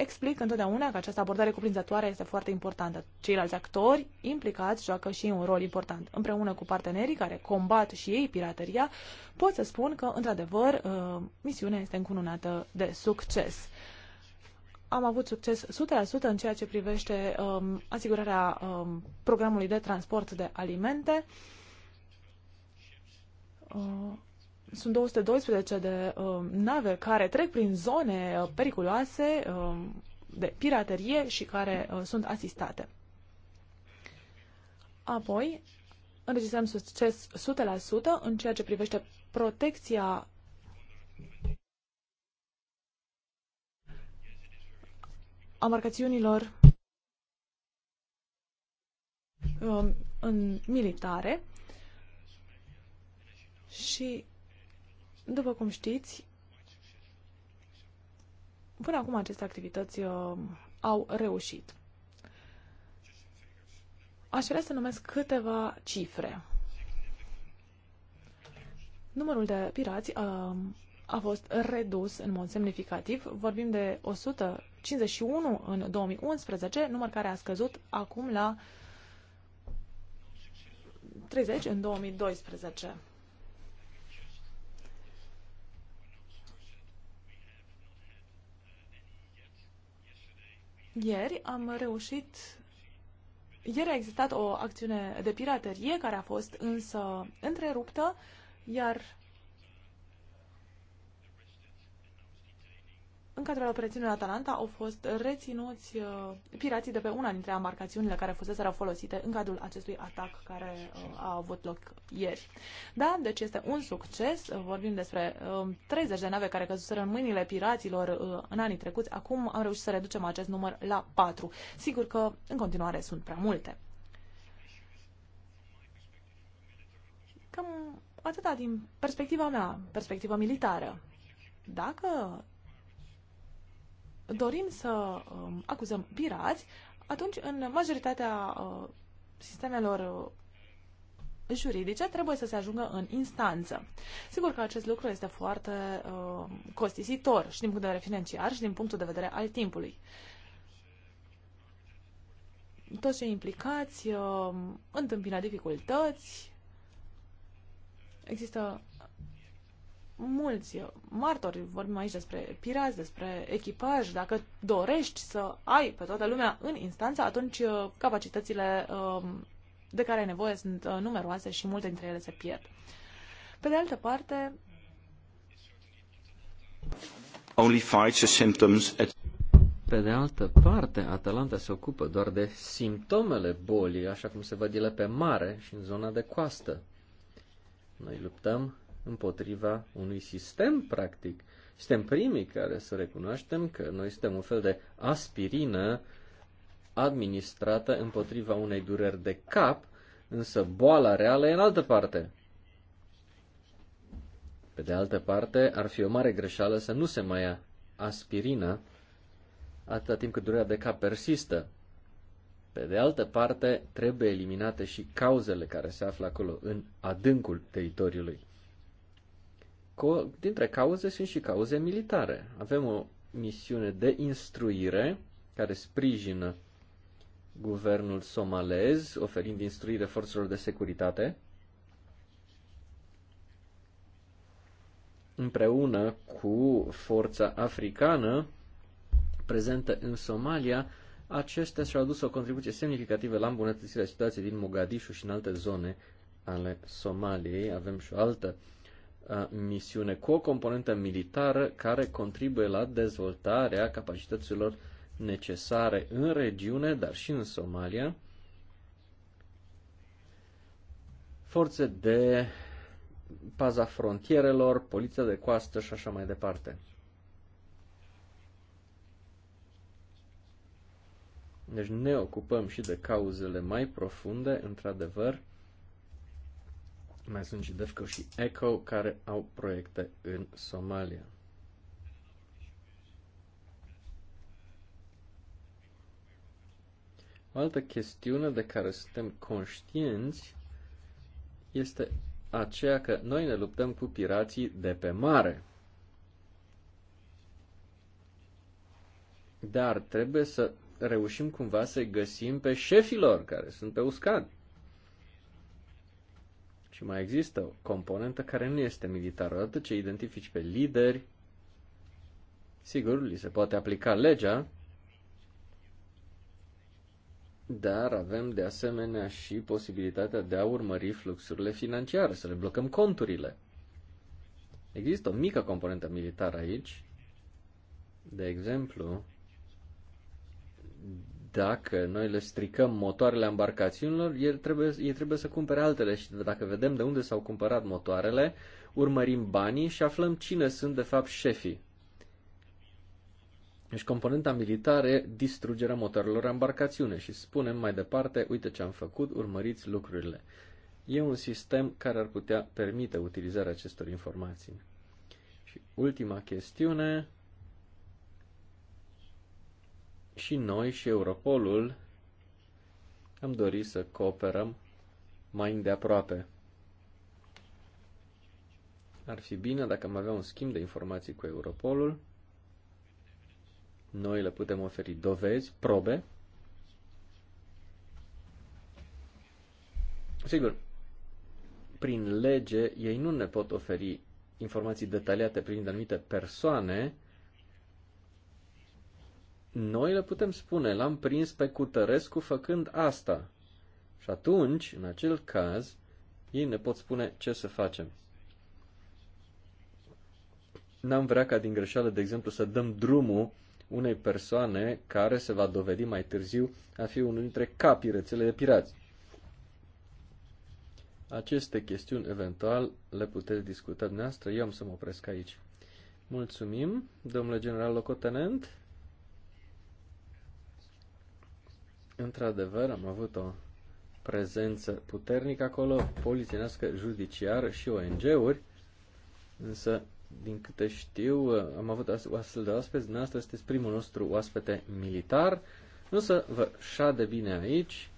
explic întotdeauna că această abordare cuprinzătoare este foarte importantă. Ceilalți actori implicați joacă și un rol important. Împreună cu partenerii care combat și ei pirateria, pot să spun că, într-adevăr, uh, misiunea este încununată de succes. Am avut succes 100% în ceea ce privește um, asigurarea um, programului de transport de alimente. Uh, sunt 212 de uh, nave care trec prin zone uh, periculoase uh, de piraterie și care uh, sunt asistate. Apoi, înregistrăm succes 100% în ceea ce privește protecția amarcațiunilor uh, um, în militare și după cum știți, până acum aceste activități uh, au reușit. Aș vrea să numesc câteva cifre. Numărul de pirați uh, a fost redus în mod semnificativ. Vorbim de 151 în 2011, număr care a scăzut acum la 30 în 2012. Ieri am reușit ieri a existat o acțiune de piraterie care a fost însă întreruptă, iar în cadrul operațiunii Atalanta au fost reținuți uh, pirații de pe una dintre embarcațiunile care fuseseră folosite în cadrul acestui atac care uh, a avut loc ieri. Da, deci este un succes. Vorbim despre uh, um, 30 de nave care căzuseră în mâinile piraților uh, în anii trecuți. Acum am reușit să reducem acest număr la 4. Sigur că în continuare sunt prea multe. Cam atâta din perspectiva mea, perspectiva militară. Dacă dorim să um, acuzăm pirați, atunci în majoritatea uh, sistemelor uh, juridice trebuie să se ajungă în instanță. Sigur că acest lucru este foarte uh, costisitor și din punct de vedere financiar și din punctul de vedere al timpului. Toți cei implicați uh, întâmpină dificultăți, există mulți martori, vorbim aici despre pirați, despre echipaj, dacă dorești să ai pe toată lumea în instanță, atunci uh, capacitățile um, de care ai nevoie sunt uh, numeroase și multe dintre ele se pierd. Pe de altă parte, only fights the symptoms at pe de altă parte, Atalanta se ocupă doar de simptomele bolii, așa cum se văd ele pe mare și în zona de coastă. Noi luptăm împotriva unui sistem, practic, sistem primic, care să recunoaștem că noi suntem un fel de aspirină administrată împotriva unei dureri de cap, însă boala reală e în altă parte. Pe de altă parte, ar fi o mare greșeală să nu se mai ia aspirină atâta timp cât durerea de cap persistă. Pe de altă parte, trebuie eliminate și cauzele care se află acolo, în adâncul teritoriului dintre cauze sunt și cauze militare. Avem o misiune de instruire care sprijină guvernul somalez, oferind instruire forțelor de securitate, împreună cu forța africană prezentă în Somalia, acestea și-au adus o contribuție semnificativă la îmbunătățirea situației din Mogadishu și în alte zone ale Somaliei. Avem și o altă uh, misiune cu o componentă militară care contribuie la dezvoltarea capacităților necesare în regiune, dar și în Somalia, forțe de paza frontierelor, poliția de coastă și așa mai departe. Deci ne ocupăm și de cauzele mai profunde, într-adevăr, mai sunt și DEFCO și ECHO care au proiecte în Somalia. O altă chestiune de care suntem conștienți este aceea că noi ne luptăm cu pirații de pe mare. Dar trebuie să reușim cumva să găsim pe șefilor care sunt pe uscat. Și mai există o componentă care nu este militară. Odată ce identifici pe lideri, sigur, li se poate aplica legea, dar avem de asemenea și posibilitatea de a urmări fluxurile financiare, să le blocăm conturile. Există o mică componentă militară aici. De exemplu, dacă noi le stricăm motoarele embarcațiunilor, ei trebuie, ei trebuie să cumpere altele și dacă vedem de unde s-au cumpărat motoarele, urmărim banii și aflăm cine sunt de fapt șefii. Deci componenta militară e distrugerea motoarelor embarcațiune și spunem mai departe, uite ce am făcut, urmăriți lucrurile. E un sistem care ar putea permite utilizarea acestor informații. Și ultima chestiune, și noi și Europolul am dorit să cooperăm mai îndeaproape. Ar fi bine dacă am avea un schimb de informații cu Europolul. Noi le putem oferi dovezi, probe. Sigur, prin lege ei nu ne pot oferi informații detaliate prin anumite persoane, noi le putem spune, l-am prins pe Cutărescu făcând asta. Și atunci, în acel caz, ei ne pot spune ce să facem. N-am vrea ca din greșeală, de exemplu, să dăm drumul unei persoane care se va dovedi mai târziu a fi unul dintre capii rețelei de pirați. Aceste chestiuni, eventual, le puteți discuta dumneavoastră. Eu am să mă opresc aici. Mulțumim, domnule general locotenent. Într-adevăr, am avut o prezență puternică acolo, polițienească, judiciară și ONG-uri, însă, din câte știu, am avut o astfel de oaspeți, dumneavoastră sunteți primul nostru oaspete militar, însă vă șade bine aici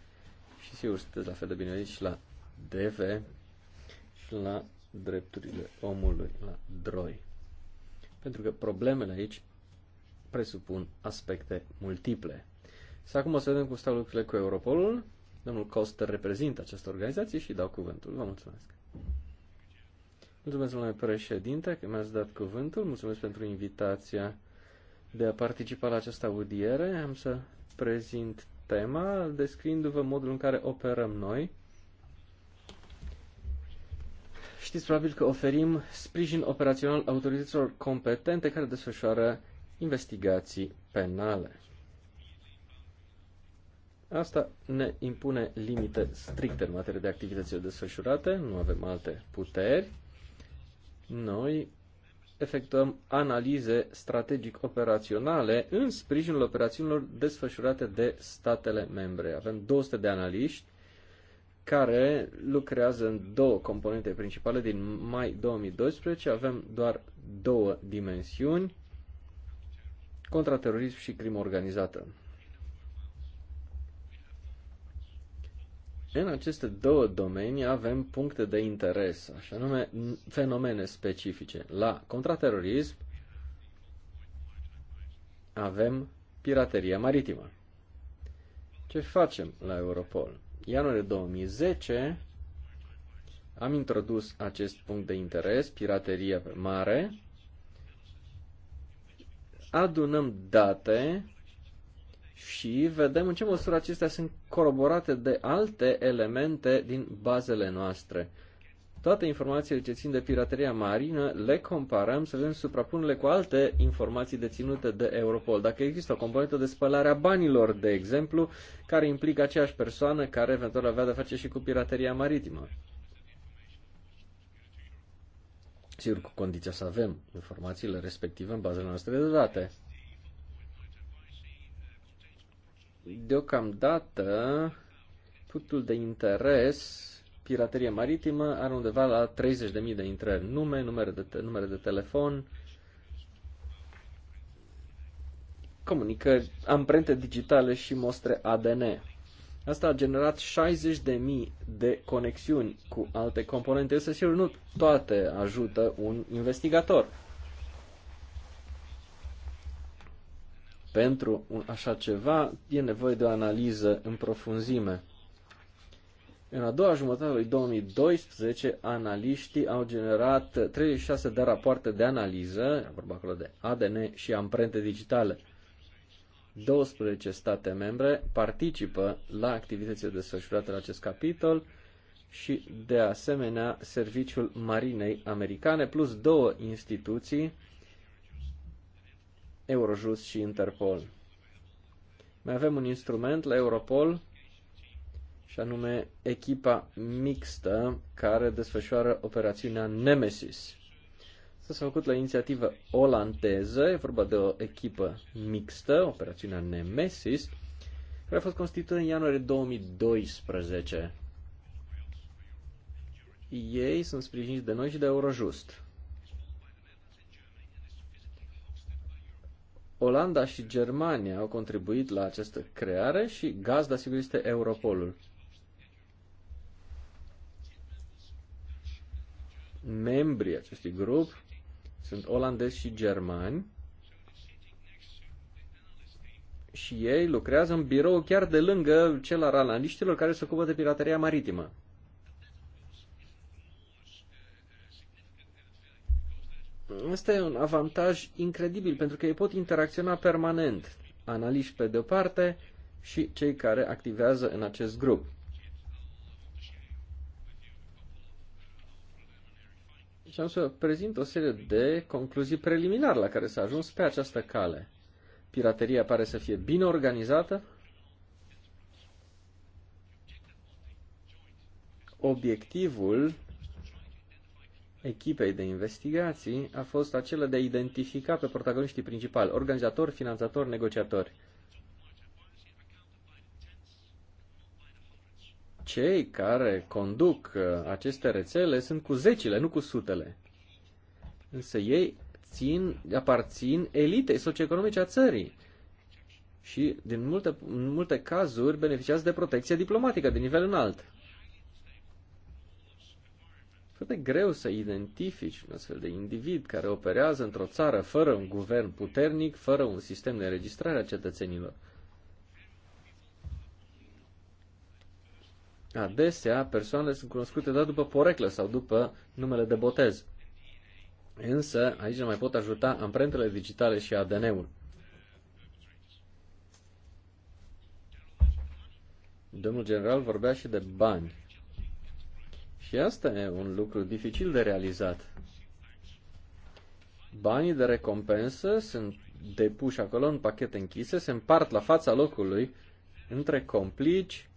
și sigur sunteți la fel de bine aici la DV și la drepturile omului, la DROI. Pentru că problemele aici presupun aspecte multiple. Să acum o să vedem cum stau lucrurile cu Europolul. Domnul Coster reprezintă această organizație și dau cuvântul. Vă mulțumesc. Mulțumesc, domnule președinte, că mi-ați dat cuvântul. Mulțumesc pentru invitația de a participa la această audiere. Am să prezint tema, descriindu-vă modul în care operăm noi. Știți probabil că oferim sprijin operațional autorităților competente care desfășoară investigații penale. Asta ne impune limite stricte în materie de activitățile desfășurate, nu avem alte puteri. Noi efectuăm analize strategic-operaționale în sprijinul operațiunilor desfășurate de statele membre. Avem 200 de analiști care lucrează în două componente principale. Din mai 2012 avem doar două dimensiuni, contraterorism și crimă organizată. În aceste două domenii avem puncte de interes, așa nume fenomene specifice. La contraterorism avem pirateria maritimă. Ce facem la Europol? Ianuarie 2010 am introdus acest punct de interes, pirateria pe mare, adunăm date și vedem în ce măsură acestea sunt coroborate de alte elemente din bazele noastre. Toate informațiile ce țin de pirateria marină le comparăm să vedem suprapunele cu alte informații deținute de Europol. Dacă există o componentă de spălare a banilor, de exemplu, care implică aceeași persoană care eventual avea de face și cu pirateria maritimă. Sigur, cu condiția să avem informațiile respective în bazele noastre de date. Deocamdată, punctul de interes piraterie maritimă are undeva la 30.000 de intrări. Nume, numere de, te- numere de telefon, comunicări, amprente digitale și mostre ADN. Asta a generat 60.000 de conexiuni cu alte componente, însă sigur nu toate ajută un investigator. Pentru un așa ceva e nevoie de o analiză în profunzime. În a doua jumătate a lui 2012, analiștii au generat 36 de rapoarte de analiză, vorba acolo de ADN și amprente digitale. 12 state membre participă la activitățile desfășurate la acest capitol și, de asemenea, Serviciul Marinei Americane, plus două instituții, Eurojust și Interpol. Mai avem un instrument la Europol și anume echipa mixtă care desfășoară operațiunea Nemesis. s-a făcut la inițiativă olandeză, e vorba de o echipă mixtă, operațiunea Nemesis, care a fost constituită în ianuarie 2012. Ei sunt sprijiniți de noi și de Eurojust. Olanda și Germania au contribuit la această creare și gazda, sigur, este Europolul. Membrii acestui grup sunt olandezi și germani și ei lucrează în birou chiar de lângă cel al analiștilor care se ocupă de pirateria maritimă. Este un avantaj incredibil, pentru că ei pot interacționa permanent, analiști pe de-o parte și cei care activează în acest grup. Și am să prezint o serie de concluzii preliminare la care s-a ajuns pe această cale. Pirateria pare să fie bine organizată, obiectivul echipei de investigații a fost acela de a identifica pe protagoniștii principali, organizatori, finanțatori, negociatori. Cei care conduc uh, aceste rețele sunt cu zecile, nu cu sutele. Însă ei țin, aparțin elitei socioeconomice a țării și, din multe, în multe cazuri, beneficiază de protecție diplomatică de nivel înalt. Cât de greu să identifici un astfel de individ care operează într-o țară fără un guvern puternic, fără un sistem de înregistrare a cetățenilor. Adesea, persoanele sunt cunoscute doar după poreclă sau după numele de botez. Însă, aici ne mai pot ajuta amprentele digitale și ADN-ul. Domnul general vorbea și de bani. Și asta e un lucru dificil de realizat. Banii de recompensă sunt depuși acolo în pachete închise, se împart la fața locului între complici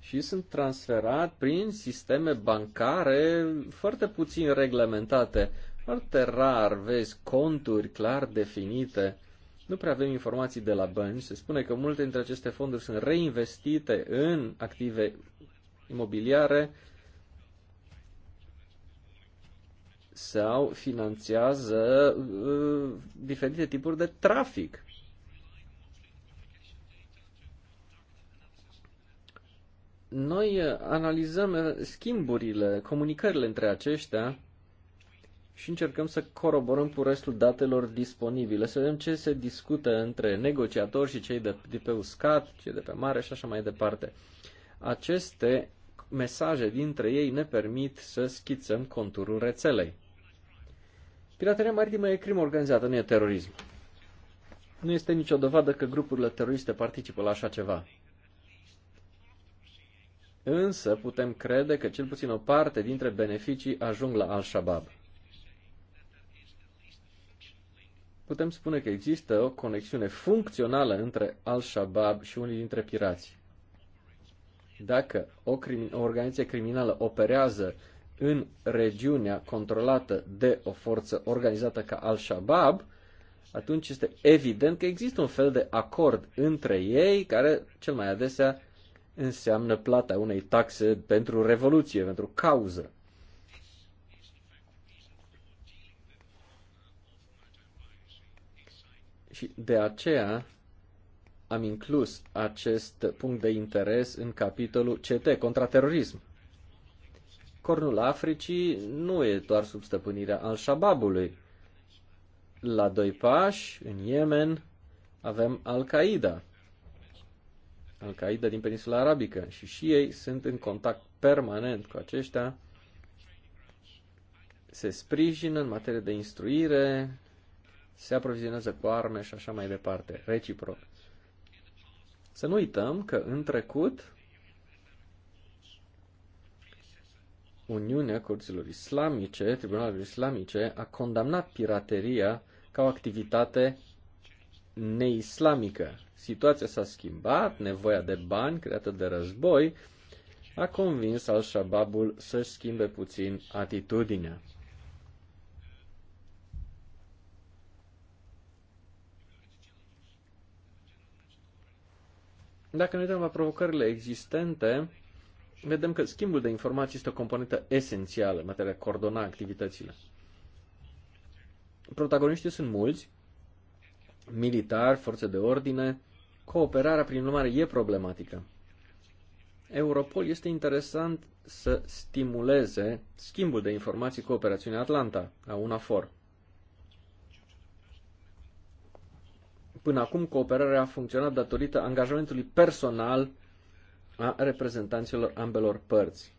și sunt transferat prin sisteme bancare foarte puțin reglementate. Foarte rar vezi conturi clar definite. Nu prea avem informații de la bănci. Se spune că multe dintre aceste fonduri sunt reinvestite în active imobiliare sau finanțează uh, diferite tipuri de trafic. Noi uh, analizăm uh, schimburile, comunicările între aceștia și încercăm să coroborăm cu restul datelor disponibile, să vedem ce se discută între negociatori și cei de, de pe uscat, cei de pe mare și așa mai departe. Aceste mesaje dintre ei ne permit să schițăm conturul rețelei. Pirateria maritimă e crimă organizată, nu e terorism. Nu este nicio dovadă că grupurile teroriste participă la așa ceva. Însă putem crede că cel puțin o parte dintre beneficii ajung la Al-Shabaab. Putem spune că există o conexiune funcțională între Al-Shabaab și unii dintre pirați. Dacă o, o organizație criminală operează în regiunea controlată de o forță organizată ca Al-Shabaab, atunci este evident că există un fel de acord între ei, care cel mai adesea înseamnă plata unei taxe pentru revoluție, pentru cauză. Și de aceea am inclus acest punct de interes în capitolul CT, contraterorism. Cornul Africii nu e doar sub stăpânirea al Shababului. La doi pași, în Yemen, avem Al-Qaeda. Al-Qaeda din peninsula arabică și și ei sunt în contact permanent cu aceștia. Se sprijină în materie de instruire, se aprovizionează cu arme și așa mai departe, reciproc. Să nu uităm că în trecut Uniunea Curților Islamice, Tribunalelor Islamice, a condamnat pirateria ca o activitate neislamică. Situația s-a schimbat, nevoia de bani creată de război a convins al-Shababul să-și schimbe puțin atitudinea. Dacă ne uităm la provocările existente, vedem că schimbul de informații este o componentă esențială în materia de coordona activitățile. Protagoniștii sunt mulți, militari, forțe de ordine, cooperarea prin urmare e problematică. Europol este interesant să stimuleze schimbul de informații cu operațiunea Atlanta, a UNAFOR. Până acum, cooperarea a funcționat datorită angajamentului personal a reprezentanților ambelor părți.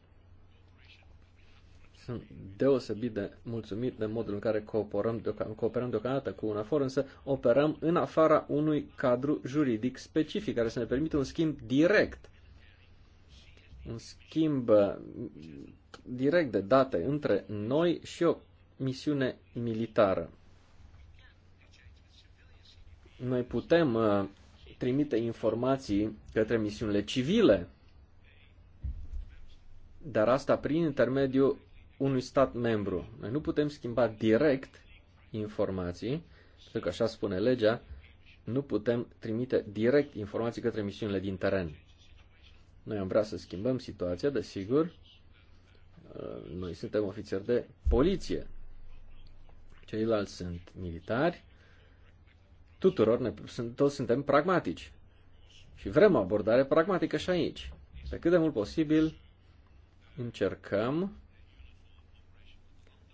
Sunt deosebit de mulțumit de modul în care cooperăm, deoc- cooperăm deocamdată cu UNAFOR, însă operăm în afara unui cadru juridic specific care să ne permită un schimb direct un schimb uh, direct de date între noi și o misiune militară. Noi putem uh, trimite informații către misiunile civile, dar asta prin intermediul unui stat membru. Noi nu putem schimba direct informații, pentru că așa spune legea, nu putem trimite direct informații către misiunile din teren. Noi am vrea să schimbăm situația, desigur. Noi suntem ofițeri de poliție. Ceilalți sunt militari tuturor, ne, sunt, toți suntem pragmatici. Și vrem o abordare pragmatică și aici. Pe cât de mult posibil încercăm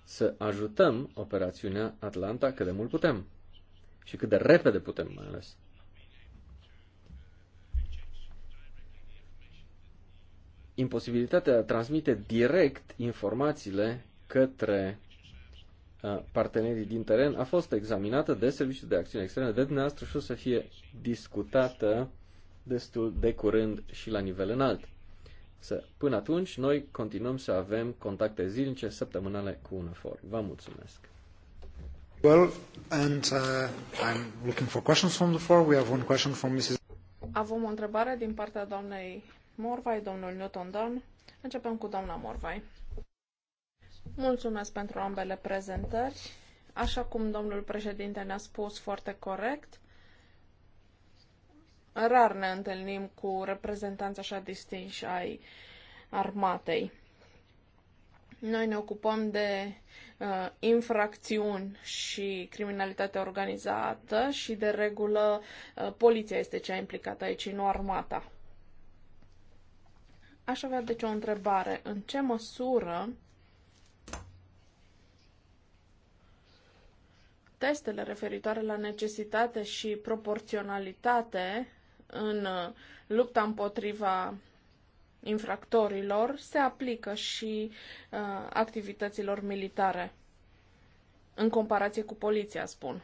să ajutăm operațiunea Atlanta cât de mult putem. Și cât de repede putem, mai ales. Imposibilitatea de a transmite direct informațiile către partenerii din teren a fost examinată de Serviciul de Acțiune Externă de dumneavoastră și o să fie discutată destul de curând și la nivel înalt. Să, până atunci, noi continuăm să avem contacte zilnice, săptămânale cu UNAFOR. Vă mulțumesc! Well, and uh, I'm looking for questions from the floor. We have one question from Mrs. Avem o întrebare din partea doamnei Morvai, domnul Newton Dunn. Începem cu doamna Morvai. Mulțumesc pentru ambele prezentări. Așa cum domnul președinte ne-a spus foarte corect, rar ne întâlnim cu reprezentanți așa distinși ai armatei. Noi ne ocupăm de uh, infracțiuni și criminalitate organizată și de regulă uh, poliția este cea implicată aici, nu armata. Aș avea deci o întrebare. În ce măsură testele referitoare la necesitate și proporționalitate în uh, lupta împotriva infractorilor se aplică și uh, activităților militare, în comparație cu poliția, spun.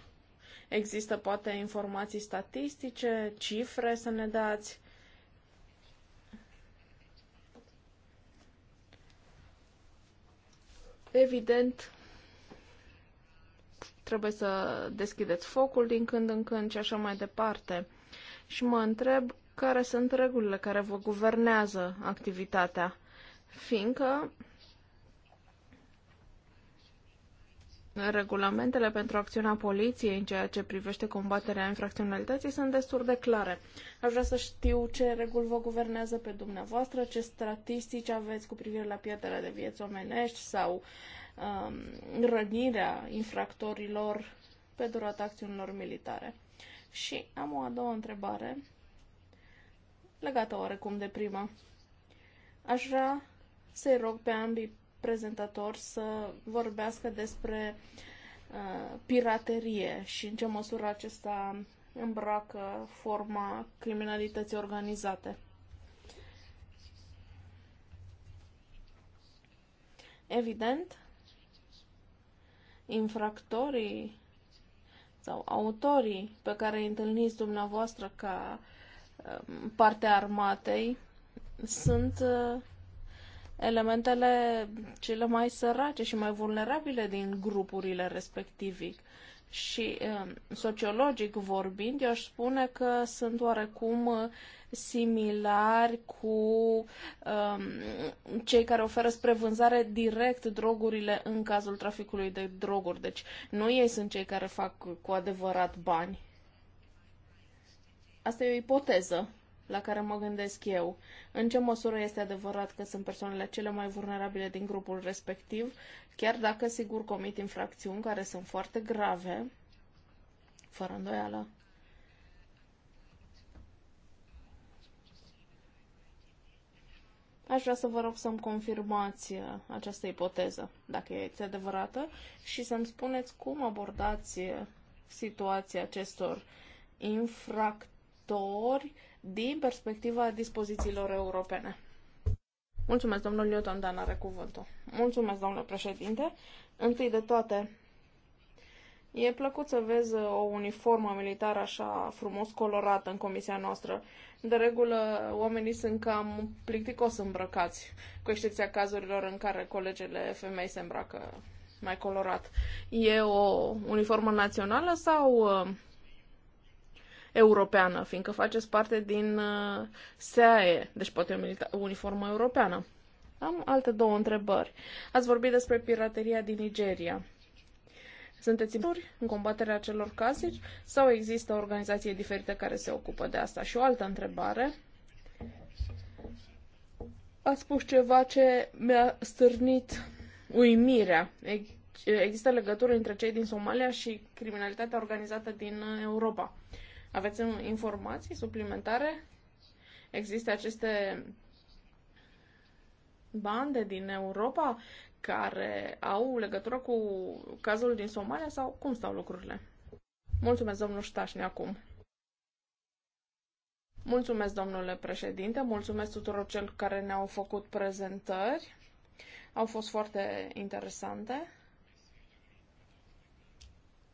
Există poate informații statistice, cifre să ne dați? Evident, trebuie să deschideți focul din când în când și așa mai departe. Și mă întreb care sunt regulile care vă guvernează activitatea, fiindcă regulamentele pentru acțiunea poliției în ceea ce privește combaterea infracționalității sunt destul de clare. Aș vrea să știu ce reguli vă guvernează pe dumneavoastră, ce statistici aveți cu privire la pierderea de vieți omenești sau uh, Um, rănirea infractorilor pe durata acțiunilor militare. Și am o a doua întrebare legată oarecum de prima. Aș vrea să-i rog pe ambii prezentatori să vorbească despre uh, piraterie și în ce măsură acesta îmbracă forma criminalității organizate. Evident, infractorii sau autorii pe care îi întâlniți dumneavoastră ca um, parte a armatei sunt uh, elementele cele mai sărace și mai vulnerabile din grupurile respective și um, sociologic vorbind, eu aș spune că sunt oarecum uh, similari cu um, cei care oferă spre vânzare direct drogurile în cazul traficului de droguri. Deci nu ei sunt cei care fac cu adevărat bani. Asta e o ipoteză la care mă gândesc eu. În ce măsură este adevărat că sunt persoanele cele mai vulnerabile din grupul respectiv, chiar dacă sigur comit infracțiuni care sunt foarte grave, fără îndoială. Aș vrea să vă rog să-mi confirmați uh, această ipoteză, dacă este adevărată, și să-mi spuneți cum abordați uh, situația acestor infractori actori din perspectiva dispozițiilor europene. Mulțumesc, domnul Lioton Dan are cuvântul. Mulțumesc, domnule președinte. Întâi de toate, e plăcut să vezi o uniformă militară așa frumos colorată în comisia noastră. De regulă, oamenii sunt cam plicticos îmbrăcați, cu excepția cazurilor în care colegele femei se îmbracă mai colorat. E o uniformă națională sau uh, europeană, fiindcă faceți parte din uh, SAE, deci poate o uniformă europeană. Am alte două întrebări. Ați vorbit despre pirateria din Nigeria. Sunteți în combaterea celor cazuri sau există organizații diferite care se ocupă de asta? Și o altă întrebare. Ați spus ceva ce mi-a stârnit uimirea. Există legătură între cei din Somalia și criminalitatea organizată din Europa. Aveți informații suplimentare? Există aceste bande din Europa care au legătură cu cazul din Somalia sau cum stau lucrurile? Mulțumesc, domnul Ștașni, acum. Mulțumesc, domnule președinte, mulțumesc tuturor celor care ne-au făcut prezentări. Au fost foarte interesante.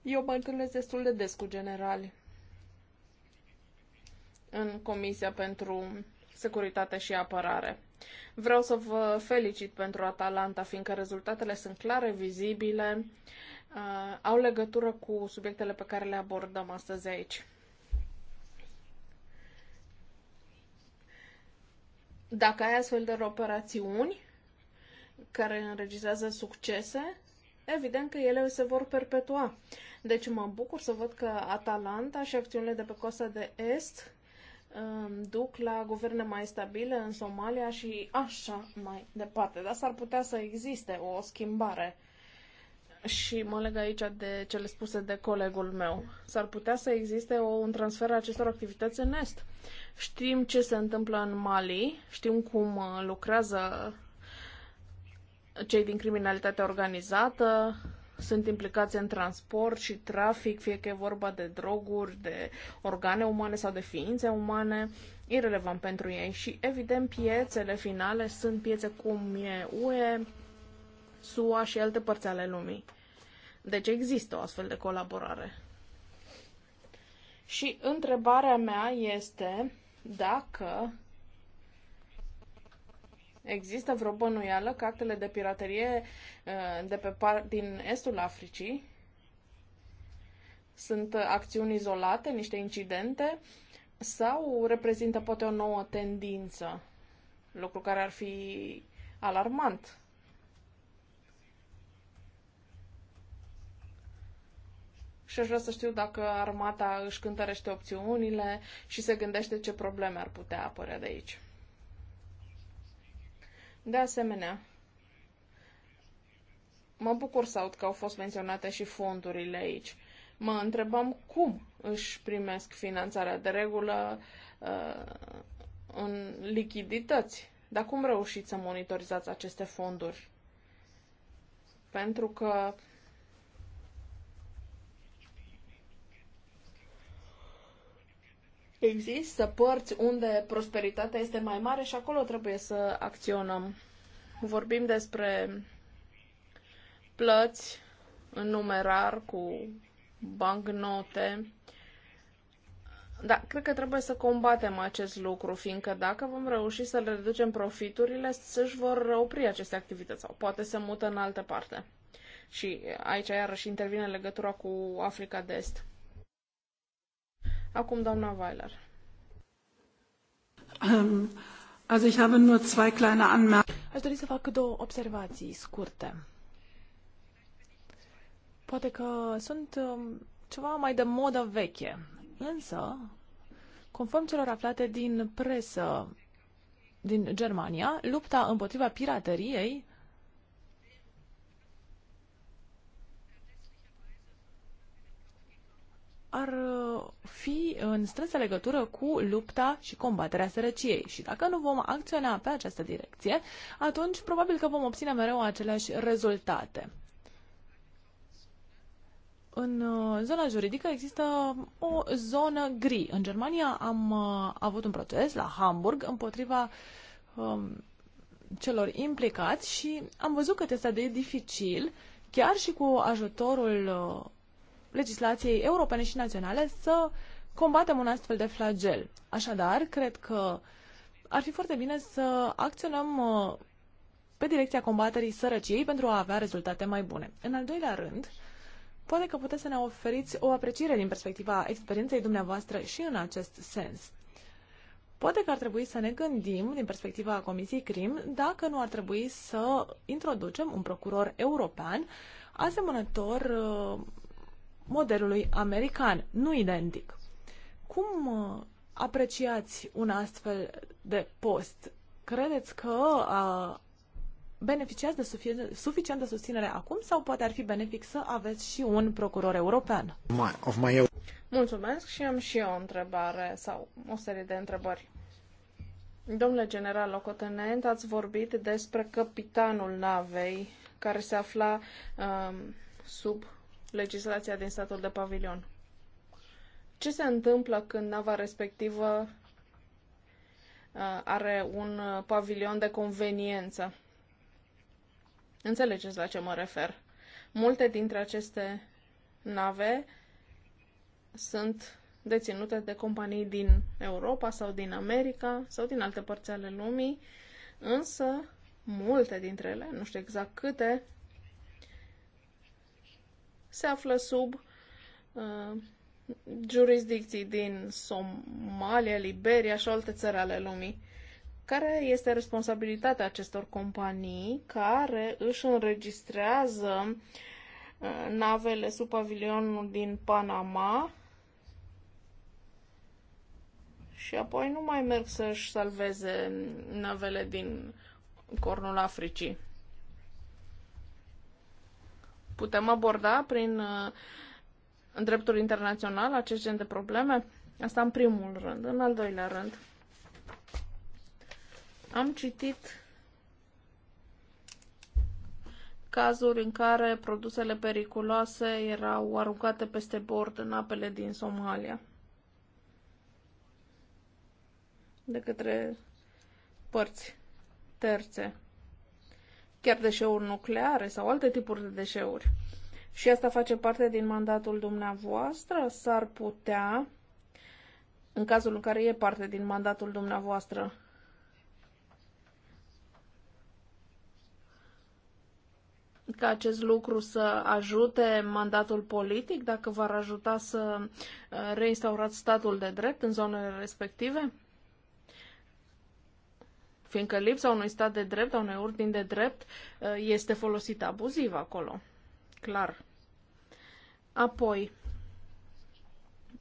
Eu mă întâlnesc destul de des cu generali în Comisia pentru Securitate și Apărare. Vreau să vă felicit pentru Atalanta, fiindcă rezultatele sunt clare, vizibile, uh, au legătură cu subiectele pe care le abordăm astăzi aici. Dacă ai astfel de operațiuni care înregistrează succese, evident că ele se vor perpetua. Deci mă bucur să văd că Atalanta și acțiunile de pe coasta de est duc la guverne mai stabile în Somalia și așa mai departe. Dar s-ar putea să existe o schimbare. Și mă leg aici de cele spuse de colegul meu. S-ar putea să existe o, un transfer a acestor activități în Est. Știm ce se întâmplă în Mali, știm cum uh, lucrează cei din criminalitatea organizată, sunt implicați în transport și trafic, fie că e vorba de droguri, de organe umane sau de ființe umane, irrelevant pentru ei. Și, evident, piețele finale sunt piețe cum e UE, SUA și alte părți ale lumii. Deci există o astfel de colaborare. Și întrebarea mea este dacă Există vreo bănuială că actele de piraterie uh, de pe par- din estul Africii sunt uh, acțiuni izolate, niște incidente, sau reprezintă poate o nouă tendință, lucru care ar fi alarmant și aș vrea să știu dacă armata își cântărește opțiunile și se gândește ce probleme ar putea apărea de aici. De asemenea, mă bucur să aud că au fost menționate și fondurile aici. Mă întrebam cum își primesc finanțarea de regulă uh, în lichidități. Dar cum reușiți să monitorizați aceste fonduri? Pentru că Există părți unde prosperitatea este mai mare și acolo trebuie să acționăm. Vorbim despre plăți în numerar cu bancnote. Da, cred că trebuie să combatem acest lucru, fiindcă dacă vom reuși să le reducem profiturile, să-și vor opri aceste activități sau poate să mută în altă parte. Și aici iarăși intervine legătura cu Africa de Est. Acum doamna Weiler. Um, also ich habe nur zwei kleine Anmerkungen. Aș dori să fac două observații scurte. Poate că sunt ehm, ceva mai de modă veche, însă, conform celor aflate din presă din Germania, lupta împotriva pirateriei ar uh, fi în strânsă legătură cu lupta și combaterea sărăciei. Și dacă nu vom acționa pe această direcție, atunci probabil că vom obține mereu aceleași rezultate. În uh, zona juridică există o zonă gri. În Germania am uh, avut un proces la Hamburg împotriva um, celor implicați și am văzut cât este de dificil, chiar și cu ajutorul legislației europene și naționale să combatem un astfel de flagel. Așadar, cred că ar fi foarte bine să acționăm uh, pe direcția combaterii sărăciei pentru a avea rezultate mai bune. În al doilea rând, poate că puteți să ne oferiți o apreciere din perspectiva experienței dumneavoastră și în acest sens. Poate că ar trebui să ne gândim, din perspectiva Comisiei CRIM, dacă nu ar trebui să introducem un procuror european asemănător uh, modelului american, nu identic. Cum uh, apreciați un astfel de post? Credeți că a, uh, beneficiați de suficient, suficientă susținere acum sau poate ar fi benefic să aveți și un procuror european? of my... Mulțumesc și am și eu o întrebare sau o serie de întrebări. Domnule general locotenent, ați vorbit despre capitanul navei care se afla um, sub legislația din statul de pavilion. Ce se întâmplă când nava respectivă uh, are un uh, pavilion de conveniență? Înțelegeți la ce mă refer. Multe dintre aceste nave sunt deținute de companii din Europa sau din America sau din alte părți ale lumii, însă multe dintre ele, nu știu exact câte, se află sub uh, jurisdicții din Somalia, Liberia și alte țări ale lumii. Care este responsabilitatea acestor companii care își înregistrează uh, navele sub pavilionul din Panama și apoi nu mai merg să-și salveze navele din cornul Africii? Putem aborda prin în uh, dreptul internațional acest gen de probleme? Asta în primul rând. În al doilea rând, am citit cazuri în care produsele periculoase erau aruncate peste bord în apele din Somalia de către părți terțe chiar deșeuri nucleare sau alte tipuri de deșeuri. Și asta face parte din mandatul dumneavoastră? S-ar putea, în cazul în care e parte din mandatul dumneavoastră, ca acest lucru să ajute mandatul politic, dacă v-ar ajuta să uh, reinstaurați statul de drept în zonele respective? fiindcă lipsa unui stat de drept, a unei ordini de drept, uh, este folosită abuziv acolo. Clar. Apoi,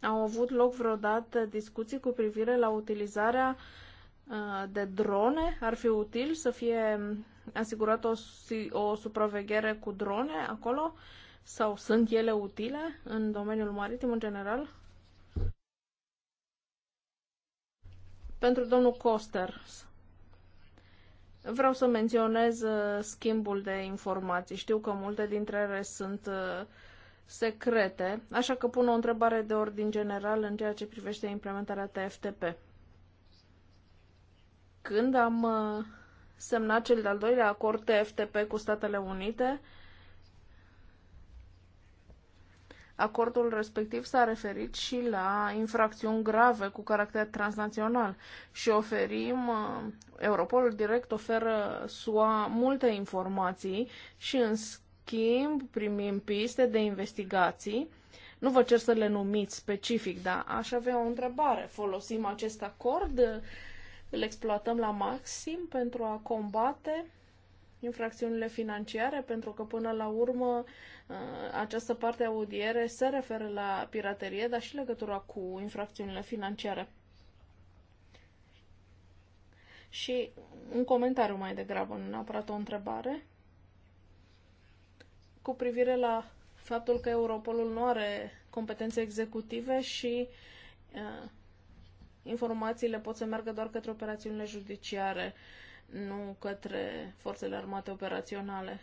au avut loc vreodată discuții cu privire la utilizarea uh, de drone? Ar fi util să fie asigurată o, o supraveghere cu drone acolo? Sau sunt ele utile în domeniul maritim în general? Pentru domnul Coster, Vreau să menționez uh, schimbul de informații. Știu că multe dintre ele sunt uh, secrete, așa că pun o întrebare de ordin general în ceea ce privește implementarea TFTP. Când am uh, semnat cel de-al doilea acord TFTP cu Statele Unite, Acordul respectiv s-a referit și la infracțiuni grave cu caracter transnațional și oferim, uh, Europolul direct oferă SUA multe informații și în schimb primim piste de investigații. Nu vă cer să le numiți specific, dar aș avea o întrebare. Folosim acest acord? Îl exploatăm la maxim pentru a combate infracțiunile financiare, pentru că până la urmă uh, această parte a audiere se referă la piraterie, dar și legătura cu infracțiunile financiare. Și un comentariu mai degrabă, nu neapărat o întrebare, cu privire la faptul că Europolul nu are competențe executive și uh, informațiile pot să meargă doar către operațiunile judiciare. Uh, nu către forțele armate operaționale.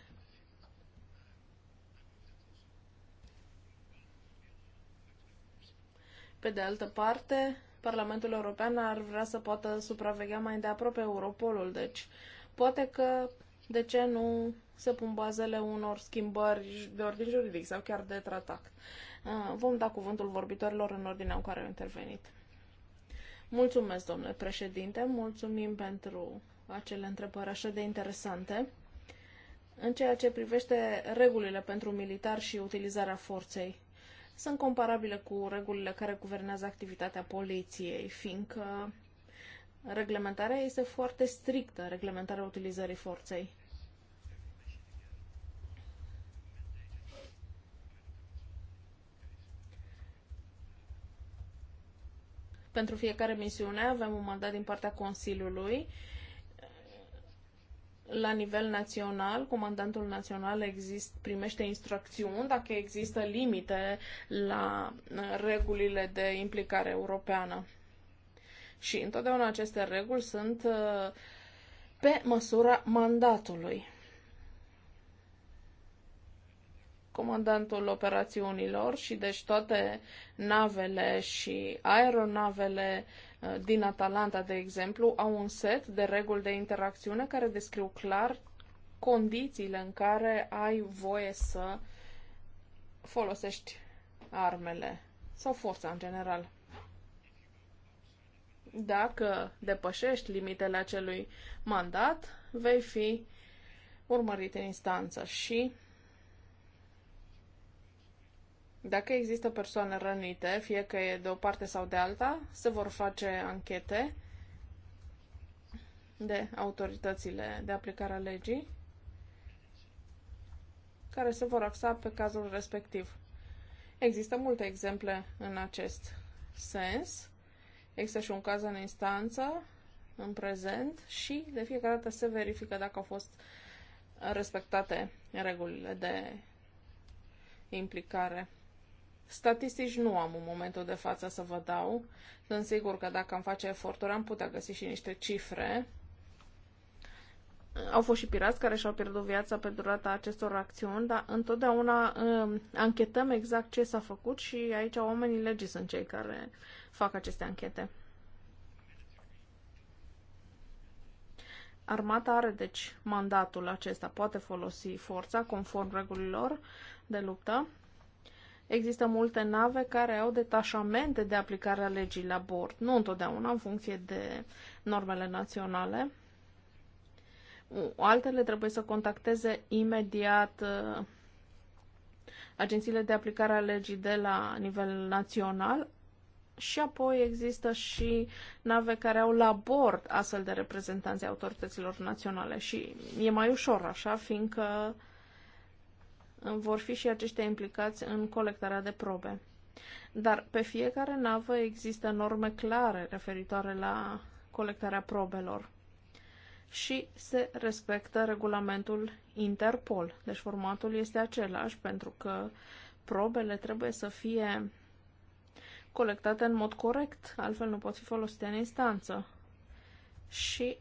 Pe de altă parte, Parlamentul European ar vrea să poată supraveghea mai de aproape Europolul, deci poate că de ce nu se pun bazele unor schimbări de ordin juridic sau chiar de tratat. Uh, vom da cuvântul vorbitorilor în ordinea în care au intervenit. Mulțumesc, domnule președinte, mulțumim pentru acele întrebări așa de interesante. În ceea ce privește regulile pentru militar și utilizarea forței, sunt comparabile cu regulile care guvernează activitatea poliției, fiindcă reglementarea este foarte strictă, reglementarea utilizării forței. Pentru fiecare misiune avem un mandat din partea Consiliului la nivel național, comandantul național exist, primește instrucțiuni dacă există limite la uh, regulile de implicare europeană. Și întotdeauna aceste reguli sunt uh, pe măsura mandatului. Comandantul operațiunilor și deci toate navele și aeronavele uh, din Atalanta, de exemplu, au un set de reguli de interacțiune care descriu clar condițiile în care ai voie să folosești armele sau forța în general. Dacă depășești limitele acelui mandat, vei fi urmărit în instanță și dacă există persoane rănite, fie că e de o parte sau de alta, se vor face anchete de autoritățile de aplicare a legii care se vor axa pe cazul respectiv. Există multe exemple în acest sens. Există și un caz în instanță în prezent și de fiecare dată se verifică dacă au fost respectate regulile de implicare. Statistici nu am în momentul de față să vă dau. Sunt sigur că dacă am face eforturi am putea găsi și niște cifre. Au fost și pirați care și-au pierdut viața pe durata acestor acțiuni, dar întotdeauna um, anchetăm exact ce s-a făcut și aici oamenii legii sunt cei care fac aceste anchete. Armata are, deci, mandatul acesta. Poate folosi forța conform regulilor de luptă, Există multe nave care au detașamente de aplicare a legii la bord, nu întotdeauna în funcție de normele naționale. Altele trebuie să contacteze imediat uh, agențiile de aplicare a legii de la nivel național și apoi există și nave care au la bord astfel de reprezentanți autorităților naționale și e mai ușor așa, fiindcă uh, vor fi și aceștia implicați în colectarea de probe. Dar pe fiecare navă există norme clare referitoare la colectarea probelor și se respectă regulamentul Interpol. Deci formatul este același pentru că probele trebuie să fie colectate în mod corect, altfel nu pot fi folosite în instanță. Și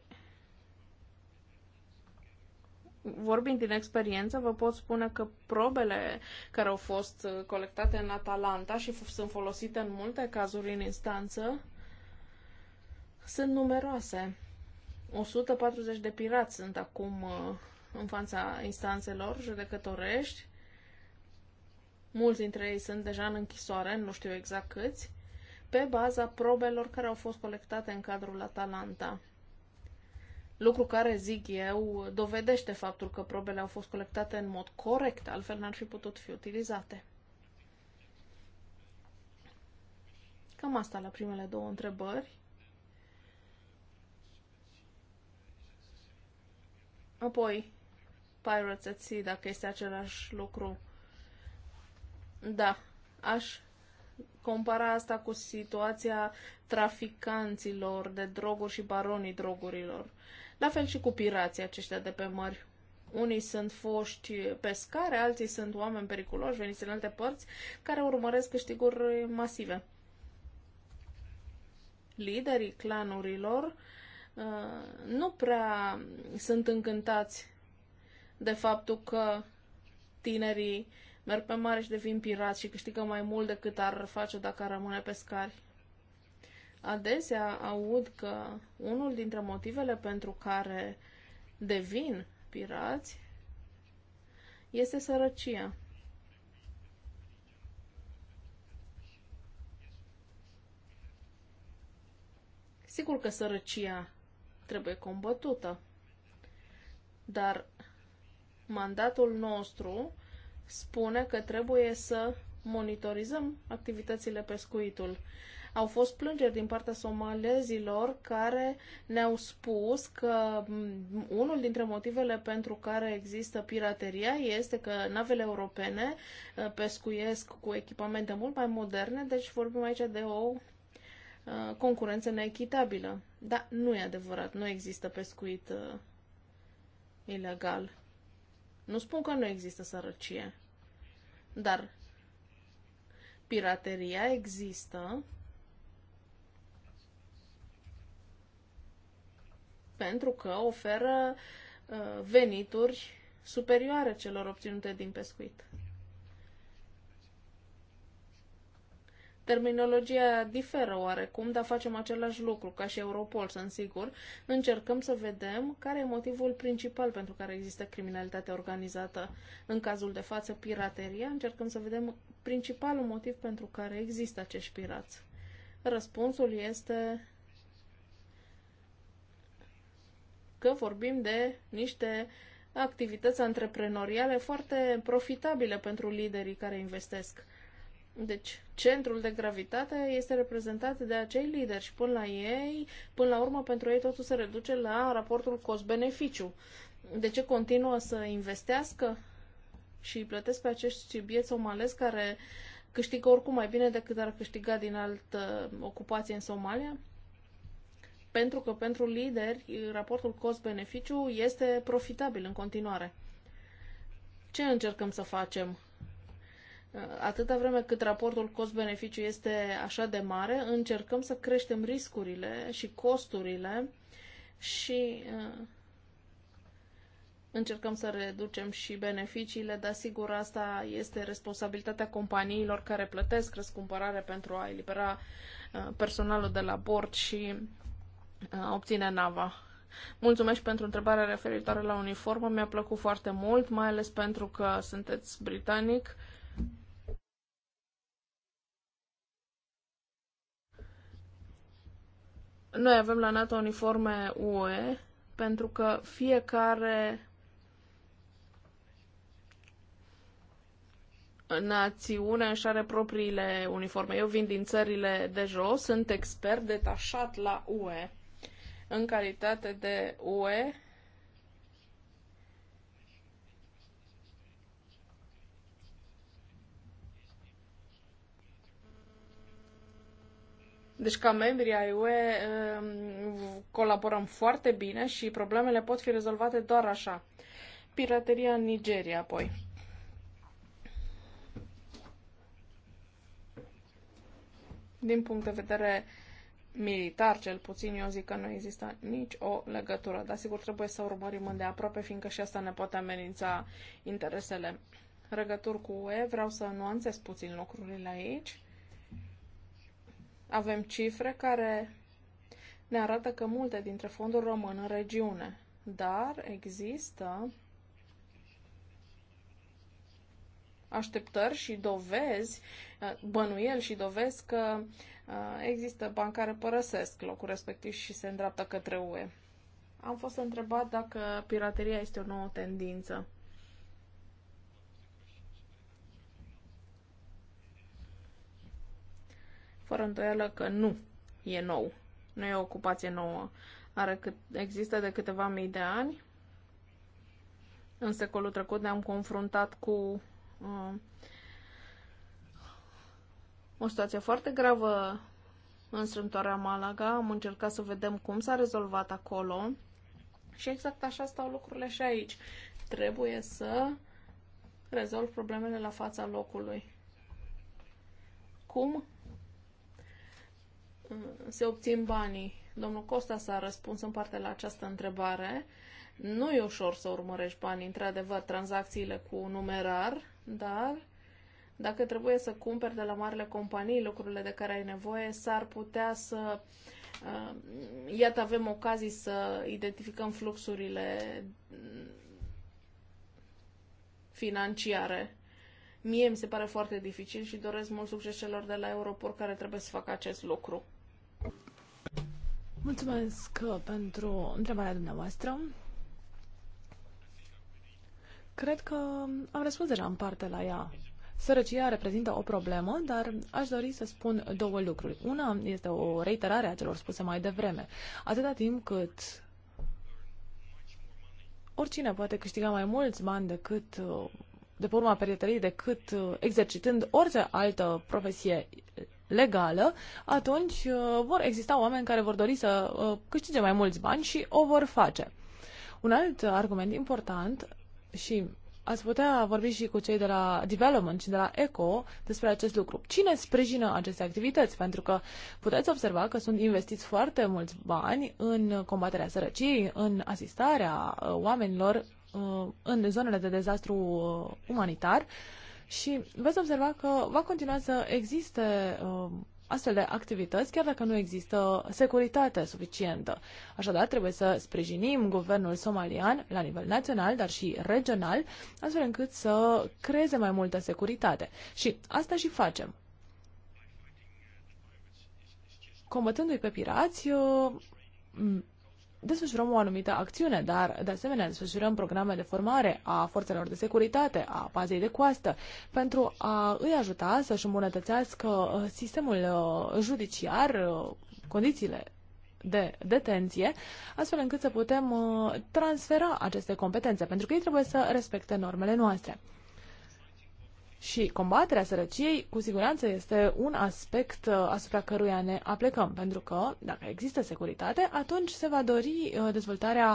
vorbind din experiență, vă pot spune că probele care au fost uh, colectate în Atalanta și sunt folosite în multe cazuri în instanță sunt numeroase. 140 de pirați sunt acum uh, în fața instanțelor judecătorești. Mulți dintre ei sunt deja în închisoare, nu știu exact câți, pe baza probelor care au fost colectate în cadrul Atalanta. Lucru care, zic eu, dovedește faptul că probele au fost colectate în mod corect, altfel n-ar fi putut fi utilizate. Cam asta la primele două întrebări. Apoi, Pirates at Sea, dacă este același lucru. Da, aș compara asta cu situația traficanților de droguri și baronii drogurilor. La fel și cu pirații aceștia de pe mări. Unii sunt foști pescare, alții sunt oameni periculoși veniți în alte părți, care urmăresc câștiguri masive. Liderii clanurilor uh, nu prea sunt încântați de faptul că tinerii merg pe mare și devin pirați și câștigă mai mult decât ar face dacă ar rămâne pescari. Adesea aud că unul dintre motivele pentru care devin pirați este sărăcia. Sigur că sărăcia trebuie combătută, dar mandatul nostru spune că trebuie să monitorizăm activitățile pescuitul. Au fost plângeri din partea somalezilor care ne-au spus că unul dintre motivele pentru care există pirateria este că navele europene uh, pescuiesc cu echipamente mult mai moderne, deci vorbim aici de o uh, concurență neechitabilă. Dar nu e adevărat, nu există pescuit uh, ilegal. Nu spun că nu există sărăcie, dar pirateria există pentru că oferă uh, venituri superioare celor obținute din pescuit. Terminologia diferă oarecum, dar facem același lucru, ca și Europol, sunt sigur. Încercăm să vedem care e motivul principal pentru care există criminalitatea organizată. În cazul de față, pirateria, încercăm să vedem principalul motiv pentru care există acești pirați. Răspunsul este că vorbim de niște activități antreprenoriale foarte profitabile pentru liderii care investesc. Deci, centrul de gravitate este reprezentat de acei lideri și până la ei, până la urmă, pentru ei totul se reduce la raportul cost-beneficiu. De ce continuă să investească și îi plătesc pe acești bieți somalezi care câștigă oricum mai bine decât ar câștiga din altă ocupație în Somalia? pentru că pentru lideri raportul cost-beneficiu este profitabil în continuare. Ce încercăm să facem? Atâta vreme cât raportul cost-beneficiu este așa de mare, încercăm să creștem riscurile și costurile și uh, încercăm să reducem și beneficiile, dar sigur asta este responsabilitatea companiilor care plătesc răscumpărare pentru a elibera uh, personalul de la bord și obține nava. Mulțumesc pentru întrebarea referitoare la uniformă. Mi-a plăcut foarte mult, mai ales pentru că sunteți britanic. Noi avem la NATO uniforme UE pentru că fiecare națiune își are propriile uniforme. Eu vin din țările de jos, sunt expert detașat la UE în calitate de UE Deci ca membri ai UE um, colaborăm foarte bine și problemele pot fi rezolvate doar așa. Pirateria în Nigeria apoi. Din punct de vedere uh, militar, cel puțin, eu zic că nu există nici o legătură. Dar sigur trebuie să urmărim îndeaproape, fiindcă și asta ne poate amenința interesele. Răgături cu UE, vreau să nuanțez puțin lucrurile aici. Avem cifre care ne arată că multe dintre fonduri rămân în regiune, dar există așteptări și dovezi, bănuieli și dovezi că uh, Uh, există bani care părăsesc locul respectiv și se îndreaptă către UE. Am fost întrebat dacă pirateria este o nouă tendință. Fără îndoială că nu e nou. Nu e o ocupație nouă. Are cât, există de câteva mii de ani. În secolul trecut ne-am confruntat cu uh, o situație foarte gravă în strâmtoarea Malaga. Am încercat să vedem cum s-a rezolvat acolo. Și exact așa stau lucrurile și aici. Trebuie să rezolv problemele la fața locului. Cum se obțin banii? Domnul Costa s-a răspuns în parte la această întrebare. Nu e ușor să urmărești banii, într-adevăr, tranzacțiile cu numerar, dar dacă trebuie să cumperi de la marile companii lucrurile de care ai nevoie, s-ar putea să. Uh, iată, avem ocazii să identificăm fluxurile financiare. Mie mi se pare foarte dificil și doresc mult succes celor de la Europol care trebuie să facă acest lucru. Mulțumesc uh, pentru întrebarea dumneavoastră. Cred că am răspuns deja în parte la ea. Sărăcia reprezintă o problemă, dar aș dori să spun două lucruri. Una este o reiterare a celor spuse mai devreme. Atâta timp cât oricine poate câștiga mai mulți bani decât de pe urma perietării decât exercitând orice altă profesie legală, atunci uh, vor exista oameni care vor dori să uh, câștige mai mulți bani și o vor face. Un alt argument important și ați putea vorbi și cu cei de la Development și de la ECO despre acest lucru. Cine sprijină aceste activități? Pentru că puteți observa că sunt investiți foarte mulți bani în combaterea sărăciei, în asistarea uh, oamenilor uh, în zonele de dezastru uh, umanitar și veți observa că va continua să existe astfel de activități, chiar dacă nu există securitate suficientă. Așadar, trebuie să sprijinim guvernul somalian la nivel național, dar și regional, astfel încât să creeze mai multă securitate. Și asta și facem. Combătându-i pe pirați, desfășurăm o anumită acțiune, dar de asemenea desfășurăm programe de formare a forțelor de securitate, a bazei de coastă, pentru a îi ajuta să-și îmbunătățească uh, sistemul uh, judiciar, uh, condițiile de detenție, astfel încât să putem transfera aceste competențe, pentru că ei trebuie să respecte normele noastre. Și combaterea sărăciei, cu siguranță, este un aspect uh, asupra căruia ne aplecăm, pentru că, dacă există securitate, atunci se va dori uh, dezvoltarea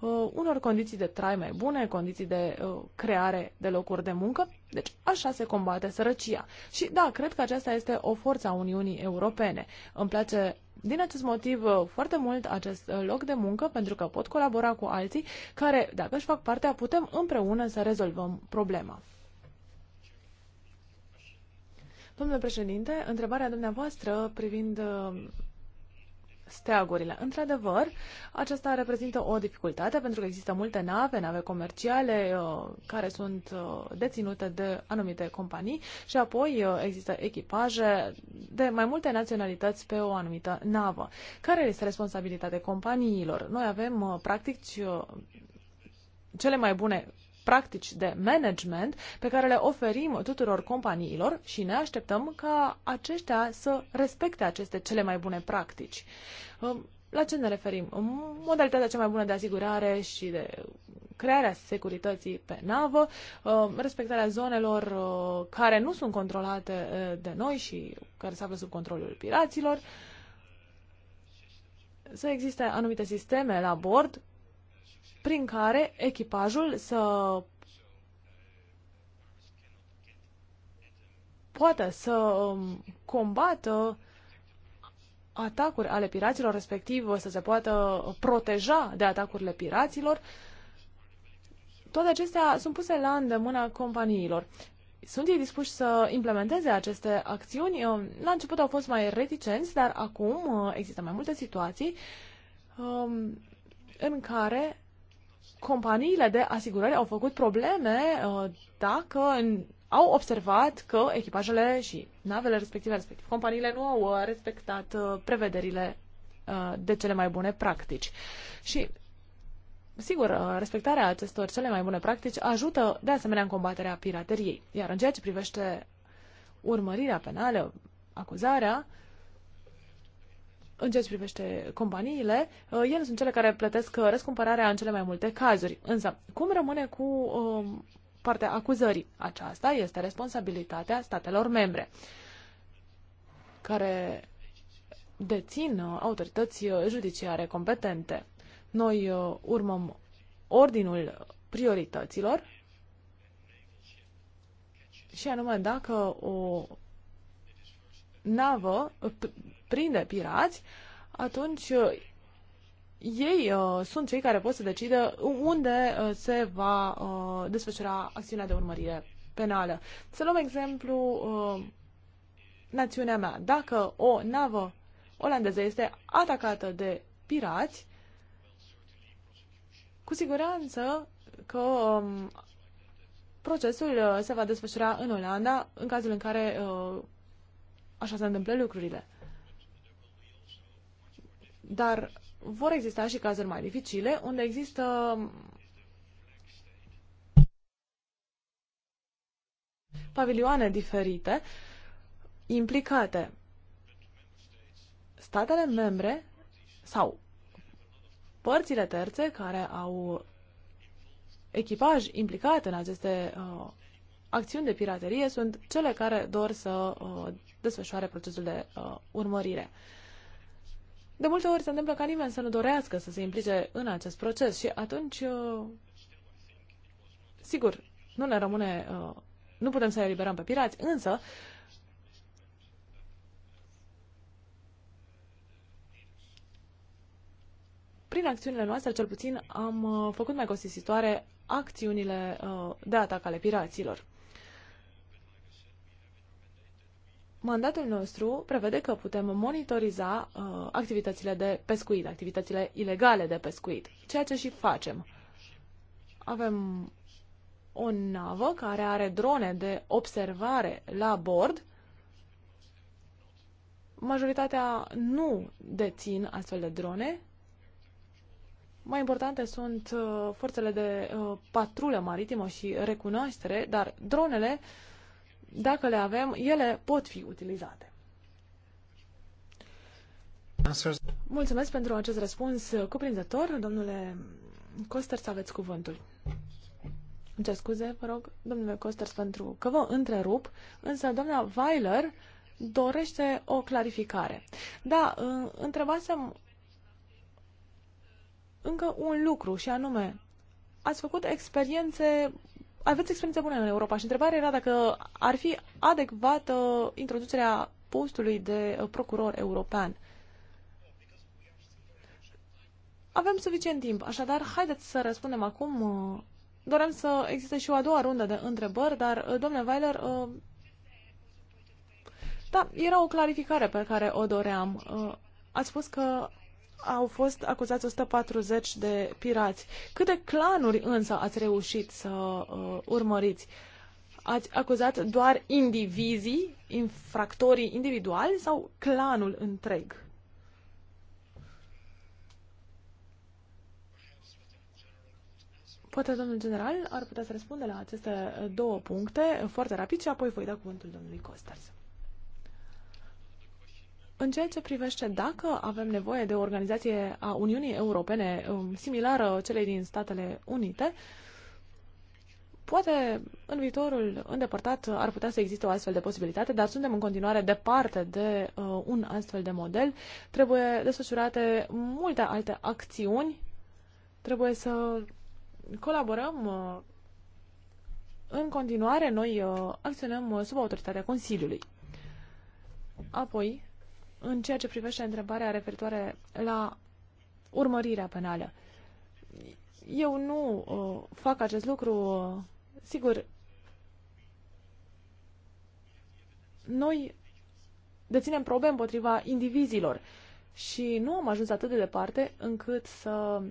uh, unor condiții de trai mai bune, condiții de creare de locuri de muncă. Deci, așa se combate sărăcia. Și da, cred că aceasta este o forță a Uniunii Europene. Îmi place din acest motiv foarte mult acest loc de muncă, pentru că pot colabora cu alții care, dacă își fac partea, putem împreună să rezolvăm problema. Domnule președinte, întrebarea dumneavoastră privind uh, steagurile. Într-adevăr, aceasta reprezintă o dificultate pentru că există multe nave, nave comerciale uh, care sunt uh, deținute de anumite companii și apoi există echipaje de mai multe naționalități pe o anumită navă. Care este responsabilitatea companiilor? Noi avem practic cele mai bune practici de management pe care le oferim tuturor companiilor și ne așteptăm ca aceștia să respecte aceste cele mai bune practici. Um, la ce ne referim? Um, modalitatea cea mai bună de asigurare și de crearea securității pe navă, um, respectarea zonelor uh, care nu sunt controlate uh, de noi și care se află sub controlul piraților, să existe anumite sisteme la bord prin care echipajul să poată să um, combată atacuri ale piraților, respectiv să se poată proteja de atacurile piraților. Toate acestea sunt puse la îndemâna companiilor. Sunt ei dispuși să implementeze aceste acțiuni? Um, la început au fost mai reticenți, dar acum uh, există mai multe situații um, în care companiile de asigurări au făcut probleme uh, dacă au observat că echipajele și navele respective, respectiv companiile, nu au uh, respectat uh, prevederile de cele mai bune practici. Și Sigur, respectarea acestor cele mai bune practici ajută de asemenea în combaterea pirateriei. Iar în ceea ce privește urmărirea penală, acuzarea, în ceea ce privește companiile, uh, ele sunt cele care plătesc uh, răscumpărarea în cele mai multe cazuri. Însă, cum rămâne cu um, partea acuzării? Aceasta este responsabilitatea statelor membre, care dețin uh, autorități judiciare competente. Noi uh, urmăm ordinul priorităților și anume dacă o navă prinde pirați, atunci uh, ei uh, sunt cei care pot să decidă unde uh, se va uh, desfășura acțiunea de urmărire penală. Să luăm exemplu uh, națiunea mea. Dacă o navă olandeză este atacată de pirați, cu siguranță că um, procesul uh, se va desfășura în Olanda în cazul în care uh, așa se întâmplă lucrurile. Dar vor exista și cazuri mai dificile unde există pavilioane diferite implicate. Statele membre sau părțile terțe care au echipaj implicat în aceste uh, acțiuni de piraterie sunt cele care dor să uh, desfășoare procesul de uh, urmărire. De multe ori se întâmplă ca nimeni să nu dorească să se implice în acest proces și atunci, uh, sigur, nu ne rămâne, uh, nu putem să eliberăm pe pirați, însă prin acțiunile noastre, cel puțin, am uh, făcut mai costisitoare acțiunile de atac ale piraților. mandatul nostru prevede că putem monitoriza uh, activitățile de pescuit, activitățile ilegale de pescuit, ceea ce și facem. Avem o navă care are drone de observare la bord. Majoritatea nu dețin astfel de drone. Mai importante sunt uh, forțele de uh, patrulă maritimă și recunoaștere, dar dronele uh, dacă le avem, ele pot fi utilizate. Mulțumesc pentru acest răspuns cuprinzător, domnule Coster, să aveți cuvântul. Îmi cer scuze, vă rog, domnule Coster, pentru că vă întrerup, însă doamna Weiler dorește o clarificare. Da, întrebasem încă un lucru și anume, ați făcut experiențe aveți experiență bună în Europa și întrebarea era dacă ar fi adecvată introducerea postului de uh, procuror european. Avem suficient timp, așadar haideți să răspundem acum. Uh, doream să existe și o a doua rundă de întrebări, dar, uh, domnule Weiler, da, era o clarificare pe care o doream. Ați spus că au fost acuzați 140 de pirați. Câte clanuri însă ați reușit să uh, urmăriți? Ați acuzat doar indivizii, infractorii individuali sau clanul întreg? Poate domnul general ar putea să răspundă la aceste două puncte foarte rapid și apoi voi da cuvântul domnului Costers. În ceea ce privește dacă avem nevoie de o organizație a Uniunii Europene um, similară celei din Statele Unite, poate în viitorul îndepărtat ar putea să existe o astfel de posibilitate, dar suntem în continuare departe de uh, un astfel de model. Trebuie desfășurate multe alte acțiuni, trebuie să colaborăm uh, în continuare, noi uh, acționăm uh, sub autoritatea Consiliului. Apoi, în ceea ce privește întrebarea referitoare la urmărirea penală. Eu nu uh, fac acest lucru, uh, sigur, noi deținem probe împotriva indivizilor și nu am ajuns atât de departe încât să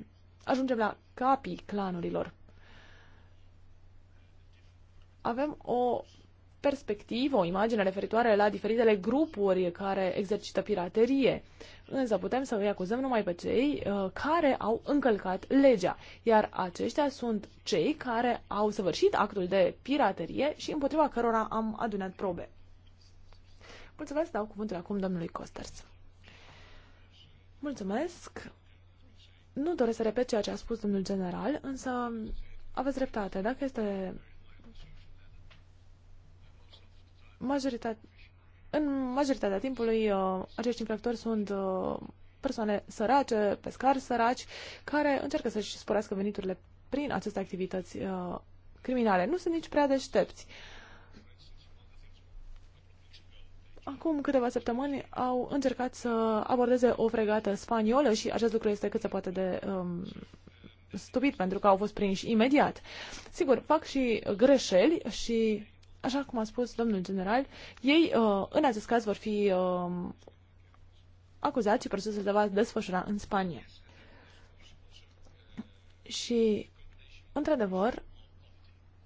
ajungem la capii clanurilor. Avem o perspectivă, o imagine referitoare la diferitele grupuri care exercită piraterie. Însă putem să îi acuzăm numai pe cei uh, care au încălcat legea, iar aceștia sunt cei care au săvârșit actul de piraterie și împotriva cărora am adunat probe. Mulțumesc, dau cuvântul acum domnului Costers. Mulțumesc. Nu doresc să repet ceea ce a spus domnul general, însă aveți dreptate. Dacă este majoritate, în majoritatea timpului uh, acești infractori sunt uh, persoane sărace, pescari săraci, care încearcă să-și sporească veniturile prin aceste activități uh, criminale. Nu sunt nici prea deștepți. Acum câteva săptămâni au încercat să abordeze o fregată spaniolă și acest lucru este cât se poate de um, stupid pentru că au fost prinși imediat. Sigur, fac și greșeli și așa cum a spus domnul general, ei uh, în acest caz vor fi uh, acuzați și procesul se va desfășura în Spania. Și, într-adevăr,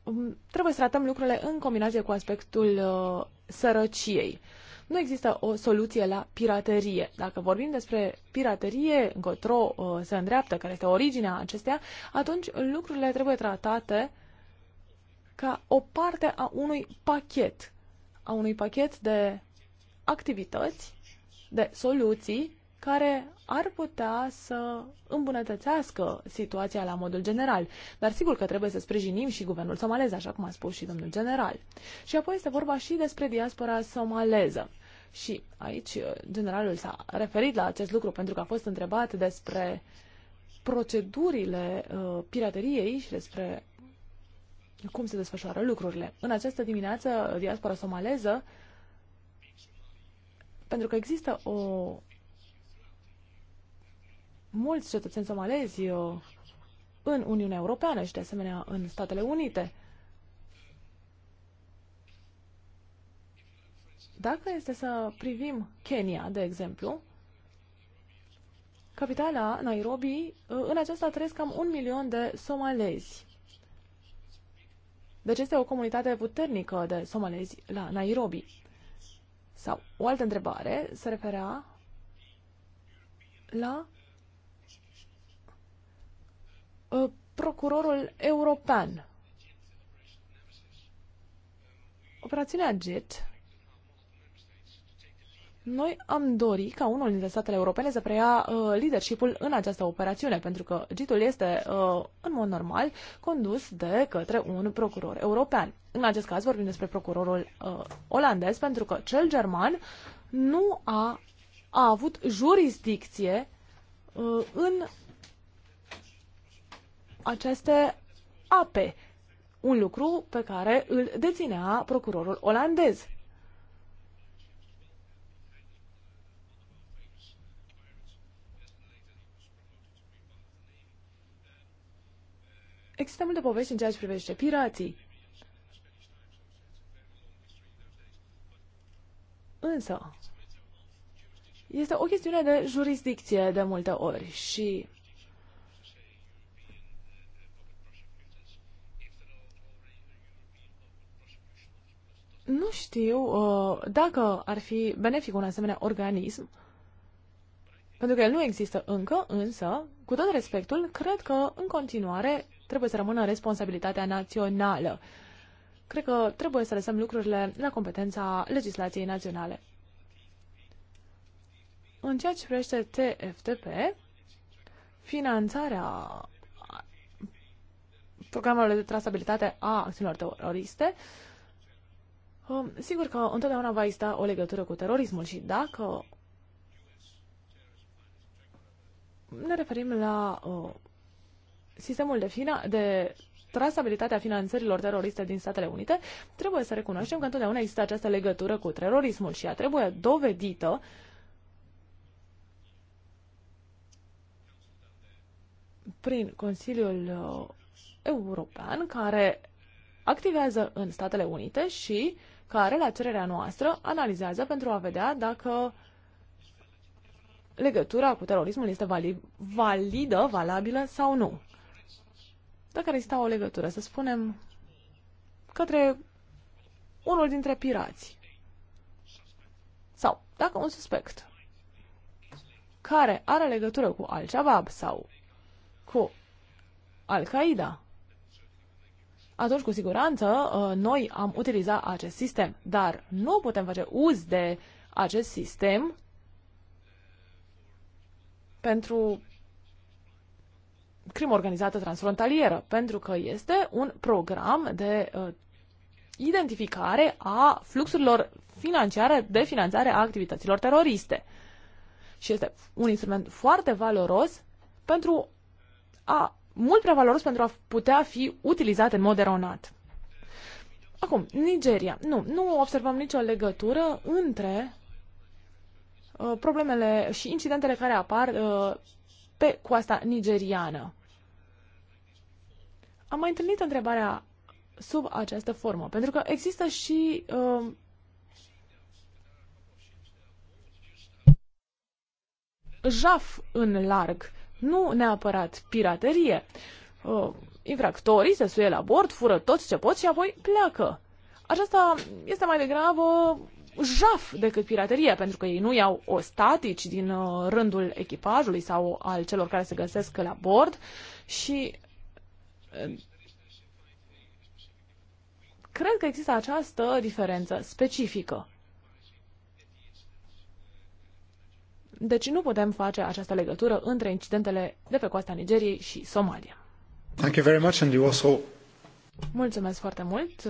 um, trebuie să tratăm lucrurile în combinație cu aspectul uh, sărăciei. Nu există o soluție la piraterie. Dacă vorbim despre piraterie, încotro uh, se îndreaptă, care este originea acestea, atunci lucrurile trebuie tratate uh, ca o parte a unui pachet, a unui pachet de activități, de soluții care ar putea să îmbunătățească situația la modul general. Dar sigur că trebuie să sprijinim și guvernul somalez, așa cum a spus și domnul general. Și apoi este vorba și despre diaspora somaleză. Și aici uh, generalul s-a referit la acest lucru pentru că a fost întrebat despre procedurile uh, pirateriei și despre cum se desfășoară lucrurile. În această dimineață, diaspora somaleză, pentru că există o... mulți cetățeni somalezi uh, în Uniunea Europeană și de asemenea în Statele Unite. Dacă este să privim Kenya, de exemplu, capitala Nairobi, uh, în aceasta trăiesc cam un milion de somalezi. Deci este o comunitate puternică de somalezi la Nairobi. Sau o altă întrebare se referea la uh, procurorul european. Operațiunea JET noi am dori ca unul dintre statele europene să preia uh, leadership-ul în această operațiune, pentru că GIT-ul este, uh, în mod normal, condus de către un procuror european. În acest caz vorbim despre procurorul uh, olandez, pentru că cel german nu a, a avut jurisdicție uh, în aceste ape, un lucru pe care îl deținea procurorul olandez. Există multe povești în ceea ce privește pirații. Însă, este o chestiune de jurisdicție de multe ori și nu știu uh, dacă ar fi benefic un asemenea organism, pentru că el nu există încă, însă, cu tot respectul, cred că în continuare trebuie să rămână responsabilitatea națională. Cred că trebuie să lăsăm lucrurile la competența legislației naționale. În ceea ce privește TFTP, finanțarea programelor de trasabilitate a acțiunilor teroriste, um, sigur că întotdeauna va exista o legătură cu terorismul și dacă ne referim la uh, sistemul de, fina, de a finanțărilor teroriste din Statele Unite, trebuie să recunoaștem că întotdeauna există această legătură cu terorismul și ea trebuie dovedită prin Consiliul uh, European care activează în Statele Unite și care, la cererea noastră, analizează pentru a vedea dacă legătura cu terorismul este valid, validă, valabilă sau nu dacă exista o legătură, să spunem, către unul dintre pirați sau dacă un suspect care are legătură cu Al-Shabaab sau cu Al-Qaeda, atunci cu siguranță ă, noi am utilizat acest sistem, dar nu putem face uz de acest sistem pentru crimă organizată transfrontalieră, pentru că este un program de uh, identificare a fluxurilor financiare de finanțare a activităților teroriste. Și este un instrument foarte valoros pentru a mult prea valoros pentru a putea fi utilizat în mod eronat. Acum, Nigeria. Nu, nu observăm nicio legătură între uh, problemele și incidentele care apar uh, pe coasta nigeriană. Am mai întâlnit întrebarea sub această formă, pentru că există și uh, jaf în larg, nu neapărat piraterie. Uh, infractorii se suie la bord, fură tot ce pot și apoi pleacă. Aceasta este mai degrabă jaf decât piraterie, pentru că ei nu iau ostatici din uh, rândul echipajului sau al celor care se găsesc la bord și Cred că există această diferență specifică. Deci nu putem face această legătură între incidentele de pe coasta Nigeriei și Somalia. Thank you very much and you also... Mulțumesc foarte mult.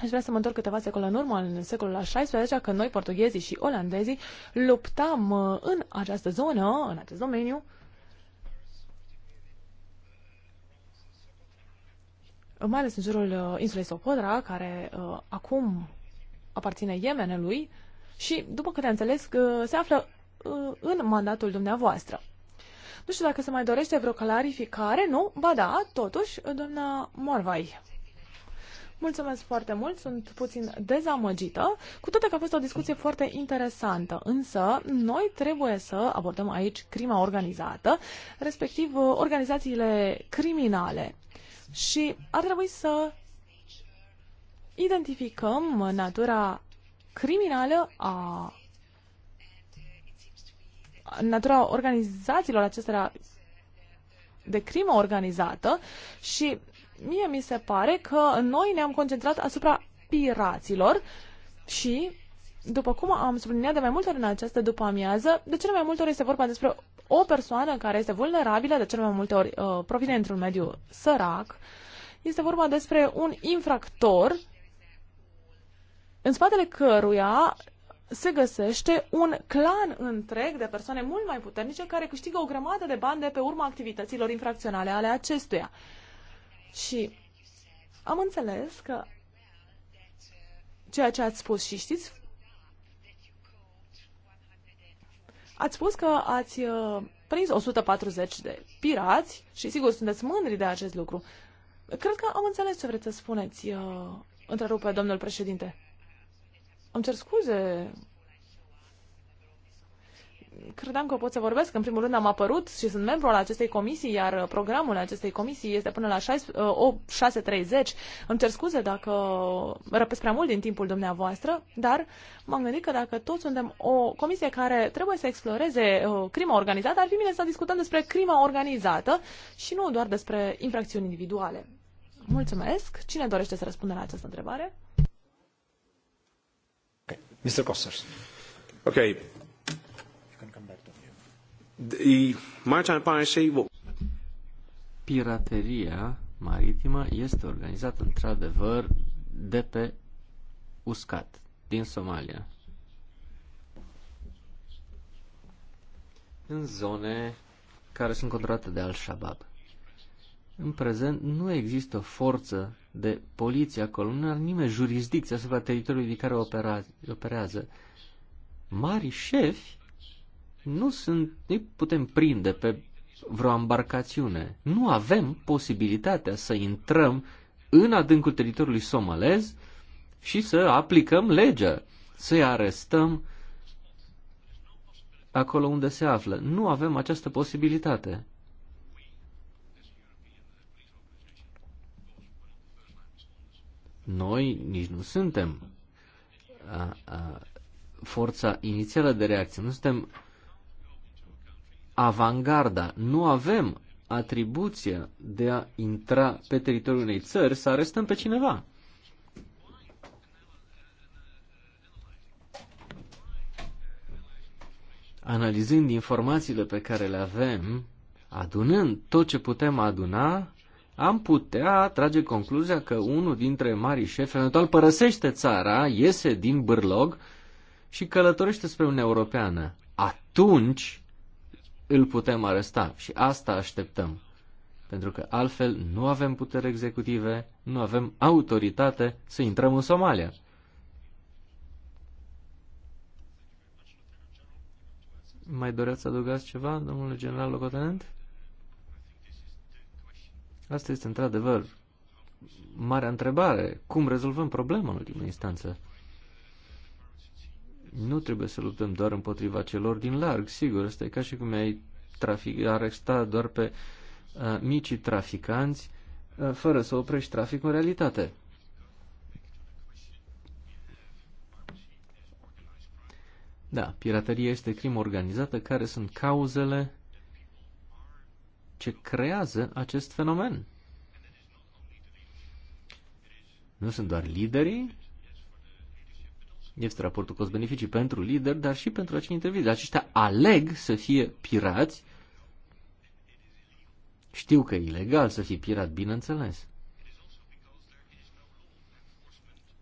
Aș vrea să mă întorc câteva secole în urmă, în secolul al XVI-lea, când noi, portughezii și olandezii, luptam uh, în această zonă, în acest domeniu, mai ales în jurul uh, insulei Socotra, care uh, acum aparține Yemenului și, după câte am înțeles, uh, se află în mandatul dumneavoastră. Nu știu dacă se mai dorește vreo clarificare, nu? Ba da, totuși, doamna Morvai. Mulțumesc foarte mult, sunt puțin dezamăgită, cu toate că a fost o discuție foarte interesantă, însă noi trebuie să abordăm aici crima organizată, respectiv organizațiile criminale și ar trebui să identificăm natura criminală a natura organizațiilor acestea de crimă organizată și mie mi se pare că noi ne-am concentrat asupra piraților și după cum am subliniat de mai multe ori în această după amiază, de cele mai multe ori este vorba despre o persoană care este vulnerabilă, de cele mai multe ori uh, provine într-un mediu sărac. Este vorba despre un infractor în spatele căruia se găsește un clan întreg de persoane mult mai puternice care câștigă o grămadă de bani de pe urma activităților infracționale ale acestuia. Și am înțeles că ceea ce ați spus și știți Ați spus că ați uh, prins 140 de pirați și sigur sunteți mândri de acest lucru. Cred că am înțeles ce vreți să spuneți, uh, întrerupe domnul președinte. Îmi cer scuze, credeam că pot să vorbesc. În primul rând am apărut și sunt membru al acestei comisii, iar programul acestei comisii este până la 6.30. Ă, Îmi cer scuze dacă răpesc prea mult din timpul dumneavoastră, dar m-am gândit că dacă toți suntem o comisie care trebuie să exploreze ă, crima organizată, ar fi bine să discutăm despre crima organizată și nu doar despre infracțiuni individuale. Mulțumesc. Cine dorește să răspundă la această întrebare? Mr. Costers. Okay. The maritime piracy, Pirateria maritimă este organizată într-adevăr de pe uscat, din Somalia. În zone care sunt controlate de Al-Shabaab. În prezent nu există forță de poliție acolo, nu are nimeni jurisdicție asupra teritoriului din care operează. Mari șefi nu sunt, nu putem prinde pe vreo embarcațiune. Nu avem posibilitatea să intrăm în adâncul teritoriului somalez și să aplicăm legea, să-i arestăm acolo unde se află. Nu avem această posibilitate. Noi nici nu suntem a, a, forța inițială de reacție, nu suntem avangarda. Nu avem atribuția de a intra pe teritoriul unei țări să arestăm pe cineva. Analizând informațiile pe care le avem, adunând tot ce putem aduna, am putea trage concluzia că unul dintre marii șefi eventual părăsește țara, iese din bârlog și călătorește spre Uniunea Europeană. Atunci îl putem aresta și asta așteptăm. Pentru că altfel nu avem putere executive, nu avem autoritate să intrăm în Somalia. Mai doreați să adăugați ceva, domnule general locotenent? Asta este într-adevăr marea întrebare. Cum rezolvăm problema în ultimă instanță? Nu trebuie să luptăm doar împotriva celor din larg, sigur, asta e ca și cum ai trafic, aresta doar pe uh, micii traficanți, uh, fără să oprești traficul în realitate. Da, pirateria este crimă organizată. Care sunt cauzele ce creează acest fenomen? Nu sunt doar liderii, este raportul cost-beneficii pentru lider, dar și pentru acei intervizi. Aceștia aleg să fie pirați. Știu că e ilegal să fii pirat, bineînțeles.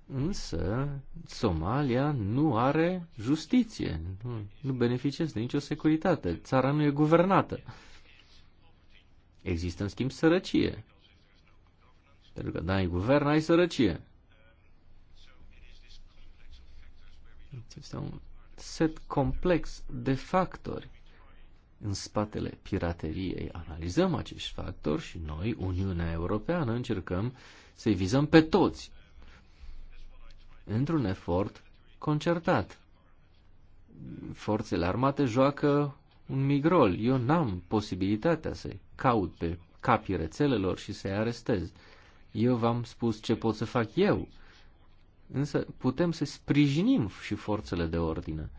Însă, Somalia nu are justiție, nu, nu beneficiază de nicio securitate, țara nu e guvernată. Există, în schimb, sărăcie. Pentru că da, ai guvern, ai sărăcie. Deci, este un set complex de factori în spatele pirateriei. Analizăm acești factori și noi, Uniunea Europeană, încercăm să-i vizăm pe toți într-un efort concertat. Forțele armate joacă un mic rol. Eu n-am posibilitatea să caut pe capii rețelelor și să-i arestez. Eu v-am spus ce pot să fac eu însă putem să sprijinim și forțele de ordine.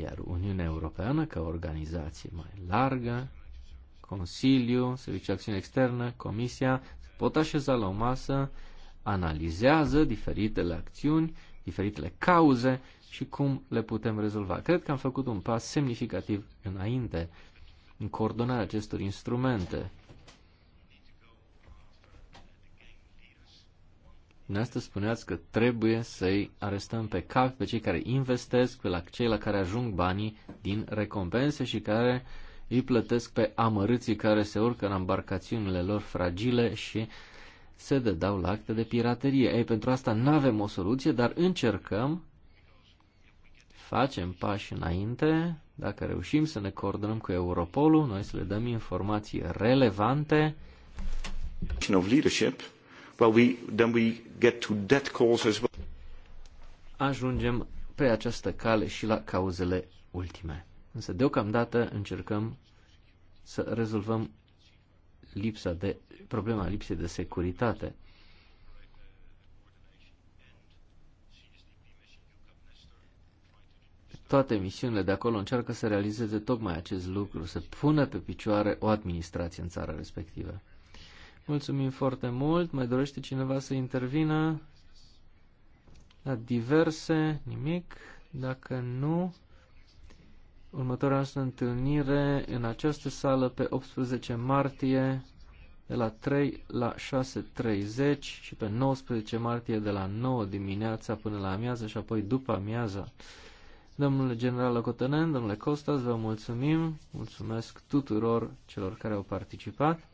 Iar Uniunea Europeană, ca organizație mai largă, Consiliu, Serviciul Acțiune Externă, Comisia, se pot așeza la o masă, analizează diferitele acțiuni, diferitele cauze și cum le putem rezolva. Cred că am făcut un pas semnificativ înainte în coordonarea acestor instrumente. Dumneavoastră spuneați că trebuie să-i arestăm pe cap pe cei care investesc, pe la cei la care ajung banii din recompense și care îi plătesc pe amărâții care se urcă în embarcațiunile lor fragile și se dădau la acte de piraterie. Ei, pentru asta nu avem o soluție, dar încercăm, facem pași înainte, dacă reușim să ne coordonăm cu Europolul, noi să le dăm informații relevante. Cine leadership well, we, then we get to that cause as well. Ajungem pe această cale și la cauzele ultime. Însă deocamdată încercăm să rezolvăm lipsa de, problema lipsei de securitate. Toate misiunile de acolo încearcă să realizeze tocmai acest lucru, să pună pe picioare o administrație în țara respectivă. Mulțumim foarte mult. Mai dorește cineva să intervină? La diverse, nimic. Dacă nu, următoarea noastră întâlnire în această sală pe 18 martie de la 3 la 6.30 și pe 19 martie de la 9 dimineața până la amiază și apoi după amiaza. Domnule general Locotenent, domnule Costas, vă mulțumim, mulțumesc tuturor celor care au participat.